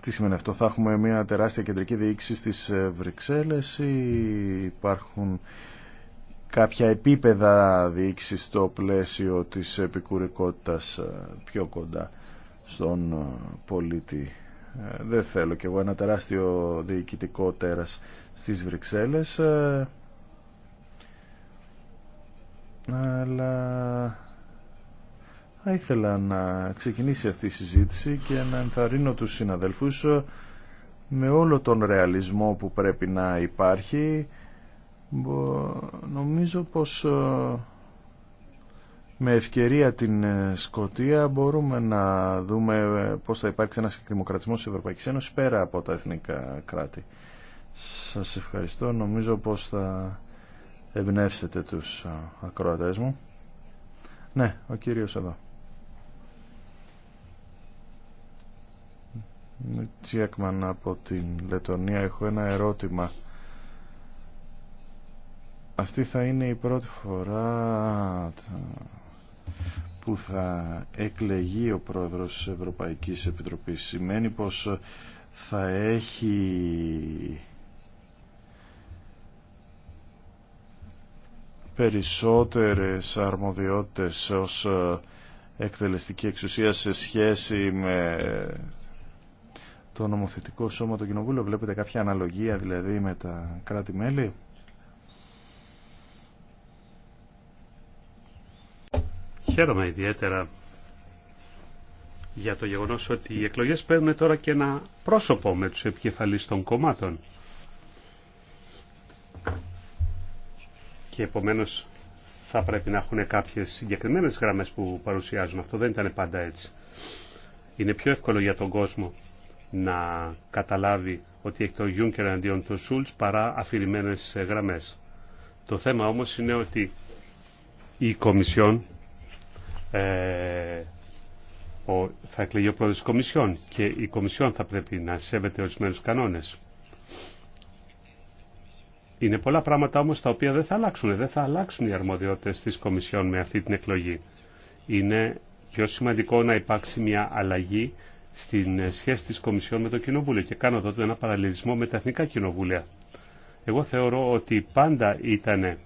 Τι σημαίνει αυτό, θα έχουμε μια τεράστια κεντρική διοίκηση στις ε, Βρυξέλλες ή υπάρχουν κάποια επίπεδα διοίκηση στο πλαίσιο της επικουρικότητας ε, πιο κοντά στον ε, πολίτη. Ε, δεν θέλω κι εγώ ένα τεράστιο διοικητικό τέρας στις Βρυξέλλες αλλά θα ήθελα να ξεκινήσει αυτή η συζήτηση και να ενθαρρύνω τους συναδελφούς με όλο τον ρεαλισμό που πρέπει να υπάρχει Νομίζω πως ε, με ευκαιρία την ε, Σκοτία μπορούμε να δούμε ε, πώς θα υπάρξει ένας δημοκρατισμός της Ευρωπαϊκής Ένωσης πέρα από τα εθνικά κράτη. Σας ευχαριστώ. Νομίζω πως θα εμπνεύσετε τους ακροατές μου. Ναι, ο κύριος εδώ. Τσίακμαν από την Λετωνία. Έχω ένα ερώτημα αυτή θα είναι η πρώτη φορά που θα εκλεγεί ο πρόεδρος της Ευρωπαϊκής Επιτροπής. Σημαίνει πως θα έχει περισσότερες αρμοδιότητες ως εκτελεστική εξουσία σε σχέση με το νομοθετικό σώμα του Κοινοβούλου. Βλέπετε κάποια αναλογία δηλαδή με τα κράτη-μέλη. Χαίρομαι ιδιαίτερα για το γεγονός ότι οι εκλογές παίρνουν τώρα και ένα πρόσωπο με τους επικεφαλείς των κομμάτων. Και επομένως θα πρέπει να έχουν κάποιες συγκεκριμένες γραμμές που παρουσιάζουν. Αυτό δεν ήταν πάντα έτσι. Είναι πιο εύκολο για τον κόσμο να καταλάβει ότι έχει το Juncker αντίον του Σούλτ παρά αφηρημένες γραμμές. Το θέμα όμως είναι ότι η Κομισιόν ε, ο, θα εκλεγεί ο πρόεδρος της Κομισιόν και η Κομισιόν θα πρέπει να σέβεται ορισμένους κανόνες. Είναι πολλά πράγματα όμως τα οποία δεν θα αλλάξουν. Δεν θα αλλάξουν οι αρμοδιότητες της Κομισιόν με αυτή την εκλογή. Είναι πιο σημαντικό να υπάρξει μια αλλαγή στην σχέση της Κομισιόν με το Κοινοβούλιο και κάνω εδώ ένα παραλληλισμό με τα Εθνικά Κοινοβούλια. Εγώ θεωρώ ότι πάντα ήταν ε,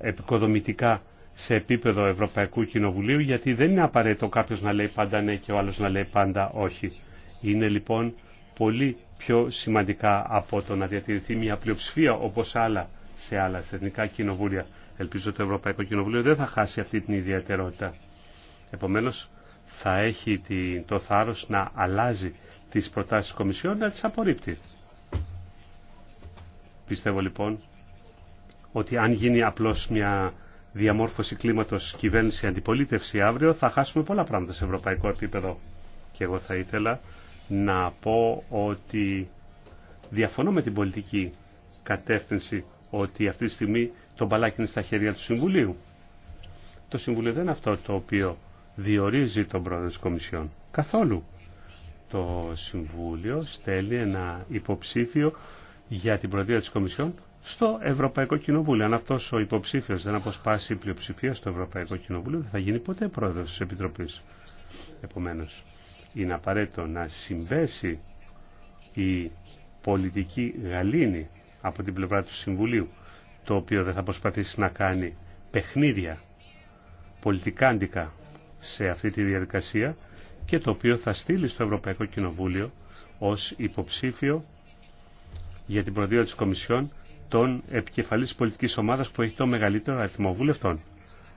επικοδομητικά σε επίπεδο Ευρωπαϊκού Κοινοβουλίου γιατί δεν είναι απαραίτητο κάποιος να λέει πάντα ναι και ο άλλος να λέει πάντα όχι. Είναι λοιπόν πολύ πιο σημαντικά από το να διατηρηθεί μια πλειοψηφία όπως άλλα σε άλλα σε εθνικά κοινοβούλια. Ελπίζω το Ευρωπαϊκό Κοινοβούλιο δεν θα χάσει αυτή την ιδιαιτερότητα. Επομένως θα έχει το θάρρος να αλλάζει τις προτάσεις της Κομισιόν να τις απορρίπτει. Πιστεύω λοιπόν ότι αν γίνει απλώς μια διαμόρφωση κλίματος κυβέρνηση αντιπολίτευση αύριο θα χάσουμε πολλά πράγματα σε ευρωπαϊκό επίπεδο. Και εγώ θα ήθελα να πω ότι διαφωνώ με την πολιτική κατεύθυνση ότι αυτή τη στιγμή το μπαλάκι είναι στα χέρια του Συμβουλίου. Το Συμβουλίο δεν είναι αυτό το οποίο διορίζει τον πρόεδρο της Κομισιόν. Καθόλου. Το Συμβούλιο στέλνει ένα υποψήφιο για την προεδρία της Κομισιόν στο Ευρωπαϊκό Κοινοβούλιο. Αν αυτό ο υποψήφιο, δεν αποσπάσει πλειοψηφία στο Ευρωπαϊκό Κοινοβούλιο, δεν θα γίνει ποτέ πρόεδρος τη Επιτροπής. επομένω είναι απαραίτητο να συμπέσει η πολιτική γαλήνη από την πλευρά του Συμβουλίου, το οποίο δεν θα προσπαθήσει να κάνει παιχνίδια πολιτικάντικα σε αυτή τη διαδικασία και το οποίο θα στείλει στο Ευρωπαϊκό Κοινοβούλιο ως υποψήφιο για την προδία της Κομισιόν των επικεφαλής της πολιτικής ομάδας που έχει το μεγαλύτερο αριθμό βουλευτών.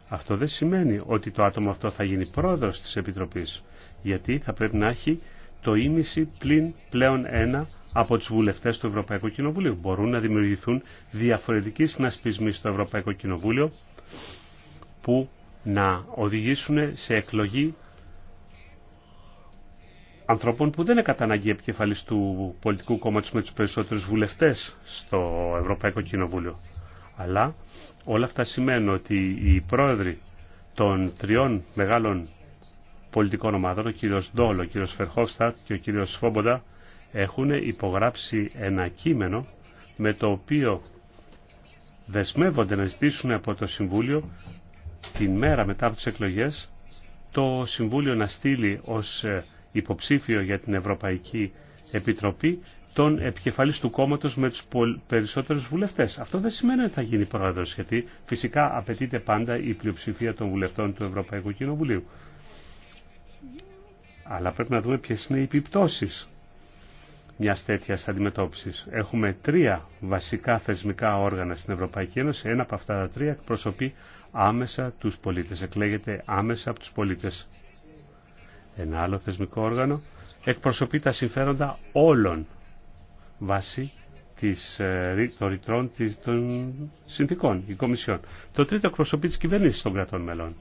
Αυτό δεν σημαίνει ότι το άτομο αυτό θα γίνει πρόεδρος της Επιτροπής, γιατί θα πρέπει να έχει το ίμιση πλην πλέον ένα από τους βουλευτές του Ευρωπαϊκού Κοινοβουλίου. Μπορούν να δημιουργηθούν διαφορετικοί συνασπισμοί στο Ευρωπαϊκό Κοινοβούλιο που να οδηγήσουν σε εκλογή ανθρώπων που δεν είναι κατά αναγκή επικεφαλής του πολιτικού κόμματος με τους περισσότερους βουλευτές στο Ευρωπαϊκό Κοινοβούλιο. Αλλά όλα αυτά σημαίνουν ότι οι πρόεδροι των τριών μεγάλων πολιτικών ομάδων, ο κύριος Ντόλο, ο κύριος Φερχόφστατ και ο κύριος Σφόμποντα, έχουν υπογράψει ένα κείμενο με το οποίο δεσμεύονται να ζητήσουν από το Συμβούλιο την μέρα μετά από τις εκλογές το Συμβούλιο να στείλει ως ε, υποψήφιο για την Ευρωπαϊκή Επιτροπή τον επικεφαλής του κόμματος με τους περισσότερους βουλευτές. Αυτό δεν σημαίνει ότι θα γίνει πρόεδρος, γιατί φυσικά απαιτείται πάντα η πλειοψηφία των βουλευτών του Ευρωπαϊκού Κοινοβουλίου. Αλλά πρέπει να δούμε ποιες είναι οι επιπτώσεις μια τέτοια αντιμετώπιση. Έχουμε τρία βασικά θεσμικά όργανα στην Ευρωπαϊκή Ένωση. Ένα από αυτά τα τρία εκπροσωπεί άμεσα του πολίτε. Εκλέγεται άμεσα από του πολίτε. Ένα άλλο θεσμικό όργανο εκπροσωπεί τα συμφέροντα όλων βάσει της, ε, των ρητρών των συνθήκων, η Κομισιόν. Το τρίτο εκπροσωπεί τις κυβερνήσεις των κρατών μελών.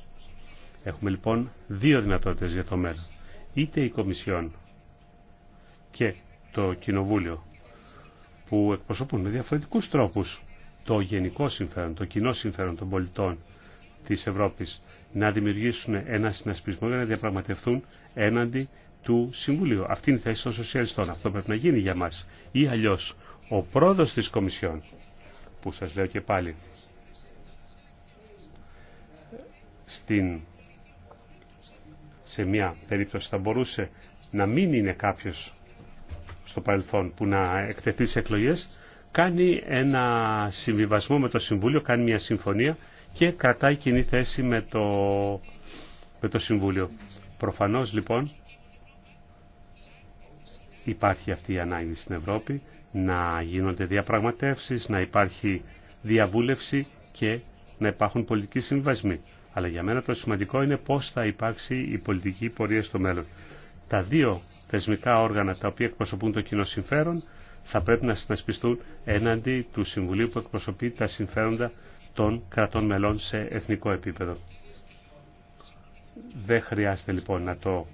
Έχουμε λοιπόν δύο δυνατότητες για το μέλλον. Είτε η Κομισιόν και το Κοινοβούλιο που εκπροσωπούν με διαφορετικούς τρόπους το γενικό συμφέρον, το κοινό συμφέρον των πολιτών της Ευρώπης να δημιουργήσουν ένα συνασπισμό για να διαπραγματευτούν έναντι του Συμβουλίου. Αυτή είναι η θέση των σοσιαλιστών. Αυτό πρέπει να γίνει για μας. Ή αλλιώς ο πρόεδρος της Κομισιόν, που σας λέω και πάλι, στην, σε μια περίπτωση θα μπορούσε να μην είναι κάποιος στο παρελθόν που να εκτεθεί σε εκλογές, κάνει ένα συμβιβασμό με το Συμβούλιο, κάνει μια συμφωνία και κρατάει κοινή θέση με το, με το Συμβούλιο. Προφανώς λοιπόν υπάρχει αυτή η ανάγκη στην Ευρώπη να γίνονται διαπραγματεύσεις, να υπάρχει διαβούλευση και να υπάρχουν πολιτικοί συμβασμοί. Αλλά για μένα το σημαντικό είναι πώς θα υπάρξει η πολιτική πορεία στο μέλλον. Τα δύο θεσμικά όργανα τα οποία εκπροσωπούν το κοινό συμφέρον θα πρέπει να συνασπιστούν έναντι του Συμβουλίου που εκπροσωπεί τα συμφέροντα των κρατών μελών σε εθνικό επίπεδο. Δεν χρειάζεται λοιπόν να το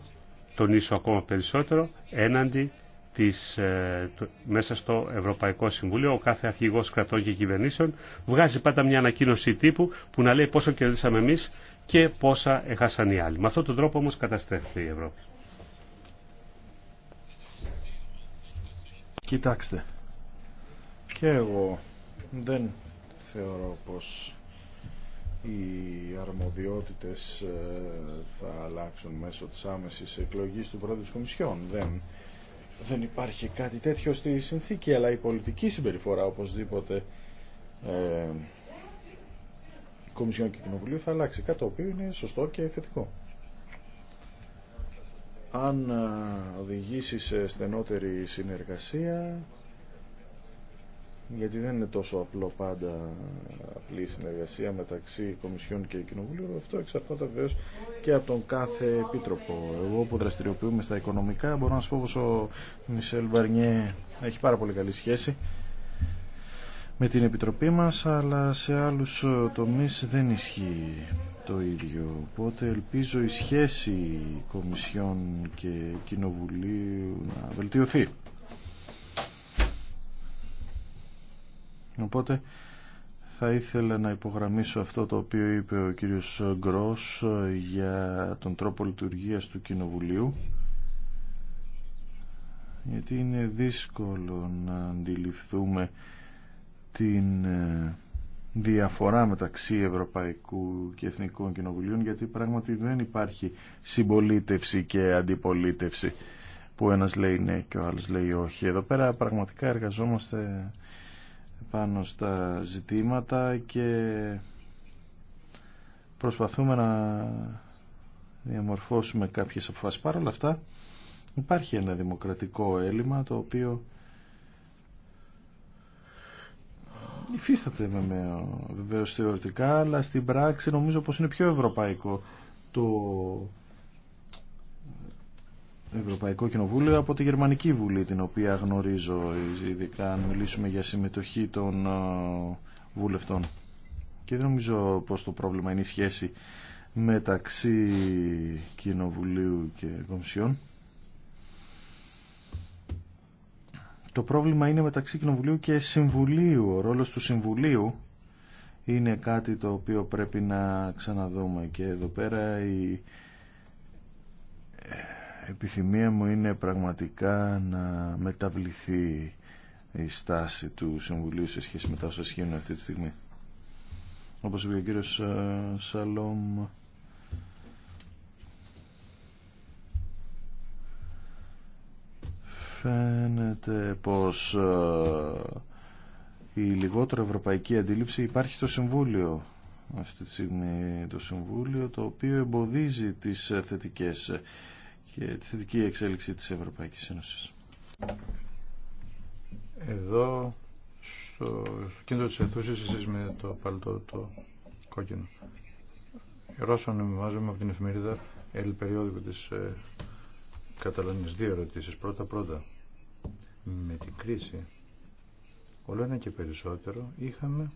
τονίσω ακόμα περισσότερο έναντι της, ε, μέσα στο Ευρωπαϊκό Συμβούλιο ο κάθε αρχηγός κρατών και κυβερνήσεων βγάζει πάντα μια ανακοίνωση τύπου που να λέει πόσο κερδίσαμε εμείς και πόσα έχασαν οι άλλοι. Με αυτόν τον τρόπο όμως καταστρέφεται η Ευρώπη. Κοιτάξτε, και εγώ δεν θεωρώ πως οι αρμοδιότητες ε, θα αλλάξουν μέσω της άμεσης εκλογής του πρώτου Κομισιόν. Δεν, δεν υπάρχει κάτι τέτοιο στη συνθήκη, αλλά η πολιτική συμπεριφορά οπωσδήποτε ε, Κομισιόν και Κοινοβουλίου θα αλλάξει, κάτι το οποίο είναι σωστό και θετικό. Αν ε, οδηγήσει σε στενότερη συνεργασία, γιατί δεν είναι τόσο απλό πάντα απλή συνεργασία μεταξύ Κομισιών και Κοινοβουλίου. Αυτό εξαρτάται βεβαίω και από τον κάθε επίτροπο. Εγώ που δραστηριοποιούμε στα οικονομικά μπορώ να σα πω πως ο Μισελ Μπαρνιέ έχει πάρα πολύ καλή σχέση με την Επιτροπή μας, αλλά σε άλλους τομείς δεν ισχύει το ίδιο. Οπότε ελπίζω η σχέση Κομισιών και Κοινοβουλίου να βελτιωθεί. Οπότε θα ήθελα να υπογραμμίσω αυτό το οποίο είπε ο κύριος Γκρός ε, για τον τρόπο λειτουργίας του Κοινοβουλίου γιατί είναι δύσκολο να αντιληφθούμε την ε, διαφορά μεταξύ Ευρωπαϊκού και Εθνικών Κοινοβουλίων γιατί πράγματι δεν υπάρχει συμπολίτευση και αντιπολίτευση που ένας λέει ναι και ο άλλος λέει όχι. Εδώ πέρα πραγματικά εργαζόμαστε πάνω στα ζητήματα και προσπαθούμε να διαμορφώσουμε κάποιες αποφάσεις. Παρ' όλα αυτά υπάρχει ένα δημοκρατικό έλλειμμα το οποίο υφίσταται βεβαίως θεωρητικά αλλά στην πράξη νομίζω πως είναι πιο ευρωπαϊκό το Ευρωπαϊκό Κοινοβούλιο από τη Γερμανική Βουλή την οποία γνωρίζω ειδικά αν μιλήσουμε για συμμετοχή των ε, βουλευτών και δεν νομίζω πως το πρόβλημα είναι η σχέση μεταξύ Κοινοβουλίου και Κομισιόν το πρόβλημα είναι μεταξύ Κοινοβουλίου και Συμβουλίου ο ρόλος του Συμβουλίου είναι κάτι το οποίο πρέπει να ξαναδούμε και εδώ πέρα η ε, επιθυμία μου είναι πραγματικά να μεταβληθεί η στάση του Συμβουλίου σε σχέση με τα όσα σχήνουν αυτή τη στιγμή. Όπως είπε ο κύριος ε, Σαλόμ, φαίνεται πως ε, η λιγότερο ευρωπαϊκή αντίληψη υπάρχει στο Συμβούλιο αυτή τη στιγμή το Συμβούλιο το οποίο εμποδίζει τις ε, θετικές και τη θετική εξέλιξη της Ευρωπαϊκής Ένωσης. Εδώ στο κέντρο της αιθούσης εσείς με το παλτό το κόκκινο. Ρώσο ονομάζομαι από την εφημερίδα Ελ τη της ε, Καταλανής. Δύο ερωτήσεις. Πρώτα πρώτα. Με την κρίση όλο ένα και περισσότερο είχαμε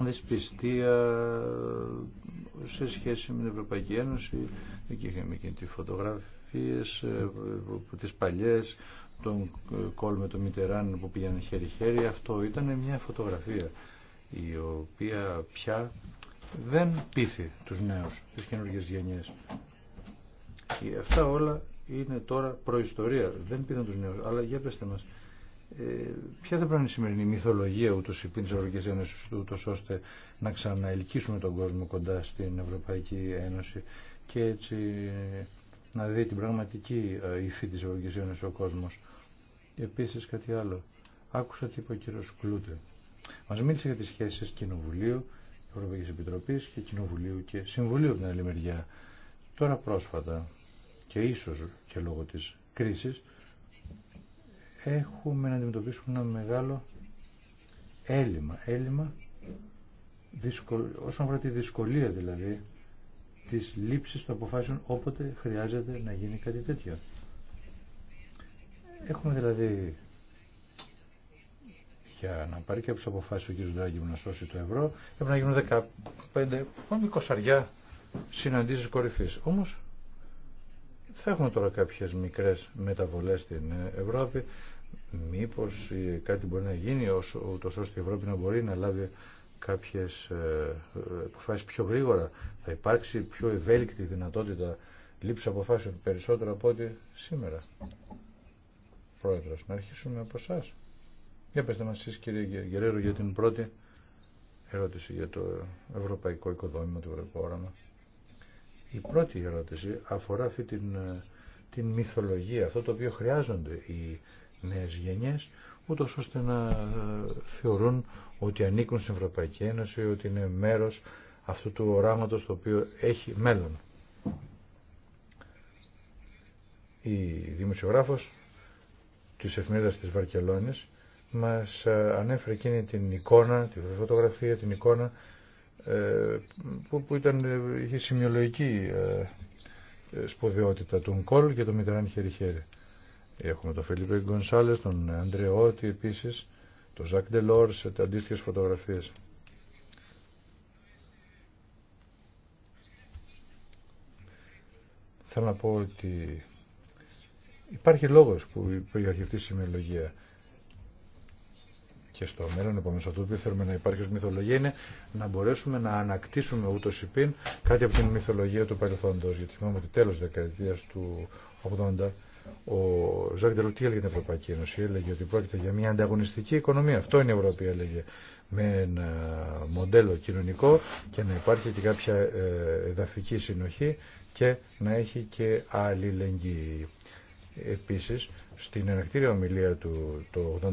δυσπιστία σε σχέση με την Ευρωπαϊκή Ένωση. Εκεί είχαμε και τι φωτογραφίες, ε, ε, τις παλιές, τον κόλ με τον Μιτεράν που πήγαινε χέρι-χέρι. Αυτό ήταν μια φωτογραφία η οποία πια δεν πείθει τους νέους, τις καινούργιες γενιές. Αυτά όλα είναι τώρα προϊστορία. Δεν πείθαν τους νέους. Αλλά για πέστε μας, ε, ποια θα πρέπει να είναι η σημερινή μυθολογία ούτως υπήν της Ευρωπαϊκής Ένωσης ούτως ώστε να ξαναελκύσουμε τον κόσμο κοντά στην Ευρωπαϊκή Ένωση και έτσι να δει την πραγματική ε, υφή της Ευρωπαϊκής Ένωσης ο κόσμος. Επίσης κάτι άλλο. Άκουσα τι είπε ο κύριος Κλούτε. Μας μίλησε για τις σχέσεις Κοινοβουλίου, Ευρωπαϊκής Επιτροπής και Κοινοβουλίου και Συμβουλίου από την άλλη μεριά. Τώρα πρόσφατα και ίσως και λόγω της κρίσης έχουμε να αντιμετωπίσουμε ένα μεγάλο έλλειμμα. Έλλειμμα δυσκολ... όσον αφορά τη δυσκολία δηλαδή της λήψης των αποφάσεων όποτε χρειάζεται να γίνει κάτι τέτοιο. Έχουμε δηλαδή για να πάρει και από αποφάσεις ο κ. Ντράγκη να σώσει το ευρώ, έπρεπε να γίνουν 15, μόνο 20 συναντήσεις κορυφής. Όμω θα έχουμε τώρα κάποιε μικρέ μεταβολέ στην Ευρώπη, μήπως ε, κάτι μπορεί να γίνει ούτω ώστε η Ευρώπη να μπορεί να λάβει κάποιες ε, ε, αποφάσεις πιο γρήγορα. Θα υπάρξει πιο ευέλικτη δυνατότητα λήψη αποφάσεων περισσότερο από ό,τι σήμερα. Πρόεδρος, να αρχίσουμε από εσά. Για πετε μας εσείς κύριε Γερέρο για την πρώτη ερώτηση για το ευρωπαϊκό οικοδόμημα, του ευρωπαϊκό όραμα. Η πρώτη ερώτηση αφορά αυτή την, την μυθολογία, αυτό το οποίο χρειάζονται οι νέες γενιές, ούτως ώστε να ε, θεωρούν ότι ανήκουν στην Ευρωπαϊκή Ένωση, ότι είναι μέρος αυτού του οράματος το οποίο έχει μέλλον. Η δημοσιογράφος της εφημερίδας της Βαρκελόνης μας ε, ανέφερε εκείνη την εικόνα, τη φωτογραφία, την εικόνα ε, που, ήταν, είχε σημειολογική σπουδαιότητα του Νκόλ και του μητεραν χερι Έχουμε τον Φελίπε Γκονσάλες, τον Αντρεώτη επίσης, τον Ζακ Ντελόρ σε αντίστοιχες φωτογραφίες. Θέλω να πω ότι υπάρχει λόγος που υπήρχε αυτή η σημειολογία και στο μέλλον, επομένως αυτό που θέλουμε να υπάρχει ως μυθολογία είναι να μπορέσουμε να ανακτήσουμε ή πίν κάτι από την μυθολογία του παρελθόντος. Γιατί θυμάμαι ότι τέλος δεκαετίας του 80 ο Ζακ Ντελουτή έλεγε την Ευρωπαϊκή Ένωση, έλεγε ότι πρόκειται για μια ανταγωνιστική οικονομία. Αυτό είναι η Ευρώπη, έλεγε. Με ένα μοντέλο κοινωνικό και να υπάρχει και κάποια ε, εδαφική συνοχή και να έχει και αλληλεγγύη. Επίσης, στην ενακτήρια ομιλία του το 89,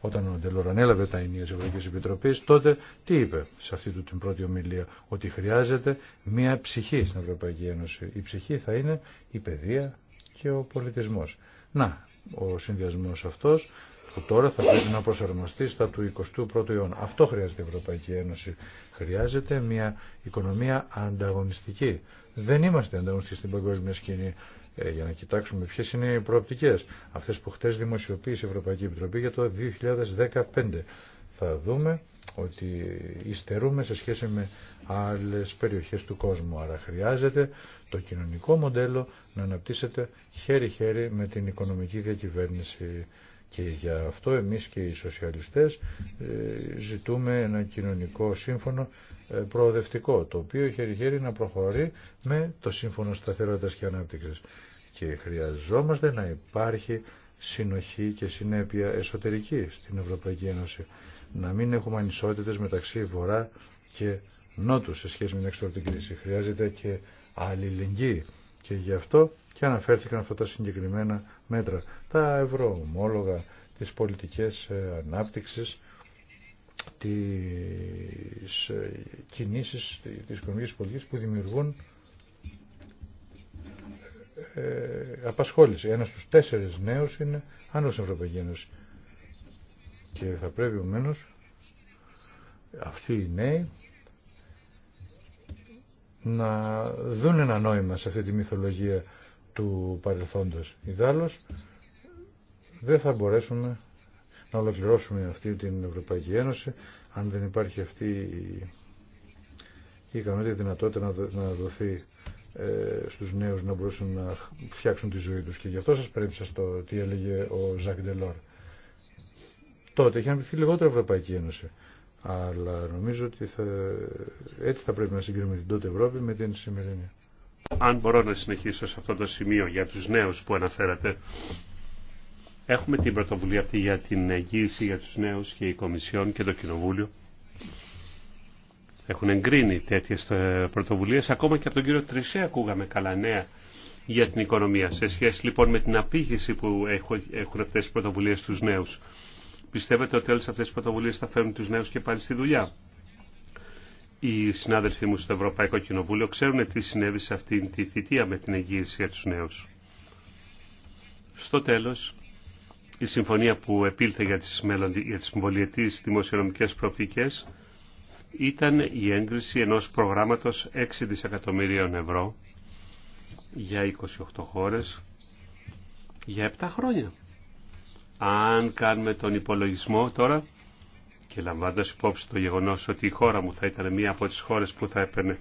όταν ο Ντελόρ ανέλαβε τα ενία της Ευρωπαϊκής Επιτροπής, τότε τι είπε σε αυτή του την πρώτη ομιλία, ότι χρειάζεται μια ψυχή στην Ευρωπαϊκή Ένωση. Η ψυχή θα είναι η παιδεία, και ο πολιτισμός. Να, ο συνδυασμός αυτός που τώρα θα πρέπει να προσαρμοστεί στα του 21ου αιώνα. Αυτό χρειάζεται η Ευρωπαϊκή Ένωση. Χρειάζεται μια οικονομία ανταγωνιστική. Δεν είμαστε ανταγωνιστικοί στην παγκόσμια σκηνή. Ε, για να κοιτάξουμε ποιε είναι οι προοπτικές. Αυτές που χτες δημοσιοποίησε η Ευρωπαϊκή Επιτροπή για το 2015 θα δούμε ότι υστερούμε σε σχέση με άλλες περιοχές του κόσμου. Άρα χρειάζεται το κοινωνικό μοντέλο να αναπτύσσεται χέρι-χέρι με την οικονομική διακυβέρνηση. Και για αυτό εμείς και οι σοσιαλιστές ε, ζητούμε ένα κοινωνικό σύμφωνο ε, προοδευτικό, το οποίο χέρι-χέρι να προχωρεί με το Σύμφωνο Σταθερότητας και Ανάπτυξης. Και χρειαζόμαστε να υπάρχει συνοχή και συνέπεια εσωτερική στην Ευρωπαϊκή Ένωση να μην έχουμε ανισότητες μεταξύ Βορρά και Νότου σε σχέση με την εξωτερική κρίση. Χρειάζεται και αλληλεγγύη. Και γι' αυτό και αναφέρθηκαν αυτά τα συγκεκριμένα μέτρα. Τα ευρωομόλογα, τις πολιτικές ε, ανάπτυξης, τις ε, κινήσεις της οικονομική πολιτικής που δημιουργούν ε, απασχόληση. Ένας στους τέσσερις νέους είναι άνω στην Ευρωπαϊκή Ένωση. Και θα πρέπει ομένω αυτοί οι νέοι να δουν ένα νόημα σε αυτή τη μυθολογία του παρελθόντος. Ιδάλλως δεν θα μπορέσουμε να ολοκληρώσουμε αυτή την Ευρωπαϊκή Ένωση αν δεν υπάρχει αυτή η ικανότητα δυνατότητα να δοθεί ε, στους νέους να μπορούσαν να φτιάξουν τη ζωή τους. Και γι' αυτό σας περίπτωσα το τι έλεγε ο Ζακ Ντελόρ τότε είχε αναπτυχθεί λιγότερο Ευρωπαϊκή Ένωση. Αλλά νομίζω ότι θα, έτσι θα πρέπει να συγκρίνουμε την τότε Ευρώπη με την σημερινή. Αν μπορώ να συνεχίσω σε αυτό το σημείο για τους νέους που αναφέρατε. Έχουμε την πρωτοβουλία αυτή για την εγγύηση για τους νέους και η Κομισιόν και το Κοινοβούλιο. Έχουν εγκρίνει τέτοιες ε, πρωτοβουλίες. Ακόμα και από τον κύριο Τρισέ ακούγαμε καλά νέα για την οικονομία. Σε σχέση λοιπόν με την απήχηση που έχουν αυτές τις πρωτοβουλίες στους νέους. Πιστεύετε ότι όλε αυτέ οι πρωτοβουλίε θα φέρουν του νέου και πάλι στη δουλειά. Οι συνάδελφοί μου στο Ευρωπαϊκό Κοινοβούλιο ξέρουν τι συνέβη σε αυτήν τη θητεία με την εγγύηση για του νέους. Στο τέλο, η συμφωνία που επήλθε για τις, για τις προοπτικέ δημοσιονομικές προοπτικές ήταν η έγκριση ενός προγράμματος 6 δισεκατομμυρίων ευρώ για 28 χώρες για 7 χρόνια αν κάνουμε τον υπολογισμό τώρα και λαμβάνοντα υπόψη το γεγονό ότι η χώρα μου θα ήταν μία από τι χώρε που θα έπαιρνε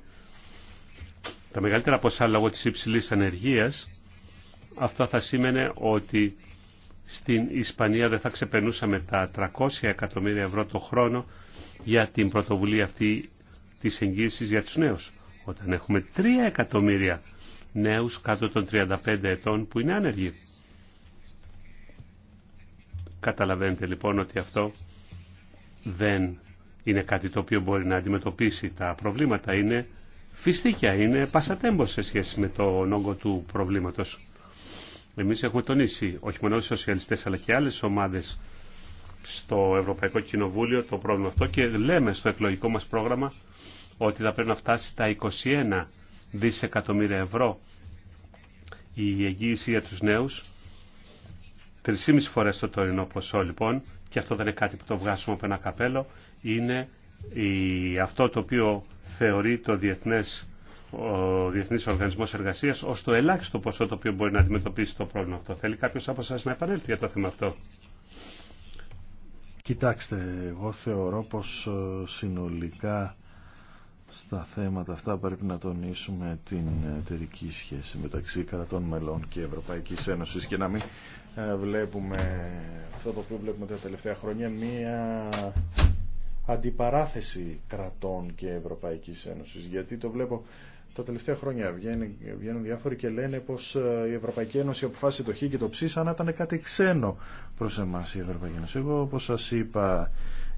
τα μεγαλύτερα ποσά λόγω τη υψηλή ανεργία, αυτό θα σήμαινε ότι στην Ισπανία δεν θα ξεπερνούσαμε τα 300 εκατομμύρια ευρώ το χρόνο για την πρωτοβουλία αυτή της εγγύησης για τους νέους. Όταν έχουμε 3 εκατομμύρια νέους κάτω των 35 ετών που είναι άνεργοι. Καταλαβαίνετε λοιπόν ότι αυτό δεν είναι κάτι το οποίο μπορεί να αντιμετωπίσει τα προβλήματα. Είναι φυστίκια, είναι πασατέμπος σε σχέση με το όγκο του προβλήματος. Εμείς έχουμε τονίσει, όχι μόνο οι σοσιαλιστές αλλά και άλλες ομάδες στο Ευρωπαϊκό Κοινοβούλιο το πρόβλημα αυτό και λέμε στο εκλογικό μας πρόγραμμα ότι θα πρέπει να φτάσει τα 21 δισεκατομμύρια ευρώ η εγγύηση για τους νέους 3,5 φορέ το τωρινό ποσό λοιπόν, και αυτό δεν είναι κάτι που το βγάζουμε από ένα καπέλο, είναι η, αυτό το οποίο θεωρεί το Διεθνές, ο Διεθνής Οργανισμός Εργασίας ως το ελάχιστο ποσό το οποίο μπορεί να αντιμετωπίσει το πρόβλημα αυτό. Θέλει κάποιο από εσά να επανέλθει για το θέμα αυτό. Κοιτάξτε, εγώ θεωρώ πως ε, συνολικά στα θέματα αυτά πρέπει να τονίσουμε την εταιρική σχέση μεταξύ κρατών μελών και Ευρωπαϊκής Ένωσης και να μην ε, βλέπουμε αυτό το οποίο βλέπουμε τα τελευταία χρόνια μία αντιπαράθεση κρατών και Ευρωπαϊκής Ένωσης γιατί το βλέπω τα τελευταία χρόνια βγαίνουν, βγαίνουν διάφοροι και λένε πως ε, η Ευρωπαϊκή Ένωση αποφάσισε το χ και το ψ σαν να ήταν κάτι ξένο προς εμάς η Ευρωπαϊκή Ένωση εγώ όπως σας είπα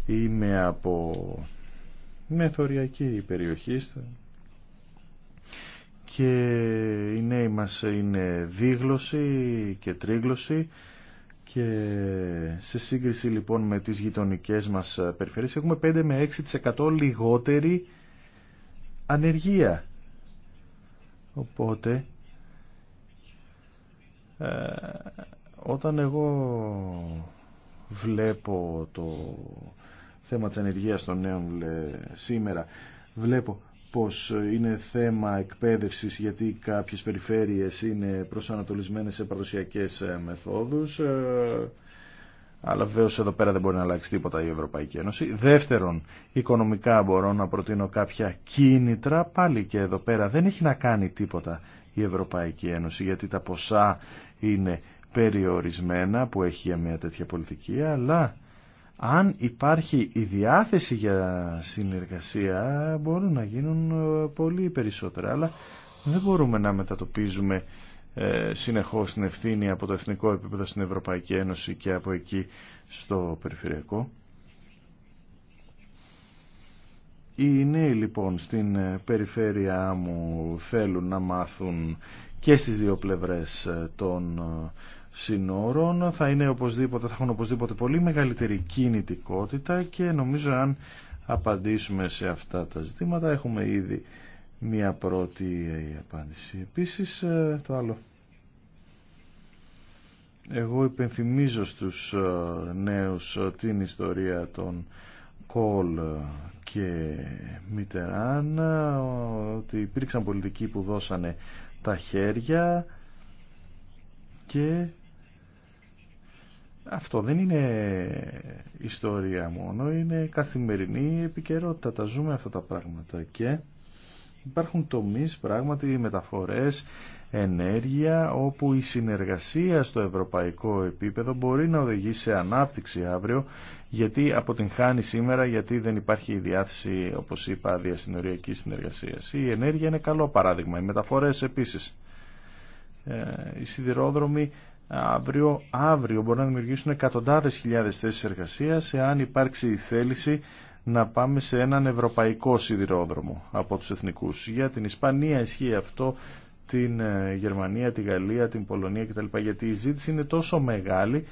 είμαι από μεθοριακή περιοχή και οι νέοι μας είναι δίγλωση και τρίγλωση και σε σύγκριση λοιπόν με τις γειτονικές μας περιφερειές έχουμε 5 με 6% λιγότερη ανεργία. Οπότε ε, όταν εγώ βλέπω το θέμα της ανεργίας των νέων σήμερα βλέπω πως είναι θέμα εκπαίδευσης γιατί κάποιες περιφέρειες είναι προσανατολισμένες σε παραδοσιακές ε, μεθόδους ε, αλλά βεβαίω εδώ πέρα δεν μπορεί να αλλάξει τίποτα η Ευρωπαϊκή Ένωση. Δεύτερον, οικονομικά μπορώ να προτείνω κάποια κίνητρα. Πάλι και εδώ πέρα δεν έχει να κάνει τίποτα η Ευρωπαϊκή Ένωση γιατί τα ποσά είναι περιορισμένα που έχει για μια τέτοια πολιτική αλλά αν υπάρχει η διάθεση για συνεργασία μπορούν να γίνουν ε, πολύ περισσότερα αλλά δεν μπορούμε να μετατοπίζουμε ε, συνεχώς την ευθύνη από το εθνικό επίπεδο στην Ευρωπαϊκή Ένωση και από εκεί στο περιφερειακό. Οι νέοι λοιπόν στην ε, περιφέρεια μου θέλουν να μάθουν και στις δύο πλευρές των συνόρων θα, είναι οπωσδήποτε, θα έχουν οπωσδήποτε πολύ μεγαλύτερη κινητικότητα και νομίζω αν απαντήσουμε σε αυτά τα ζητήματα έχουμε ήδη μία πρώτη απάντηση. Επίσης ε, το άλλο. Εγώ υπενθυμίζω στους ε, νέους ε, την ιστορία των Κόλ και Μητεράν ότι υπήρξαν πολιτικοί που δώσανε τα χέρια και αυτό δεν είναι ιστορία μόνο, είναι καθημερινή επικαιρότητα. Τα ζούμε αυτά τα πράγματα και υπάρχουν τομείς, πράγματι, μεταφορές, ενέργεια, όπου η συνεργασία στο ευρωπαϊκό επίπεδο μπορεί να οδηγήσει σε ανάπτυξη αύριο, γιατί αποτυγχάνει σήμερα, γιατί δεν υπάρχει η διάθεση, όπως είπα, διασυνοριακή συνεργασίας. Η ενέργεια είναι καλό παράδειγμα, οι μεταφορές επίσης. Ε, οι σιδηρόδρομοι αύριο, αύριο μπορεί να δημιουργήσουν εκατοντάδες χιλιάδες θέσεις εργασίας εάν υπάρξει η θέληση να πάμε σε έναν ευρωπαϊκό σιδηρόδρομο από τους εθνικούς. Για την Ισπανία ισχύει αυτό, την ε, Γερμανία, τη Γαλλία, την Πολωνία κτλ. Γιατί η ζήτηση είναι τόσο μεγάλη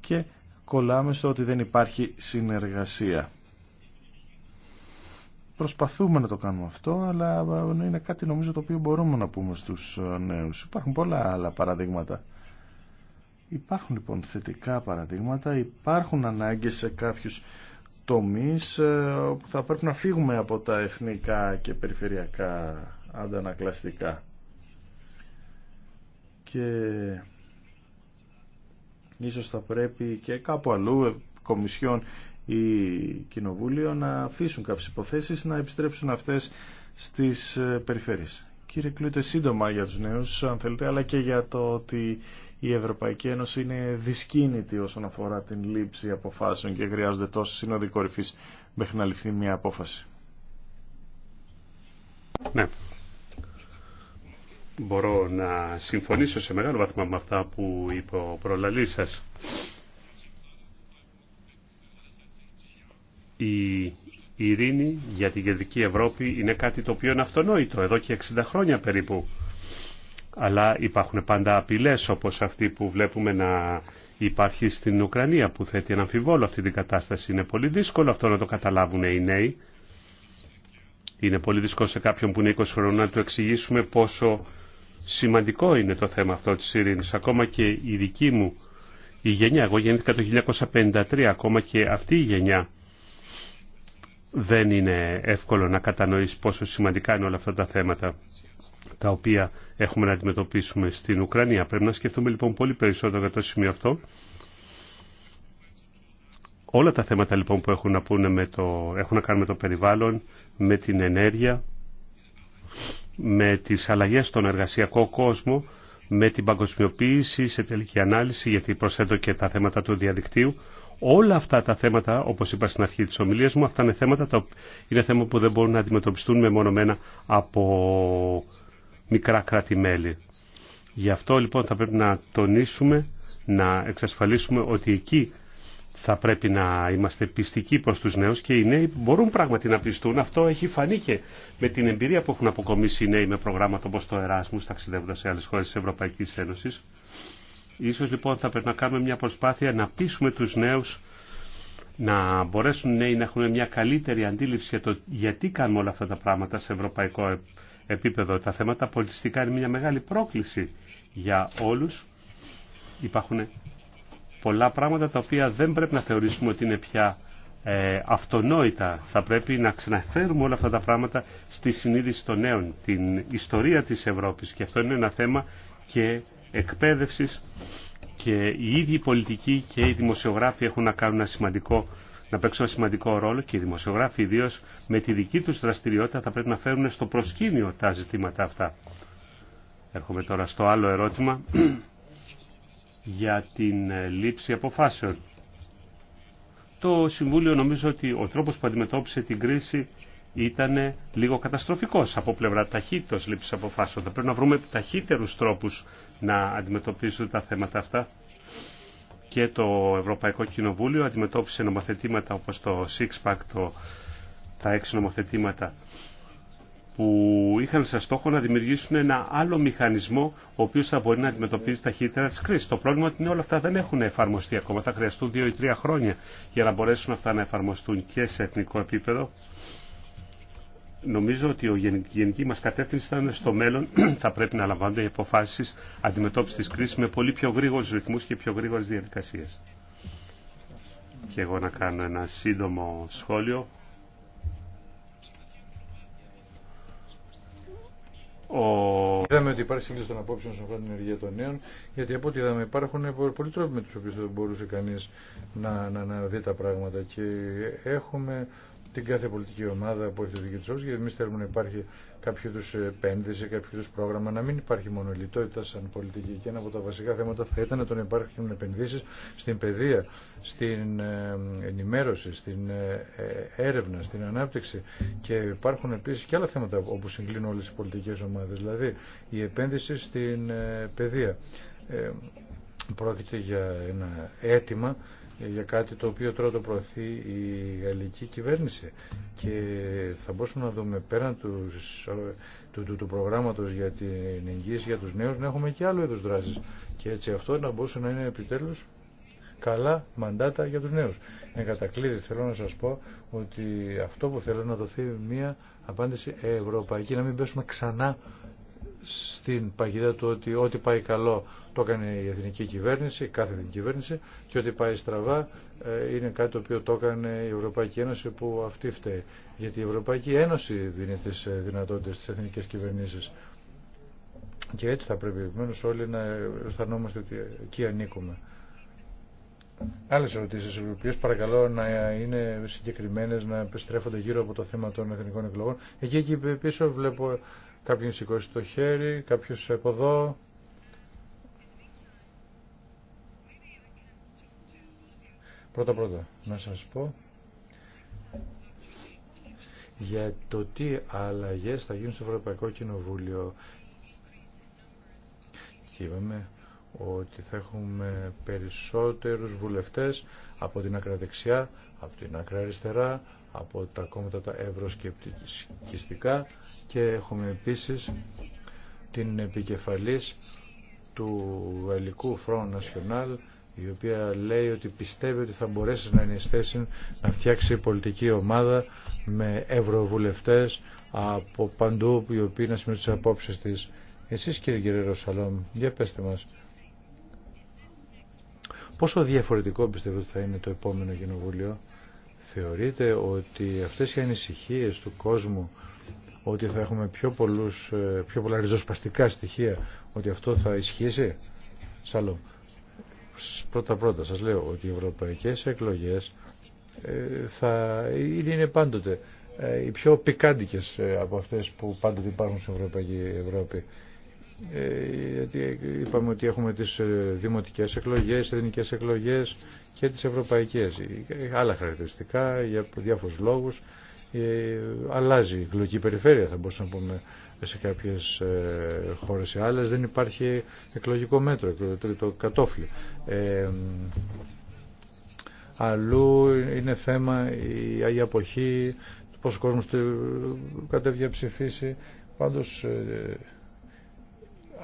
και κολλάμε στο ότι δεν υπάρχει συνεργασία. Προσπαθούμε να το κάνουμε αυτό, αλλά ε, είναι κάτι νομίζω το οποίο μπορούμε να πούμε στους ε, νέους. Υπάρχουν πολλά άλλα παραδείγματα. Υπάρχουν λοιπόν θετικά παραδείγματα, υπάρχουν ανάγκες σε κάποιους τομείς ε, που θα πρέπει να φύγουμε από τα εθνικά και περιφερειακά αντανακλαστικά. Και ίσως θα πρέπει και κάπου αλλού ε, κομισιόν ή κοινοβούλιο να αφήσουν κάποιες υποθέσεις να επιστρέψουν αυτές στις ε, περιφέρειες. Κύριε Κλούτε, σύντομα για τους νέους, αν θέλετε, αλλά και για το ότι η Ευρωπαϊκή Ένωση είναι δυσκίνητη όσον αφορά την λήψη αποφάσεων και χρειάζονται τόσο σύνοδοι κορυφής μέχρι να ληφθεί μια απόφαση. Ναι. Μπορώ να συμφωνήσω σε μεγάλο βαθμό με αυτά που είπε ο προλαλής σας. Η ειρήνη για την κεντρική Ευρώπη είναι κάτι το οποίο είναι αυτονόητο εδώ και 60 χρόνια περίπου αλλά υπάρχουν πάντα απειλές όπως αυτή που βλέπουμε να υπάρχει στην Ουκρανία που θέτει ένα αμφιβόλο αυτή την κατάσταση. Είναι πολύ δύσκολο αυτό να το καταλάβουν οι νέοι. Είναι πολύ δύσκολο σε κάποιον που είναι 20 χρονών να του εξηγήσουμε πόσο σημαντικό είναι το θέμα αυτό της ειρήνης. Ακόμα και η δική μου η γενιά, εγώ γεννήθηκα το 1953, ακόμα και αυτή η γενιά δεν είναι εύκολο να κατανοήσει πόσο σημαντικά είναι όλα αυτά τα θέματα τα οποία έχουμε να αντιμετωπίσουμε στην Ουκρανία. Πρέπει να σκεφτούμε λοιπόν πολύ περισσότερο για το σημείο αυτό. Όλα τα θέματα λοιπόν που έχουν να, πούνε με το, έχουν να κάνουν με το περιβάλλον, με την ενέργεια, με τις αλλαγές στον εργασιακό κόσμο, με την παγκοσμιοποίηση σε τελική ανάλυση, γιατί προσθέτω και τα θέματα του διαδικτύου. Όλα αυτά τα θέματα, όπως είπα στην αρχή της ομιλίας μου, αυτά είναι θέματα είναι θέματα που δεν μπορούν να αντιμετωπιστούν μεμονωμένα από μικρά κράτη-μέλη. Γι' αυτό λοιπόν θα πρέπει να τονίσουμε, να εξασφαλίσουμε ότι εκεί θα πρέπει να είμαστε πιστικοί προς τους νέους και οι νέοι μπορούν πράγματι να πιστούν. Αυτό έχει φανεί και με την εμπειρία που έχουν αποκομίσει οι νέοι με προγράμματα όπως το Εράσμους, ταξιδεύοντας σε άλλες χώρες της Ευρωπαϊκής Ένωσης. Ίσως λοιπόν θα πρέπει να κάνουμε μια προσπάθεια να πείσουμε τους νέους να μπορέσουν οι νέοι να έχουν μια καλύτερη αντίληψη για το γιατί κάνουμε όλα αυτά τα πράγματα σε ευρωπαϊκό επίπεδο επίπεδο. Τα θέματα πολιτιστικά είναι μια μεγάλη πρόκληση για όλους. Υπάρχουν πολλά πράγματα τα οποία δεν πρέπει να θεωρήσουμε ότι είναι πια ε, αυτονόητα. Θα πρέπει να ξαναφέρουμε όλα αυτά τα πράγματα στη συνείδηση των νέων, την ιστορία της Ευρώπης και αυτό είναι ένα θέμα και εκπαίδευσης και οι ίδιοι πολιτικοί και οι δημοσιογράφοι έχουν να κάνουν ένα σημαντικό να παίξουν σημαντικό ρόλο και οι δημοσιογράφοι ιδίω με τη δική τους δραστηριότητα θα πρέπει να φέρουν στο προσκήνιο τα ζητήματα αυτά. Έρχομαι τώρα στο άλλο ερώτημα για την ε, λήψη αποφάσεων. Το Συμβούλιο νομίζω ότι ο τρόπος που αντιμετώπισε την κρίση ήταν ε, λίγο καταστροφικός από πλευρά ταχύτητος λήψης αποφάσεων. Θα πρέπει να βρούμε ταχύτερους τρόπους να αντιμετωπίσουν τα θέματα αυτά και το Ευρωπαϊκό Κοινοβούλιο αντιμετώπισε νομοθετήματα όπως το Six-Pack, τα έξι νομοθετήματα που είχαν σε στόχο να δημιουργήσουν ένα άλλο μηχανισμό ο οποίος θα μπορεί να αντιμετωπίζει ταχύτερα τις κρίσεις. Το πρόβλημα είναι ότι όλα αυτά δεν έχουν εφαρμοστεί ακόμα. Θα χρειαστούν δύο ή τρία χρόνια για να μπορέσουν αυτά να εφαρμοστούν και σε εθνικό επίπεδο Νομίζω ότι η γενική μας κατεύθυνση ήταν στο μέλλον θα πρέπει να λαμβάνονται οι αποφάσεις αντιμετώπισης της κρίσης με πολύ πιο γρήγορους ρυθμούς και πιο γρήγορες διαδικασίες. Και εγώ να κάνω ένα σύντομο σχόλιο. Ο... Είδαμε ότι υπάρχει σύγκληση των απόψεων στον την ενεργεία των νέων, γιατί από ό,τι είδαμε υπάρχουν πολλοί τρόποι με του οποίου δεν μπορούσε κανεί να, να, να δει τα πράγματα. Και έχουμε την κάθε πολιτική ομάδα που έχει το τη γιατί εμεί θέλουμε να υπάρχει κάποιο είδου επένδυση, κάποιο είδου πρόγραμμα, να μην υπάρχει μόνο λιτότητα σαν πολιτική. Και ένα από τα βασικά θέματα θα ήταν το να υπάρχουν επενδύσει στην παιδεία, στην ε, ενημέρωση, στην ε, ε, έρευνα, στην ανάπτυξη. Και υπάρχουν επίση και άλλα θέματα όπου συγκλίνουν όλε οι πολιτικέ ομάδε, δηλαδή η επένδυση στην παιδεία. Πρόκειται για ένα αίτημα ε, για κάτι το οποίο τώρα το προωθεί η γαλλική κυβέρνηση και θα μπορούσαμε να δούμε πέραν του, του, του, του προγράμματος για την εγγύηση για τους νέους να έχουμε και άλλο είδους δράσεις και έτσι αυτό να μπορούσε να είναι επιτέλους καλά μαντάτα για τους νέους. Εν κατακλείδη θέλω να σας πω ότι αυτό που θέλω να δοθεί μια απάντηση ευρωπαϊκή, να μην πέσουμε ξανά στην παγίδα του ότι ό,τι πάει καλό το έκανε η εθνική κυβέρνηση, κάθε εθνική κυβέρνηση και ό,τι πάει στραβά ε, είναι κάτι το οποίο το έκανε η Ευρωπαϊκή Ένωση που αυτή φταίει. Γιατί η Ευρωπαϊκή Ένωση δίνει τις ε, δυνατότητες στις εθνικές κυβερνήσεις. Και έτσι θα πρέπει επομένως όλοι να αισθανόμαστε ότι εκεί ανήκουμε. Άλλε ερωτήσει, οι οποίε παρακαλώ να είναι συγκεκριμένε, να επιστρέφονται γύρω από το θέμα των εθνικών εκλογών. Εκεί, εκεί πίσω βλέπω κάποιον σηκώσει το χέρι, κάποιος από εδώ. Πρώτα πρώτα να σας πω για το τι αλλαγές θα γίνουν στο Ευρωπαϊκό Κοινοβούλιο και είπαμε ότι θα έχουμε περισσότερους βουλευτές από την ακραδεξιά, από την ακραριστερά, από τα κόμματα τα ευρωσκεπτικιστικά και έχουμε επίσης την επικεφαλής του Γαλλικού Front National η οποία λέει ότι πιστεύει ότι θα μπορέσει να είναι να φτιάξει πολιτική ομάδα με ευρωβουλευτές από παντού οι οποίοι να σημαίνουν τις απόψεις της. Εσείς κύριε κύριε Ρωσαλόμ, για πέστε μας. Πόσο διαφορετικό πιστεύω ότι θα είναι το επόμενο κοινοβούλιο Θεωρείτε ότι αυτές οι ανησυχίες του κόσμου ότι θα έχουμε πιο, πολλούς, ε, πιο πολλά ριζοσπαστικά στοιχεία, ότι αυτό θα ισχύσει. Σαλό, πρώτα πρώτα σας λέω ότι οι ευρωπαϊκές εκλογές ε, θα είναι πάντοτε ε, οι πιο πικάντικες από αυτές που πάντοτε υπάρχουν στην Ευρωπαϊκή Ευρώπη. Ε, γιατί είπαμε ότι έχουμε τις ε, δημοτικές εκλογές, τις ελληνικές εκλογές και τις ευρωπαϊκές. Ε, άλλα χαρακτηριστικά για διάφορους λόγους. αλλάζει η εκλογική περιφέρεια θα μπορούσαμε να πούμε σε κάποιες χώρες άλλες δεν υπάρχει εκλογικό μέτρο το κατόφλι ε, αλλού είναι θέμα η, η αποχή πόσο κόσμος κατέβει ψηφίσει πάντως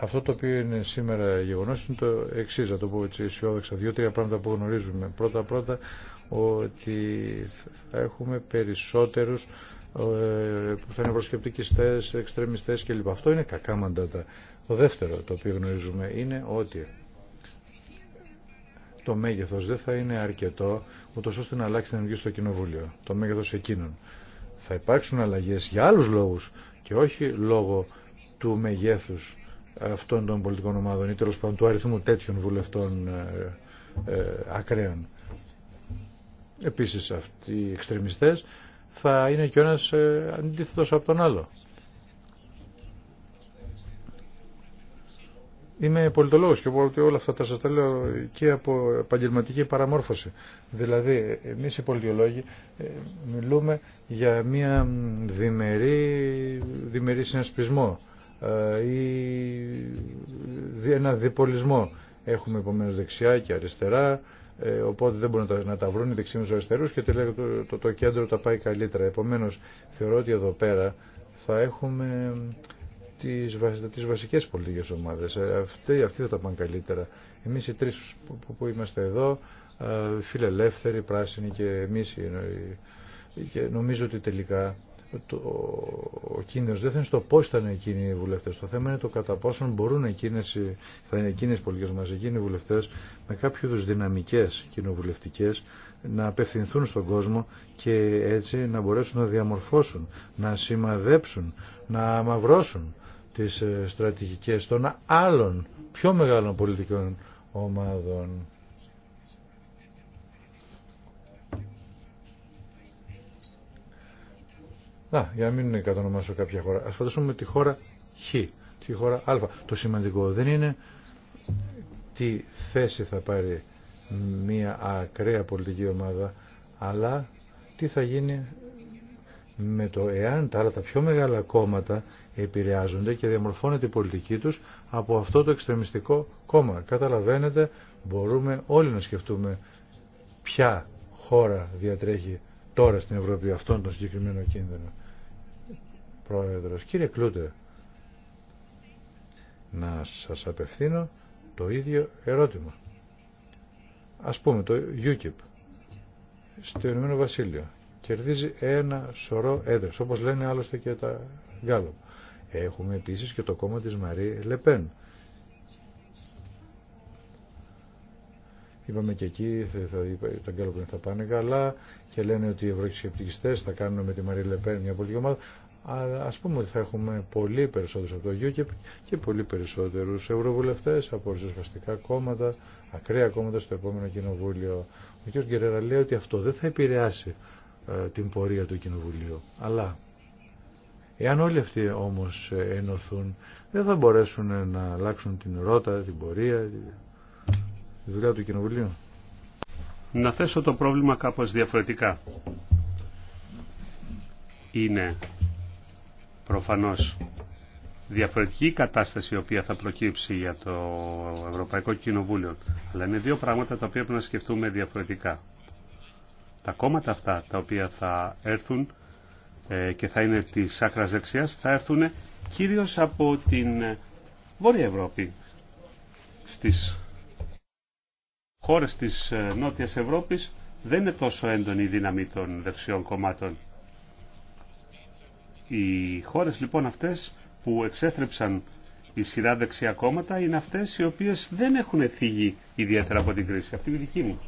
αυτό το οποίο είναι σήμερα γεγονό είναι το εξή, να το πω έτσι αισιόδοξα. Δύο-τρία πράγματα που γνωρίζουμε. Πρώτα-πρώτα ότι θα έχουμε περισσότερου ε, που θα είναι προσκεπτικιστέ, εξτρεμιστέ κλπ. Αυτό είναι κακά μαντάτα. Το δεύτερο το οποίο γνωρίζουμε είναι ότι το μέγεθος δεν θα είναι αρκετό ούτως ώστε να αλλάξει την ενεργή στο κοινοβούλιο, το μέγεθος εκείνων. Θα υπάρξουν αλλαγές για άλλους λόγους και όχι λόγω του μεγέθους αυτών των πολιτικών ομάδων ή τέλο πάντων του αριθμού τέτοιων βουλευτών ε, ε, ακραίων. Επίσης αυτοί οι εξτρεμιστές θα είναι και ο ε, αντίθετος από τον άλλο. Είμαι πολιτολόγος και ότι όλα αυτά τα σας τα λέω και από επαγγελματική παραμόρφωση. Δηλαδή, εμείς οι πολιτιολόγοι μιλούμε για μια διμερή, διμερή συνασπισμό ε, ή ένα διπολισμό. Έχουμε επομένως δεξιά και αριστερά, ε, οπότε δεν μπορούν να τα, βρουν οι δεξί και αριστερούς και το, το, το, κέντρο τα πάει καλύτερα. Επομένως θεωρώ ότι εδώ πέρα θα έχουμε τις, τις βασικές πολιτικές ομάδες. Ε, αυτοί, αυτοί θα τα πάνε καλύτερα. Εμείς οι τρεις που, είμαστε εδώ, φιλελεύθεροι, πράσινοι και εμείς και νομίζω ότι τελικά το, ο κίνδυνος δεν είναι στο πώς θα είναι εκείνοι οι βουλευτές. Το θέμα είναι το κατά πόσον μπορούν εκείνες, θα είναι εκείνες οι πολιτικές μας, εκείνοι οι βουλευτές με κάποιο είδους δυναμικές κοινοβουλευτικές να απευθυνθούν στον κόσμο και έτσι να μπορέσουν να διαμορφώσουν, να σημαδέψουν, να αμαυρώσουν τις ε, στρατηγικές των άλλων πιο μεγάλων πολιτικών ομάδων. Να, για να μην κατονομάσω κάποια χώρα. Ας φανταστούμε τη χώρα Χ, τη χώρα Α. Το σημαντικό δεν είναι τι θέση θα πάρει μια ακραία πολιτική ομάδα, αλλά τι θα γίνει με το εάν τα άλλα τα πιο μεγάλα κόμματα επηρεάζονται και διαμορφώνεται η πολιτική τους από αυτό το εξτρεμιστικό κόμμα. Καταλαβαίνετε, μπορούμε όλοι να σκεφτούμε ποια χώρα διατρέχει τώρα στην Ευρώπη αυτόν τον συγκεκριμένο κίνδυνο. Πρόεδρος, κύριε Κλούτε, να σας απευθύνω το ίδιο ερώτημα. Ας πούμε το UKIP στο Ηνωμένο Βασίλειο κερδίζει ένα σωρό έδρες, όπως λένε άλλωστε και τα Γκάλο. Έχουμε επίσης και το κόμμα της Μαρή Λεπέν, Είπαμε και εκεί, θα, τον δεν θα πάνε καλά και λένε ότι οι ευρωσκεπτικιστές θα κάνουν με τη Μαρή Λεπέν μια πολιτική ομάδα. Αλλά ας πούμε ότι θα έχουμε πολύ περισσότερου από το UKIP και πολύ περισσότερου ευρωβουλευτέ, από ριζοσπαστικά κόμματα, ακραία κόμματα στο επόμενο κοινοβούλιο. Ο κ. Γκερέρα λέει ότι αυτό δεν θα επηρεάσει ε, την πορεία του κοινοβουλίου. Αλλά εάν όλοι αυτοί όμω ε, ενωθούν δεν θα μπορέσουν να αλλάξουν την ρότα, την πορεία, να θέσω το πρόβλημα κάπως διαφορετικά. Είναι προφανώς διαφορετική κατάσταση η οποία θα προκύψει για το Ευρωπαϊκό Κοινοβούλιο. Αλλά είναι δύο πράγματα τα οποία πρέπει να σκεφτούμε διαφορετικά. Τα κόμματα αυτά τα οποία θα έρθουν ε, και θα είναι τη άκρα δεξιά, θα έρθουν κυρίως από την Βόρεια Ευρώπη στις χώρες της ε, Νότιας Ευρώπης δεν είναι τόσο έντονη η δύναμη των δεξιών κομμάτων. Οι χώρες λοιπόν αυτές που εξέθρεψαν σειρά δεξιά κόμματα είναι αυτές οι οποίες δεν έχουν φύγει ιδιαίτερα από την κρίση. Αυτή είναι η δική μου.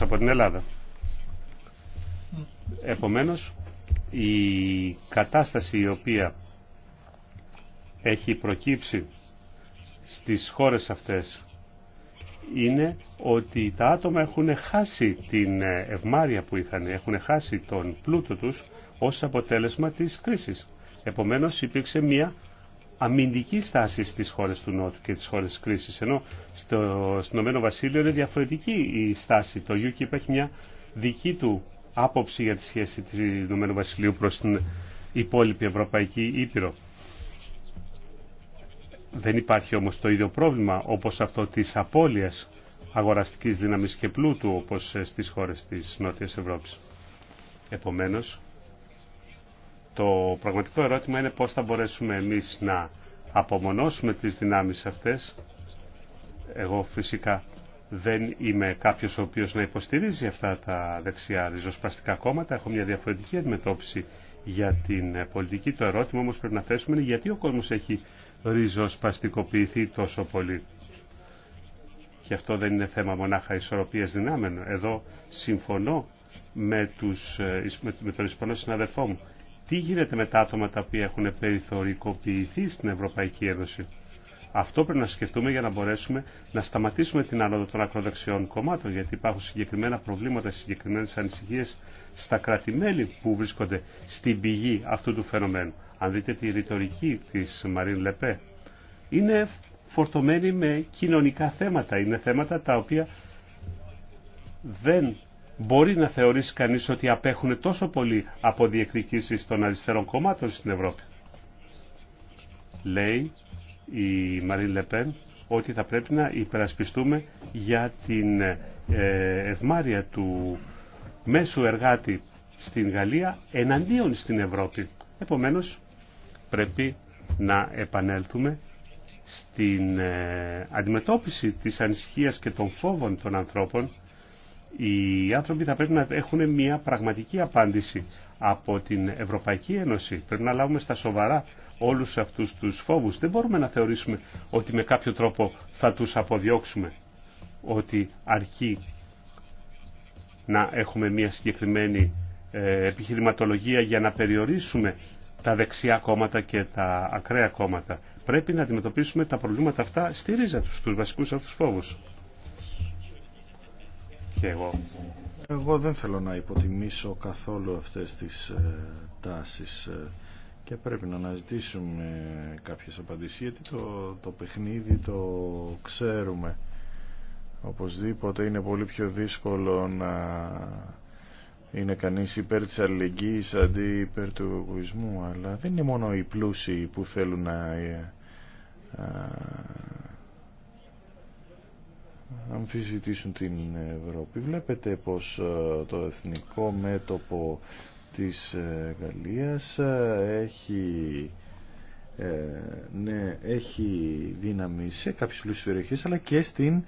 από την Ελλάδα. Επομένως, η κατάσταση η οποία έχει προκύψει στις χώρες αυτές είναι ότι τα άτομα έχουν χάσει την ε, ευμάρεια που είχαν, έχουν χάσει τον πλούτο τους ως αποτέλεσμα της κρίσης. Επομένως υπήρξε μια αμυντική στάση στις χώρες του Νότου και τις χώρες της κρίσης, ενώ στο Ηνωμένο Βασίλειο είναι διαφορετική η στάση. Το UKIP έχει μια δική του άποψη για τη σχέση του Ηνωμένου Βασιλείου προς την υπόλοιπη Ευρωπαϊκή Ήπειρο. Δεν υπάρχει όμως το ίδιο πρόβλημα όπως αυτό της απώλειας αγοραστικής δύναμης και πλούτου όπως ε, στις χώρες της Νότιας Ευρώπης. Επομένως, το πραγματικό ερώτημα είναι πώς θα μπορέσουμε εμείς να απομονώσουμε τις δυνάμεις αυτές. Εγώ φυσικά δεν είμαι κάποιος ο οποίος να υποστηρίζει αυτά τα δεξιά ριζοσπαστικά κόμματα. Έχω μια διαφορετική αντιμετώπιση για την ε, πολιτική. Το ερώτημα όμως πρέπει να θέσουμε είναι γιατί ο κόσμος έχει ριζοσπαστικοποιηθεί τόσο πολύ. Και αυτό δεν είναι θέμα μονάχα ισορροπίας δυνάμεων. Εδώ συμφωνώ με, τους, με τον Ισπανό συναδελφό μου. Τι γίνεται με τα άτομα τα οποία έχουν περιθωρικοποιηθεί στην Ευρωπαϊκή Ένωση. Αυτό πρέπει να σκεφτούμε για να μπορέσουμε να σταματήσουμε την άνοδο των ακροδεξιών κομμάτων, γιατί υπάρχουν συγκεκριμένα προβλήματα, συγκεκριμένε ανησυχίε στα κρατη που βρίσκονται στην πηγή αυτού του φαινομένου. Αν δείτε τη ρητορική τη Μαρίν Λεπέ, είναι φορτωμένη με κοινωνικά θέματα. Είναι θέματα τα οποία δεν μπορεί να θεωρήσει κανείς ότι απέχουν τόσο πολύ από διεκδικήσεις των αριστερών κομμάτων στην Ευρώπη. Λέει η Μαρίν Λεπέν ότι θα πρέπει να υπερασπιστούμε για την ε, ευμάρεια του μέσου εργάτη στην Γαλλία εναντίον στην Ευρώπη. Επομένως πρέπει να επανέλθουμε στην ε, αντιμετώπιση της ανησυχίας και των φόβων των ανθρώπων οι άνθρωποι θα πρέπει να έχουν μια πραγματική απάντηση από την Ευρωπαϊκή Ένωση. Πρέπει να λάβουμε στα σοβαρά όλους αυτούς τους φόβους. Δεν μπορούμε να θεωρήσουμε ότι με κάποιο τρόπο θα τους αποδιώξουμε, ότι αρκεί να έχουμε μια συγκεκριμένη ε, επιχειρηματολογία για να περιορίσουμε τα δεξιά κόμματα και τα ακραία κόμματα. Πρέπει να αντιμετωπίσουμε τα προβλήματα αυτά στη ρίζα τους, τους βασικούς αυτούς φόβους. Και εγώ. Εγώ δεν θέλω να υποτιμήσω καθόλου αυτές τις ε, τάσεις. Ε, και πρέπει να αναζητήσουμε κάποιες απαντήσεις γιατί το, το παιχνίδι το ξέρουμε οπωσδήποτε είναι πολύ πιο δύσκολο να είναι κανείς υπέρ της αλληλεγγύης αντί υπέρ του εγωισμού αλλά δεν είναι μόνο οι πλούσιοι που θέλουν να ε, αμφισβητήσουν την Ευρώπη. Βλέπετε πως ε, το εθνικό μέτωπο της ε, Γαλλίας ε, έχει, ε, ναι, έχει δύναμη σε κάποιες πλούσιες περιοχές αλλά και στην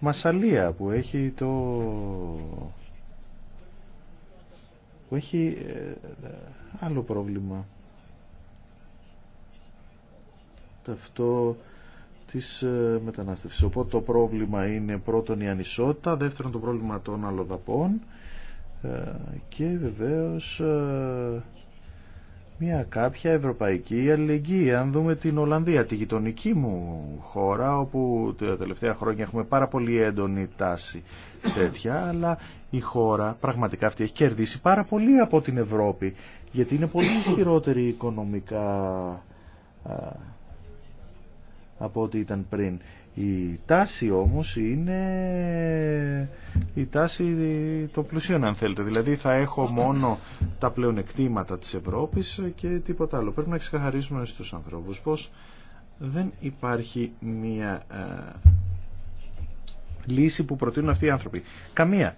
Μασαλία που έχει το που έχει άλλο πρόβλημα αυτό της μετανάστευσης οπότε το πρόβλημα είναι πρώτον η ανισότητα δεύτερον το πρόβλημα των αλλοδαπών ε, και βεβαίως ε, μια κάποια ευρωπαϊκή αλληλεγγύη. Αν δούμε την Ολλανδία, τη γειτονική μου χώρα, όπου τα τελευταία χρόνια έχουμε πάρα πολύ έντονη τάση τέτοια, αλλά η χώρα πραγματικά αυτή έχει κερδίσει πάρα πολύ από την Ευρώπη, γιατί είναι πολύ ισχυρότερη οικονομικά ε, από ό,τι ήταν πριν. Η τάση όμως είναι η τάση των πλουσίων αν θέλετε. Δηλαδή θα έχω μόνο τα πλεονεκτήματα της Ευρώπης και τίποτα άλλο. Πρέπει να ξεχαρίσουμε στους ανθρώπους πως δεν υπάρχει μία ε, λύση που προτείνουν αυτοί οι άνθρωποι. Καμία.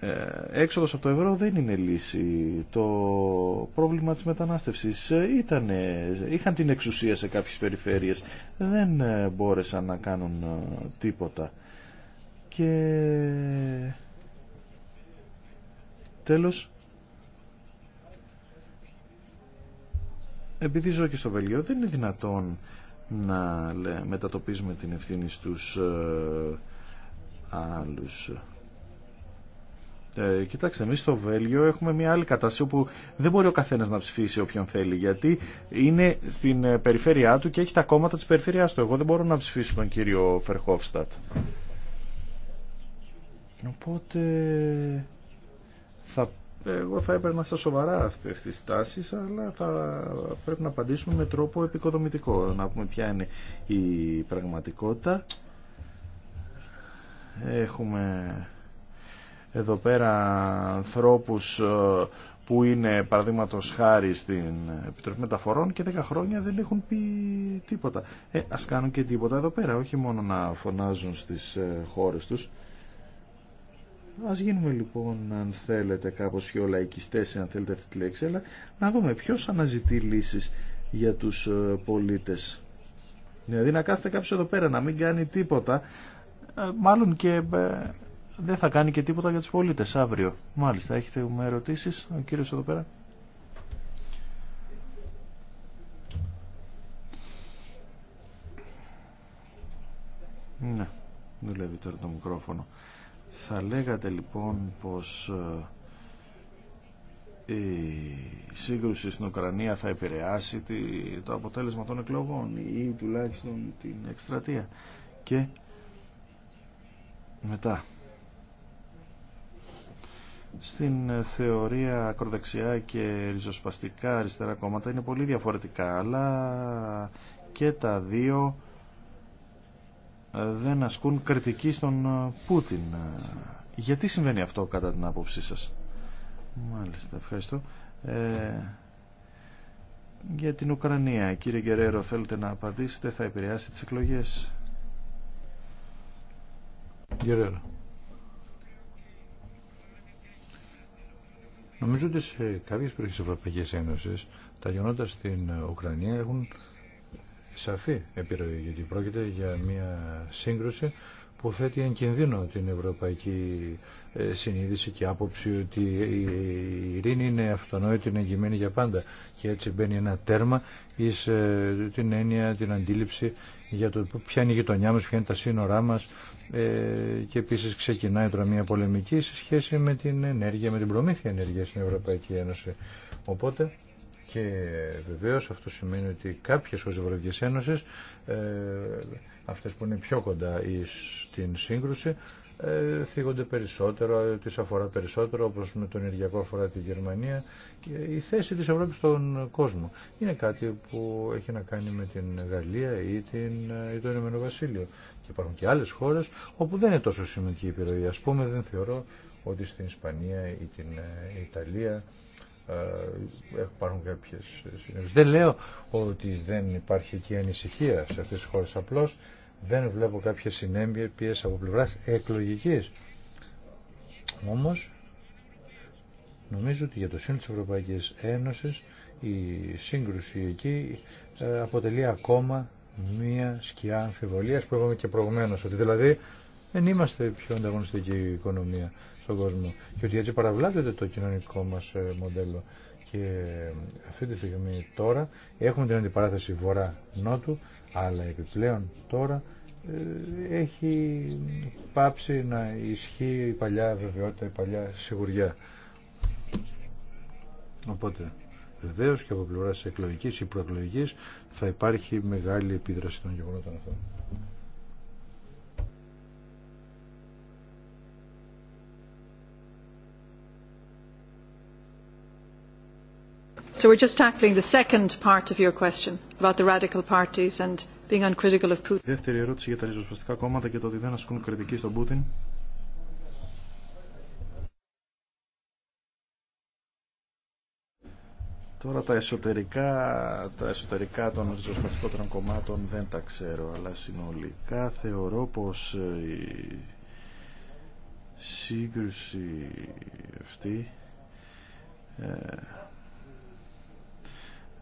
Ε, έξοδος από το ευρώ δεν είναι λύση. Το πρόβλημα της μετανάστευσης ε, ήταν, είχαν την εξουσία σε κάποιες περιφέρειες, δεν ε, μπόρεσαν να κάνουν τίποτα. Και τέλος, επειδή ζω και στο Βελγίο, δεν είναι δυνατόν να μετατοπίζουμε την ευθύνη στους άλλους ε, κοιτάξτε, εμεί στο Βέλγιο έχουμε μια άλλη κατάσταση όπου δεν μπορεί ο καθένα να ψηφίσει όποιον θέλει, γιατί είναι στην ε, περιφέρειά του και έχει τα κόμματα τη περιφέρειά του. Εγώ δεν μπορώ να ψηφίσω τον κύριο Φερχόφστατ. Οπότε θα, εγώ θα έπαιρνα στα σοβαρά αυτές τι τάσει, αλλά θα πρέπει να απαντήσουμε με τρόπο επικοδομητικό να πούμε ποια είναι η πραγματικότητα έχουμε εδώ πέρα ανθρώπου ε, που είναι παραδείγματο χάρη στην Επιτροπή Μεταφορών και 10 χρόνια δεν έχουν πει τίποτα. Ε, ας κάνουν και τίποτα εδώ πέρα, όχι μόνο να φωνάζουν στι ε, χώρε τους. Α γίνουμε λοιπόν, αν θέλετε, κάπως πιο λαϊκιστές, αν θέλετε αυτή τη λέξη, αλλά να δούμε ποιο αναζητεί λύσεις για τους ε, πολίτες. Δηλαδή να κάθεται κάποιο εδώ πέρα, να μην κάνει τίποτα, μάλλον και δεν θα κάνει και τίποτα για τους πολίτες αύριο. Μάλιστα, έχετε με ερωτήσεις, ο κύριος εδώ πέρα. Ναι, δουλεύει τώρα το μικρόφωνο. Θα λέγατε λοιπόν πως ε, η σύγκρουση στην Ουκρανία θα επηρεάσει το αποτέλεσμα των εκλογών ή τουλάχιστον την εκστρατεία. Και μετά στην ε, θεωρία ακροδεξιά και ριζοσπαστικά αριστερά κόμματα είναι πολύ διαφορετικά αλλά και τα δύο ε, δεν ασκούν κριτική στον ε, Πούτιν. Γιατί συμβαίνει αυτό κατά την άποψή σας. Μάλιστα, ευχαριστώ. για την Ουκρανία, κύριε Γκερέρο, θέλετε να απαντήσετε, θα επηρεάσει τις εκλογές. Γκερέρο. Νομίζω ότι σε κάποιες περιοχές της Ευρωπαϊκής Ένωσης τα γεγονότα στην Ουκρανία έχουν σαφή επιρροή γιατί πρόκειται για μια σύγκρουση που θέτει εν κινδύνο την ευρωπαϊκή ε, συνείδηση και άποψη ότι η ειρήνη είναι αυτονόητη, είναι εγγυημένη για πάντα και έτσι μπαίνει ένα τέρμα εις ε, την έννοια, την αντίληψη για το ποια είναι η γειτονιά μας, ποια είναι τα σύνορά μας ε, και επίσης ξεκινάει τώρα μια πολεμική σε σχέση με την ενέργεια, με την προμήθεια ενέργειας στην Ευρωπαϊκή Ένωση. Οπότε και βεβαίω αυτό σημαίνει ότι κάποιες χώρες Ευρωπαϊκής Ένωση, ε, αυτές που είναι πιο κοντά στην σύγκρουση, ε, θίγονται περισσότερο, ε, τι αφορά περισσότερο, όπω με τον ενεργειακό αφορά τη Γερμανία. Ε, η θέση της Ευρώπη στον κόσμο είναι κάτι που έχει να κάνει με την Γαλλία ή, την, ε, ή το Ηνωμένο Βασίλειο. Και υπάρχουν και άλλες χώρες όπου δεν είναι τόσο σημαντική η επιρροή. Ας πούμε δεν θεωρώ ότι στην Ισπανία ή την η το ηνωμενο βασιλειο και υπαρχουν και άλλε χωρες οπου δεν ειναι τοσο σημαντικη η επιρροη α πουμε δεν θεωρω οτι στην ισπανια η την ιταλια ε, υπάρχουν κάποιες ε, συνέπειες. Δεν λέω ότι δεν υπάρχει εκεί ανησυχία σε αυτέ τι χώρε. απλώς. Δεν βλέπω κάποιες συνέπειες από πλευράς εκλογική. Όμως νομίζω ότι για το σύνολο τη Ευρωπαϊκής Ένωσης η σύγκρουση εκεί ε, αποτελεί ακόμα μία σκιά αμφιβολία που είπαμε και προηγουμένω. ότι δηλαδή δεν είμαστε πιο ανταγωνιστική οικονομία στον κόσμο και ότι έτσι παραβλάβεται το κοινωνικό μας ε, μοντέλο. Και ε, αυτή τη στιγμή τώρα έχουμε την αντιπαράθεση βορρά-νότου, αλλά επιπλέον τώρα ε, έχει πάψει να ισχύει η παλιά βεβαιότητα, η παλιά σιγουριά. Οπότε, βεβαίω και από πλευρά εκλογική ή προεκλογική θα υπάρχει μεγάλη επίδραση των γεγονότων αυτών. So we're just tackling the second part Δεύτερη ερώτηση για τα ριζοσπαστικά κόμματα και το ότι δεν ασκούν κριτική στον Πούτιν. Τώρα τα εσωτερικά, τα εσωτερικά των ριζοσπαστικότερων κομμάτων δεν τα ξέρω, αλλά συνολικά θεωρώ πως ε, η σύγκρουση αυτή ε,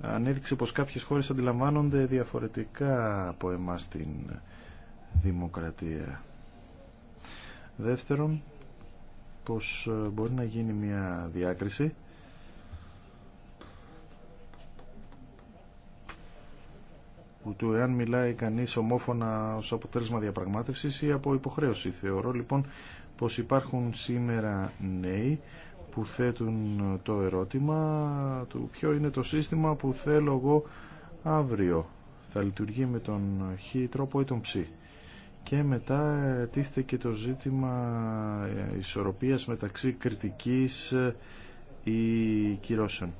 ανέδειξε πως κάποιες χώρες αντιλαμβάνονται διαφορετικά από εμάς την δημοκρατία. Δεύτερον, πως ε, μπορεί να γίνει μια διάκριση που του εάν μιλάει κανείς ομόφωνα ως αποτέλεσμα διαπραγμάτευσης ή από υποχρέωση. Θεωρώ λοιπόν πως υπάρχουν σήμερα νέοι που θέτουν το ερώτημα του ποιο είναι το σύστημα που θέλω εγώ αύριο. Θα λειτουργεί με τον χ τρόπο ή τον ψ. Και μετά τίθεται και το ζήτημα ε, ισορροπίας μεταξύ κριτικής ε, ή κυρώσεων.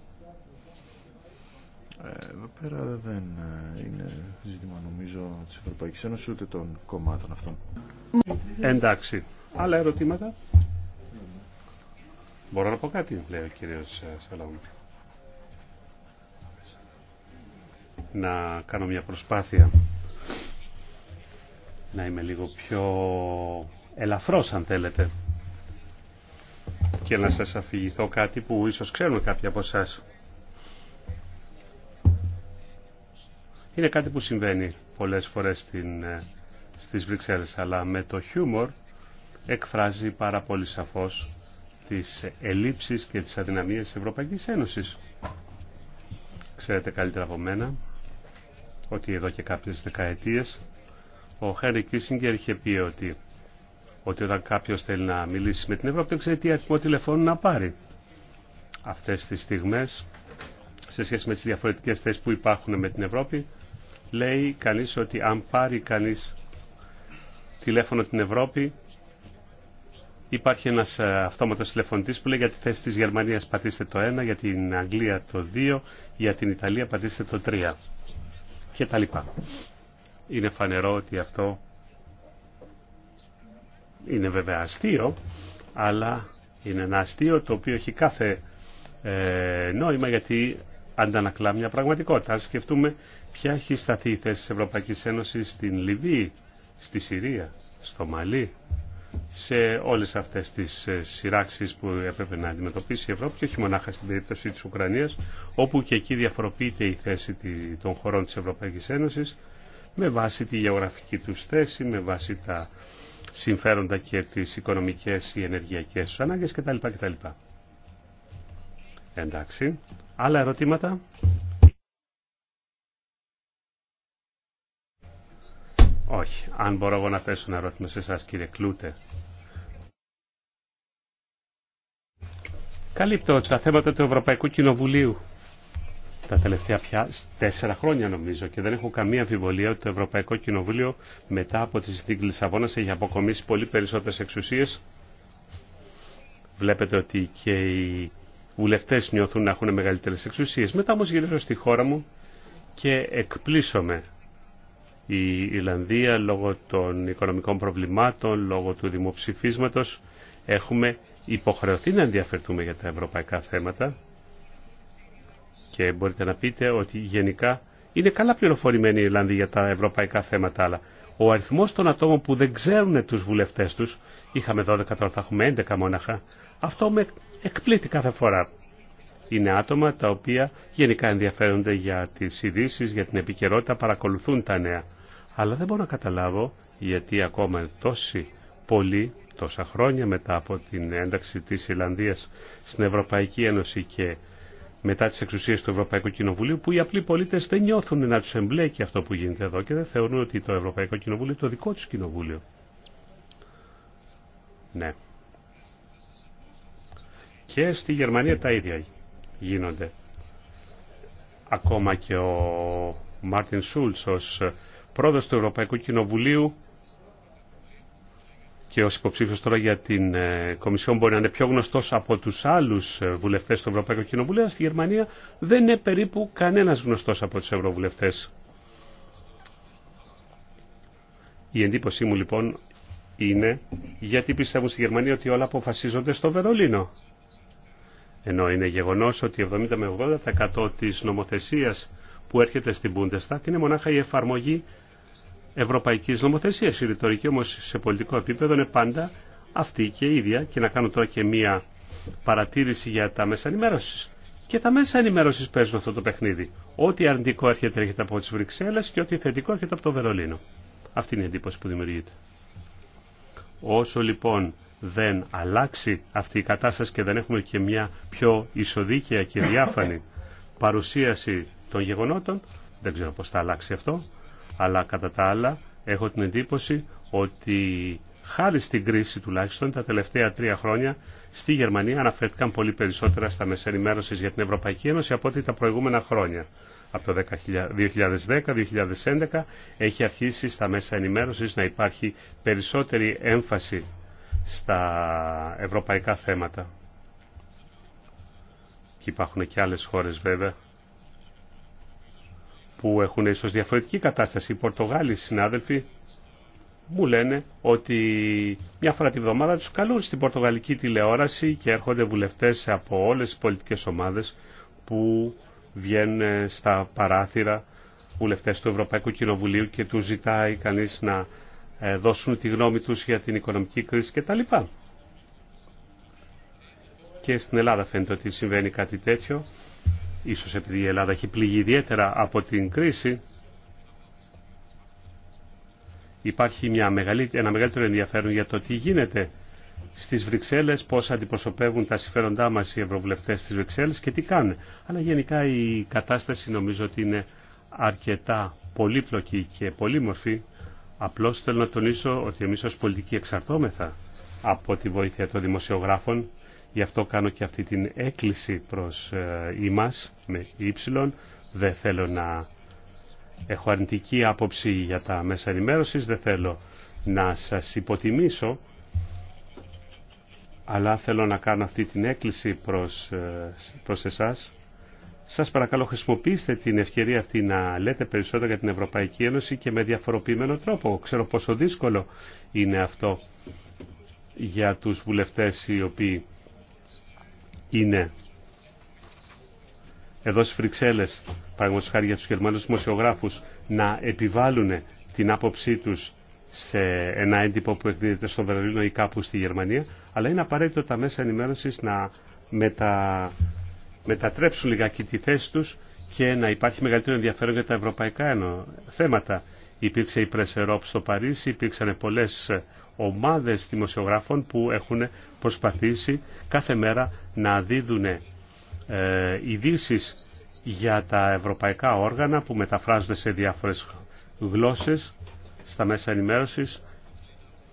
Ε, εδώ πέρα δεν είναι ζήτημα νομίζω της Ευρωπαϊκής Ένωσης ούτε των κομμάτων αυτών. Εντάξει. Άλλα ερωτήματα. Μπορώ να πω κάτι, λέει ο κύριος ε, Σαλόμου. Να κάνω μια προσπάθεια να είμαι λίγο πιο ελαφρός αν θέλετε και να σας αφηγηθώ κάτι που ίσως ξέρουν κάποιοι από εσά. Είναι κάτι που συμβαίνει πολλές φορές στην, ε, στις Βρυξέλλες αλλά με το χιούμορ εκφράζει πάρα πολύ σαφώς τις ελλείψεις και τις αδυναμίες της Ευρωπαϊκής Ένωσης. Ξέρετε καλύτερα από μένα ότι εδώ και κάποιες δεκαετίες ο Χένρι Κίσιγκερ είχε πει ότι, ότι όταν κάποιος θέλει να μιλήσει με την Ευρώπη δεν ξέρει τι αριθμό τηλεφώνου να πάρει. Αυτές τις στιγμές σε σχέση με τις διαφορετικές θέσει που υπάρχουν με την Ευρώπη λέει κανείς ότι αν πάρει κανείς τηλέφωνο την Ευρώπη Υπάρχει ένα ε, αυτόματο τηλεφωνητή που λέει για τη θέση τη Γερμανία πατήστε το 1, για την Αγγλία το 2, για την Ιταλία πατήστε το 3 και τα λοιπά. Είναι φανερό ότι αυτό είναι βέβαια αστείο, αλλά είναι ένα αστείο το οποίο έχει κάθε ε, νόημα γιατί αντανακλά μια πραγματικότητα. Ας σκεφτούμε ποια έχει σταθεί η θέση της Ευρωπαϊκής Ένωσης στην Λιβύη, στη Συρία, στο Μαλί, σε όλες αυτές τις ε, σειράξεις που έπρεπε να αντιμετωπίσει η Ευρώπη και όχι μονάχα στην περίπτωση της Ουκρανίας όπου και εκεί διαφοροποιείται η θέση των χωρών της Ευρωπαϊκής Ένωσης με βάση τη γεωγραφική του θέση, με βάση τα συμφέροντα και τις οικονομικές ή ενεργειακές τους ανάγκες κτλ. κτλ. Εντάξει. Άλλα ερωτήματα. Όχι. Αν μπορώ εγώ να θέσω ένα ερώτημα σε εσά, κύριε Κλούτε. Καλύπτω τα θέματα του Ευρωπαϊκού Κοινοβουλίου τα τελευταία πια τέσσερα χρόνια νομίζω και δεν έχω καμία αμφιβολία ότι το Ευρωπαϊκό Κοινοβούλιο μετά από τη συνθήκη Λισαβόνα έχει αποκομίσει πολύ περισσότερες εξουσίες. Βλέπετε ότι και οι βουλευτέ νιώθουν να έχουν μεγαλύτερε εξουσίε. Μετά όμω γυρίζω στη χώρα μου και εκπλήσωμαι η Ιρλανδία λόγω των οικονομικών προβλημάτων, λόγω του δημοψηφίσματος έχουμε υποχρεωθεί να ενδιαφερθούμε για τα ευρωπαϊκά θέματα και μπορείτε να πείτε ότι γενικά είναι καλά πληροφορημένη η Ιρλανδοί για τα ευρωπαϊκά θέματα, αλλά ο αριθμός των ατόμων που δεν ξέρουν τους βουλευτές τους, είχαμε 12 τώρα, θα έχουμε 11 μόναχα, αυτό με εκπλήττει κάθε φορά. Είναι άτομα τα οποία γενικά ενδιαφέρονται για τις ειδήσει, για την επικαιρότητα, παρακολουθούν τα νέα. Αλλά δεν μπορώ να καταλάβω γιατί ακόμα τόση πολύ, τόσα χρόνια μετά από την ένταξη της Ιρλανδίας στην Ευρωπαϊκή Ένωση και μετά τις εξουσίες του Ευρωπαϊκού Κοινοβουλίου που οι απλοί πολίτες δεν νιώθουν να τους εμπλέκει αυτό που γίνεται εδώ και δεν θεωρούν ότι το Ευρωπαϊκό Κοινοβούλιο είναι το δικό τους κοινοβούλιο. Ναι. Και στη Γερμανία τα ίδια γίνονται. Ακόμα και ο Μάρτιν Σούλτς ως πρόεδρος του Ευρωπαϊκού Κοινοβουλίου και ως υποψήφιος τώρα για την ε, Κομισιόν μπορεί να είναι πιο γνωστός από τους άλλους ε, βουλευτές του Ευρωπαϊκού Κοινοβουλίου, αλλά στη Γερμανία δεν είναι περίπου κανένας γνωστός από τους ευρωβουλευτές. Η εντύπωσή μου λοιπόν είναι γιατί πιστεύουν στη Γερμανία ότι όλα αποφασίζονται στο Βερολίνο. Ενώ είναι γεγονός ότι 70 με 80% της νομοθεσίας που έρχεται στην Bundestag είναι μονάχα η εφαρμογή ευρωπαϊκής νομοθεσίας. Η ρητορική όμως σε πολιτικό επίπεδο είναι πάντα αυτή και ίδια και να κάνω τώρα και μία παρατήρηση για τα μέσα ενημέρωση. Και τα μέσα ενημέρωση παίζουν αυτό το παιχνίδι. Ό,τι αρνητικό έρχεται έρχεται από τι Βρυξέλλε και ό,τι θετικό έρχεται από το Βερολίνο. Αυτή είναι η εντύπωση που δημιουργείται. Όσο λοιπόν δεν αλλάξει αυτή η κατάσταση και δεν έχουμε και μια πιο ισοδίκαια και διάφανη παρουσίαση των γεγονότων, δεν ξέρω πώς θα αλλάξει αυτό αλλά κατά τα άλλα έχω την εντύπωση ότι χάρη στην κρίση τουλάχιστον τα τελευταία τρία χρόνια στη Γερμανία αναφέρθηκαν πολύ περισσότερα στα μέσα για την Ευρωπαϊκή Ένωση από ό,τι τα προηγούμενα χρόνια. Από το 2010-2011 έχει αρχίσει στα μέσα ενημέρωσης να υπάρχει περισσότερη έμφαση στα ευρωπαϊκά θέματα. Και υπάρχουν και άλλες χώρες βέβαια που έχουν ίσως διαφορετική κατάσταση. Οι Πορτογάλοι συνάδελφοι μου λένε ότι μια φορά τη βδομάδα τους καλούν στην πορτογαλική τηλεόραση και έρχονται βουλευτές από όλες τις πολιτικές ομάδες που βγαίνουν στα παράθυρα βουλευτές του Ευρωπαϊκού Κοινοβουλίου και του ζητάει κανείς να ε, δώσουν τη γνώμη τους για την οικονομική κρίση κτλ. Και στην Ελλάδα φαίνεται ότι συμβαίνει κάτι τέτοιο. Ίσως επειδή η Ελλάδα έχει πληγεί ιδιαίτερα από την κρίση, υπάρχει μια μεγαλή, ένα μεγαλύτερο ενδιαφέρον για το τι γίνεται στις Βρυξέλλες, πώς αντιπροσωπεύουν τα συμφέροντά μας οι ευρωβουλευτές στις Βρυξέλλες και τι κάνουν. Αλλά γενικά η κατάσταση νομίζω ότι είναι αρκετά πολύπλοκη και πολύμορφη. Απλώς θέλω να τονίσω ότι εμείς ως πολιτικοί εξαρτώμεθα από τη βοήθεια των δημοσιογράφων Γι' αυτό κάνω και αυτή την έκκληση προς εμάς με ύψιλον. Δεν θέλω να έχω αρνητική άποψη για τα μέσα ενημέρωσης, δεν θέλω να σας υποτιμήσω, αλλά θέλω να κάνω αυτή την έκκληση προς, ε, προς εσάς. Σας παρακαλώ χρησιμοποιήστε την ευκαιρία αυτή να λέτε περισσότερα για την Ευρωπαϊκή Ένωση και με διαφοροποιημένο τρόπο. Ξέρω πόσο δύσκολο είναι αυτό για τους βουλευτές οι οποίοι είναι εδώ στις Φρυξέλλες, παραγωγός για τους γερμανούς δημοσιογράφους, να επιβάλλουν την άποψή τους σε ένα έντυπο που εκδίδεται στο Βερολίνο ή κάπου στη Γερμανία, αλλά είναι απαραίτητο τα μέσα ενημέρωσης να μετα... μετατρέψουν λιγάκι τη θέση τους και να υπάρχει μεγαλύτερο ενδιαφέρον για τα ευρωπαϊκά θέματα. Υπήρξε η Press Europe στο Παρίσι, υπήρξαν πολλές ομάδες δημοσιογράφων που έχουν προσπαθήσει κάθε μέρα να δίδουν ε, ειδήσει για τα ευρωπαϊκά όργανα που μεταφράζονται σε διάφορες γλώσσες στα μέσα ενημέρωσης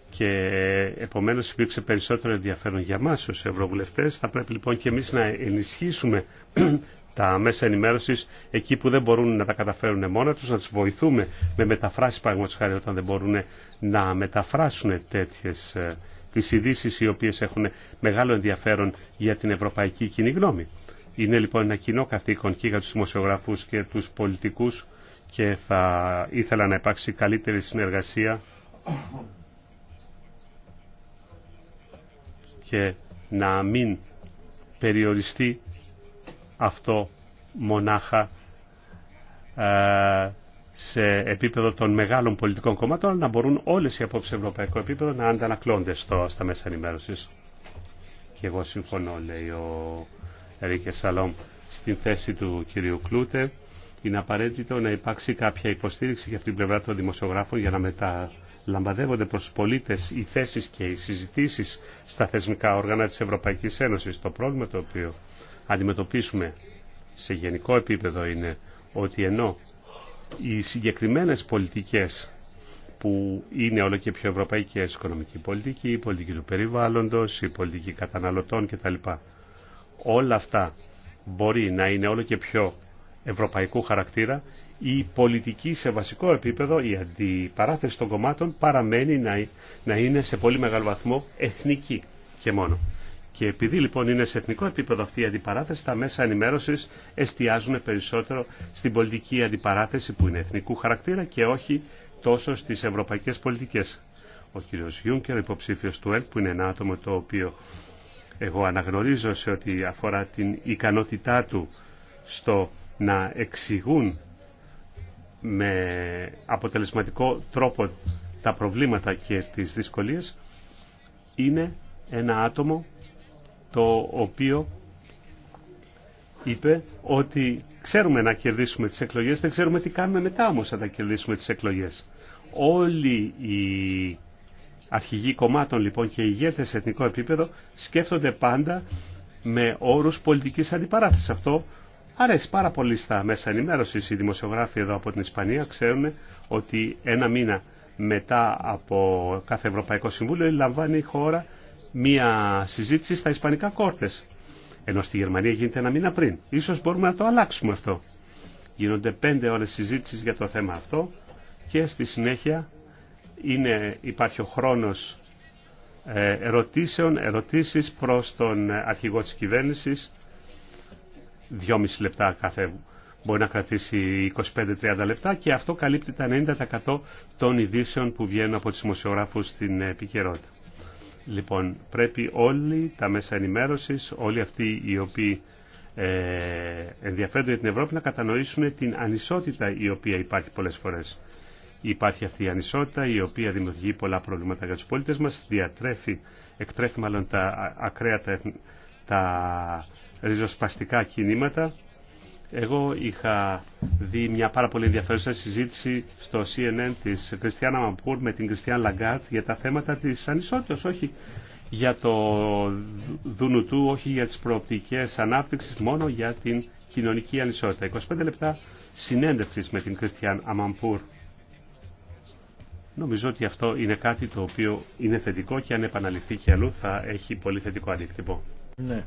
και ε, επομένως υπήρξε περισσότερο ενδιαφέρον για μας ως Ευρωβουλευτές. Θα πρέπει λοιπόν και εμείς να ενισχύσουμε τα μέσα ενημέρωσης εκεί που δεν μπορούν να τα καταφέρουν μόνο τους, να τους βοηθούμε με μεταφράσεις παραγματικά χάρη όταν δεν μπορούν να μεταφράσουν τέτοιες ε, τις ειδήσει οι οποίες έχουν μεγάλο ενδιαφέρον για την ευρωπαϊκή κοινή γνώμη. Είναι λοιπόν ένα κοινό καθήκον και για τους δημοσιογράφους και τους πολιτικούς και θα ήθελα να υπάρξει καλύτερη συνεργασία και να μην περιοριστεί αυτό μονάχα ε, σε επίπεδο των μεγάλων πολιτικών κομμάτων, να μπορούν όλες οι απόψεις σε ευρωπαϊκό επίπεδο να αντανακλώνται στο, στα μέσα ενημέρωση. Και εγώ συμφωνώ, λέει ο Ρίκε Σαλόμ, στην θέση του κυρίου Κλούτε. Είναι απαραίτητο να υπάρξει κάποια υποστήριξη για την πλευρά των δημοσιογράφων για να μεταλαμβαδεύονται προς τους πολίτες οι θέσεις και οι συζητήσεις στα θεσμικά όργανα της Ευρωπαϊκής Ένωσης. Το πρόβλημα το οποίο αντιμετωπίσουμε σε γενικό επίπεδο είναι ότι ενώ οι συγκεκριμένες πολιτικές που είναι όλο και πιο ευρωπαϊκές, οικονομική πολιτική, η πολιτική του περιβάλλοντος, η πολιτική καταναλωτών κτλ. Όλα αυτά μπορεί να είναι όλο και πιο ευρωπαϊκού χαρακτήρα. Η πολιτική σε βασικό επίπεδο, η αντιπαράθεση των κομμάτων παραμένει να είναι σε πολύ μεγάλο βαθμό εθνική και μόνο. Και επειδή λοιπόν είναι σε εθνικό επίπεδο αυτή η αντιπαράθεση, τα μέσα ενημέρωση εστιάζουν περισσότερο στην πολιτική αντιπαράθεση που είναι εθνικού χαρακτήρα και όχι τόσο στι ευρωπαϊκέ πολιτικέ. Ο κ. Γιούνκερ, υποψήφιο του ΕΛΚ, που είναι ένα άτομο το οποίο εγώ αναγνωρίζω σε ό,τι αφορά την ικανότητά του στο να εξηγούν με αποτελεσματικό τρόπο τα προβλήματα και τις δυσκολίες, είναι ένα άτομο το οποίο είπε ότι ξέρουμε να κερδίσουμε τις εκλογές, δεν ξέρουμε τι κάνουμε μετά όμως αν κερδίσουμε τις εκλογές. Όλοι οι αρχηγοί κομμάτων λοιπόν και οι ηγέτες σε εθνικό επίπεδο σκέφτονται πάντα με όρους πολιτικής αντιπαράθεσης. Αυτό αρέσει πάρα πολύ στα μέσα ενημέρωσης. Οι δημοσιογράφοι εδώ από την Ισπανία ξέρουν ότι ένα μήνα μετά από κάθε Ευρωπαϊκό Συμβούλιο λαμβάνει η χώρα μία συζήτηση στα ισπανικά κόρτες. Ενώ στη Γερμανία γίνεται ένα μήνα πριν. Ίσως μπορούμε να το αλλάξουμε αυτό. Γίνονται πέντε ώρες συζήτησης για το θέμα αυτό και στη συνέχεια είναι, υπάρχει ο χρόνος ε, ερωτήσεων, ερωτήσεις προς τον ε, αρχηγό της κυβέρνησης. Δυόμιση λεπτά κάθε μπορεί να κρατήσει 25-30 λεπτά και αυτό καλύπτει τα 90% των ειδήσεων που βγαίνουν από τους δημοσιογράφους στην ε, επικαιρότητα. Λοιπόν, πρέπει όλοι τα μέσα ενημέρωσης, όλοι αυτοί οι οποίοι ε, ενδιαφέρονται για την Ευρώπη να κατανοήσουν την ανισότητα η οποία υπάρχει πολλές φορές. Υπάρχει αυτή η ανισότητα η οποία δημιουργεί πολλά προβλήματα για τους πολίτες μας, διατρέφει, εκτρέφει μάλλον τα ακραία τα, τα ριζοσπαστικά κινήματα εγώ είχα δει μια πάρα πολύ ενδιαφέρουσα συζήτηση στο CNN της Κριστιάνα Αμαμπούρ με την Κριστιαν Λαγκάρτ για τα θέματα της ανισότητας, όχι για το Δουνουτού, όχι για τις προοπτικές ανάπτυξης, μόνο για την κοινωνική ανισότητα. 25 λεπτά συνέντευξης με την Κριστιαν Αμαμπούρ. Νομίζω ότι αυτό είναι κάτι το οποίο είναι θετικό και αν επαναληφθεί και αλλού θα έχει πολύ θετικό αντίκτυπο. Ναι.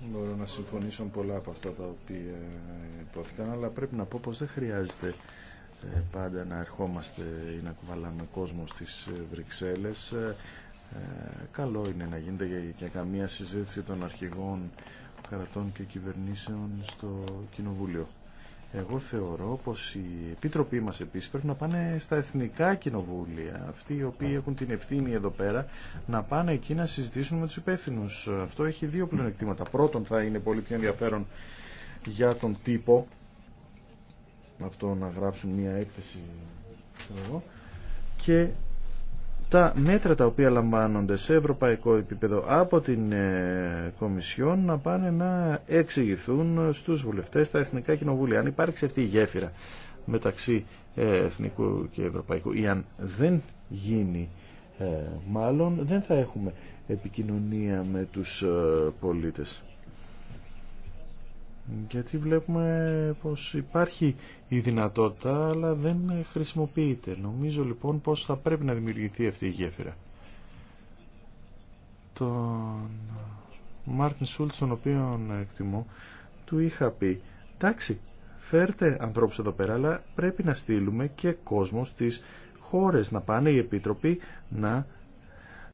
Μπορώ να συμφωνήσω πολλά από αυτά τα οποία ε, υπόθηκαν, αλλά πρέπει να πω πως δεν χρειάζεται ε, πάντα να ερχόμαστε ή να κουβαλάμε κόσμο στις ε, Βρυξέλλες. Καλό είναι να γίνεται και καμία συζήτηση των αρχηγών κρατών και κυβερνήσεων στο Κοινοβούλιο. Εγώ θεωρώ πως οι επίτροποι μας επίσης πρέπει να πάνε στα εθνικά κοινοβούλια, αυτοί οι οποίοι έχουν την ευθύνη εδώ πέρα, να πάνε εκεί να συζητήσουν με τους υπεύθυνου. Αυτό έχει δύο πλεονεκτήματα. Πρώτον θα είναι πολύ πιο ενδιαφέρον για τον τύπο, μα αυτό να γράψουν μια έκθεση, και τα μέτρα τα οποία λαμβάνονται σε ευρωπαϊκό επίπεδο από την ε, Κομισιόν να πάνε να εξηγηθούν στους βουλευτές στα Εθνικά Κοινοβούλια. Αν υπάρξει αυτή η γέφυρα μεταξύ ε, Εθνικού και Ευρωπαϊκού ή αν δεν γίνει ε, μάλλον δεν θα έχουμε επικοινωνία με τους πολίτες. Γιατί βλέπουμε πως υπάρχει η δυνατότητα αλλά δεν χρησιμοποιείται. Νομίζω λοιπόν πως θα πρέπει να δημιουργηθεί αυτή η γέφυρα. Τον Μάρτιν Σούλτ, τον οποίο εκτιμώ, του είχα πει «Εντάξει, φέρτε ανθρώπους εδώ πέρα, αλλά πρέπει να στείλουμε και κόσμο στις χώρες να πάνε οι επίτροποι να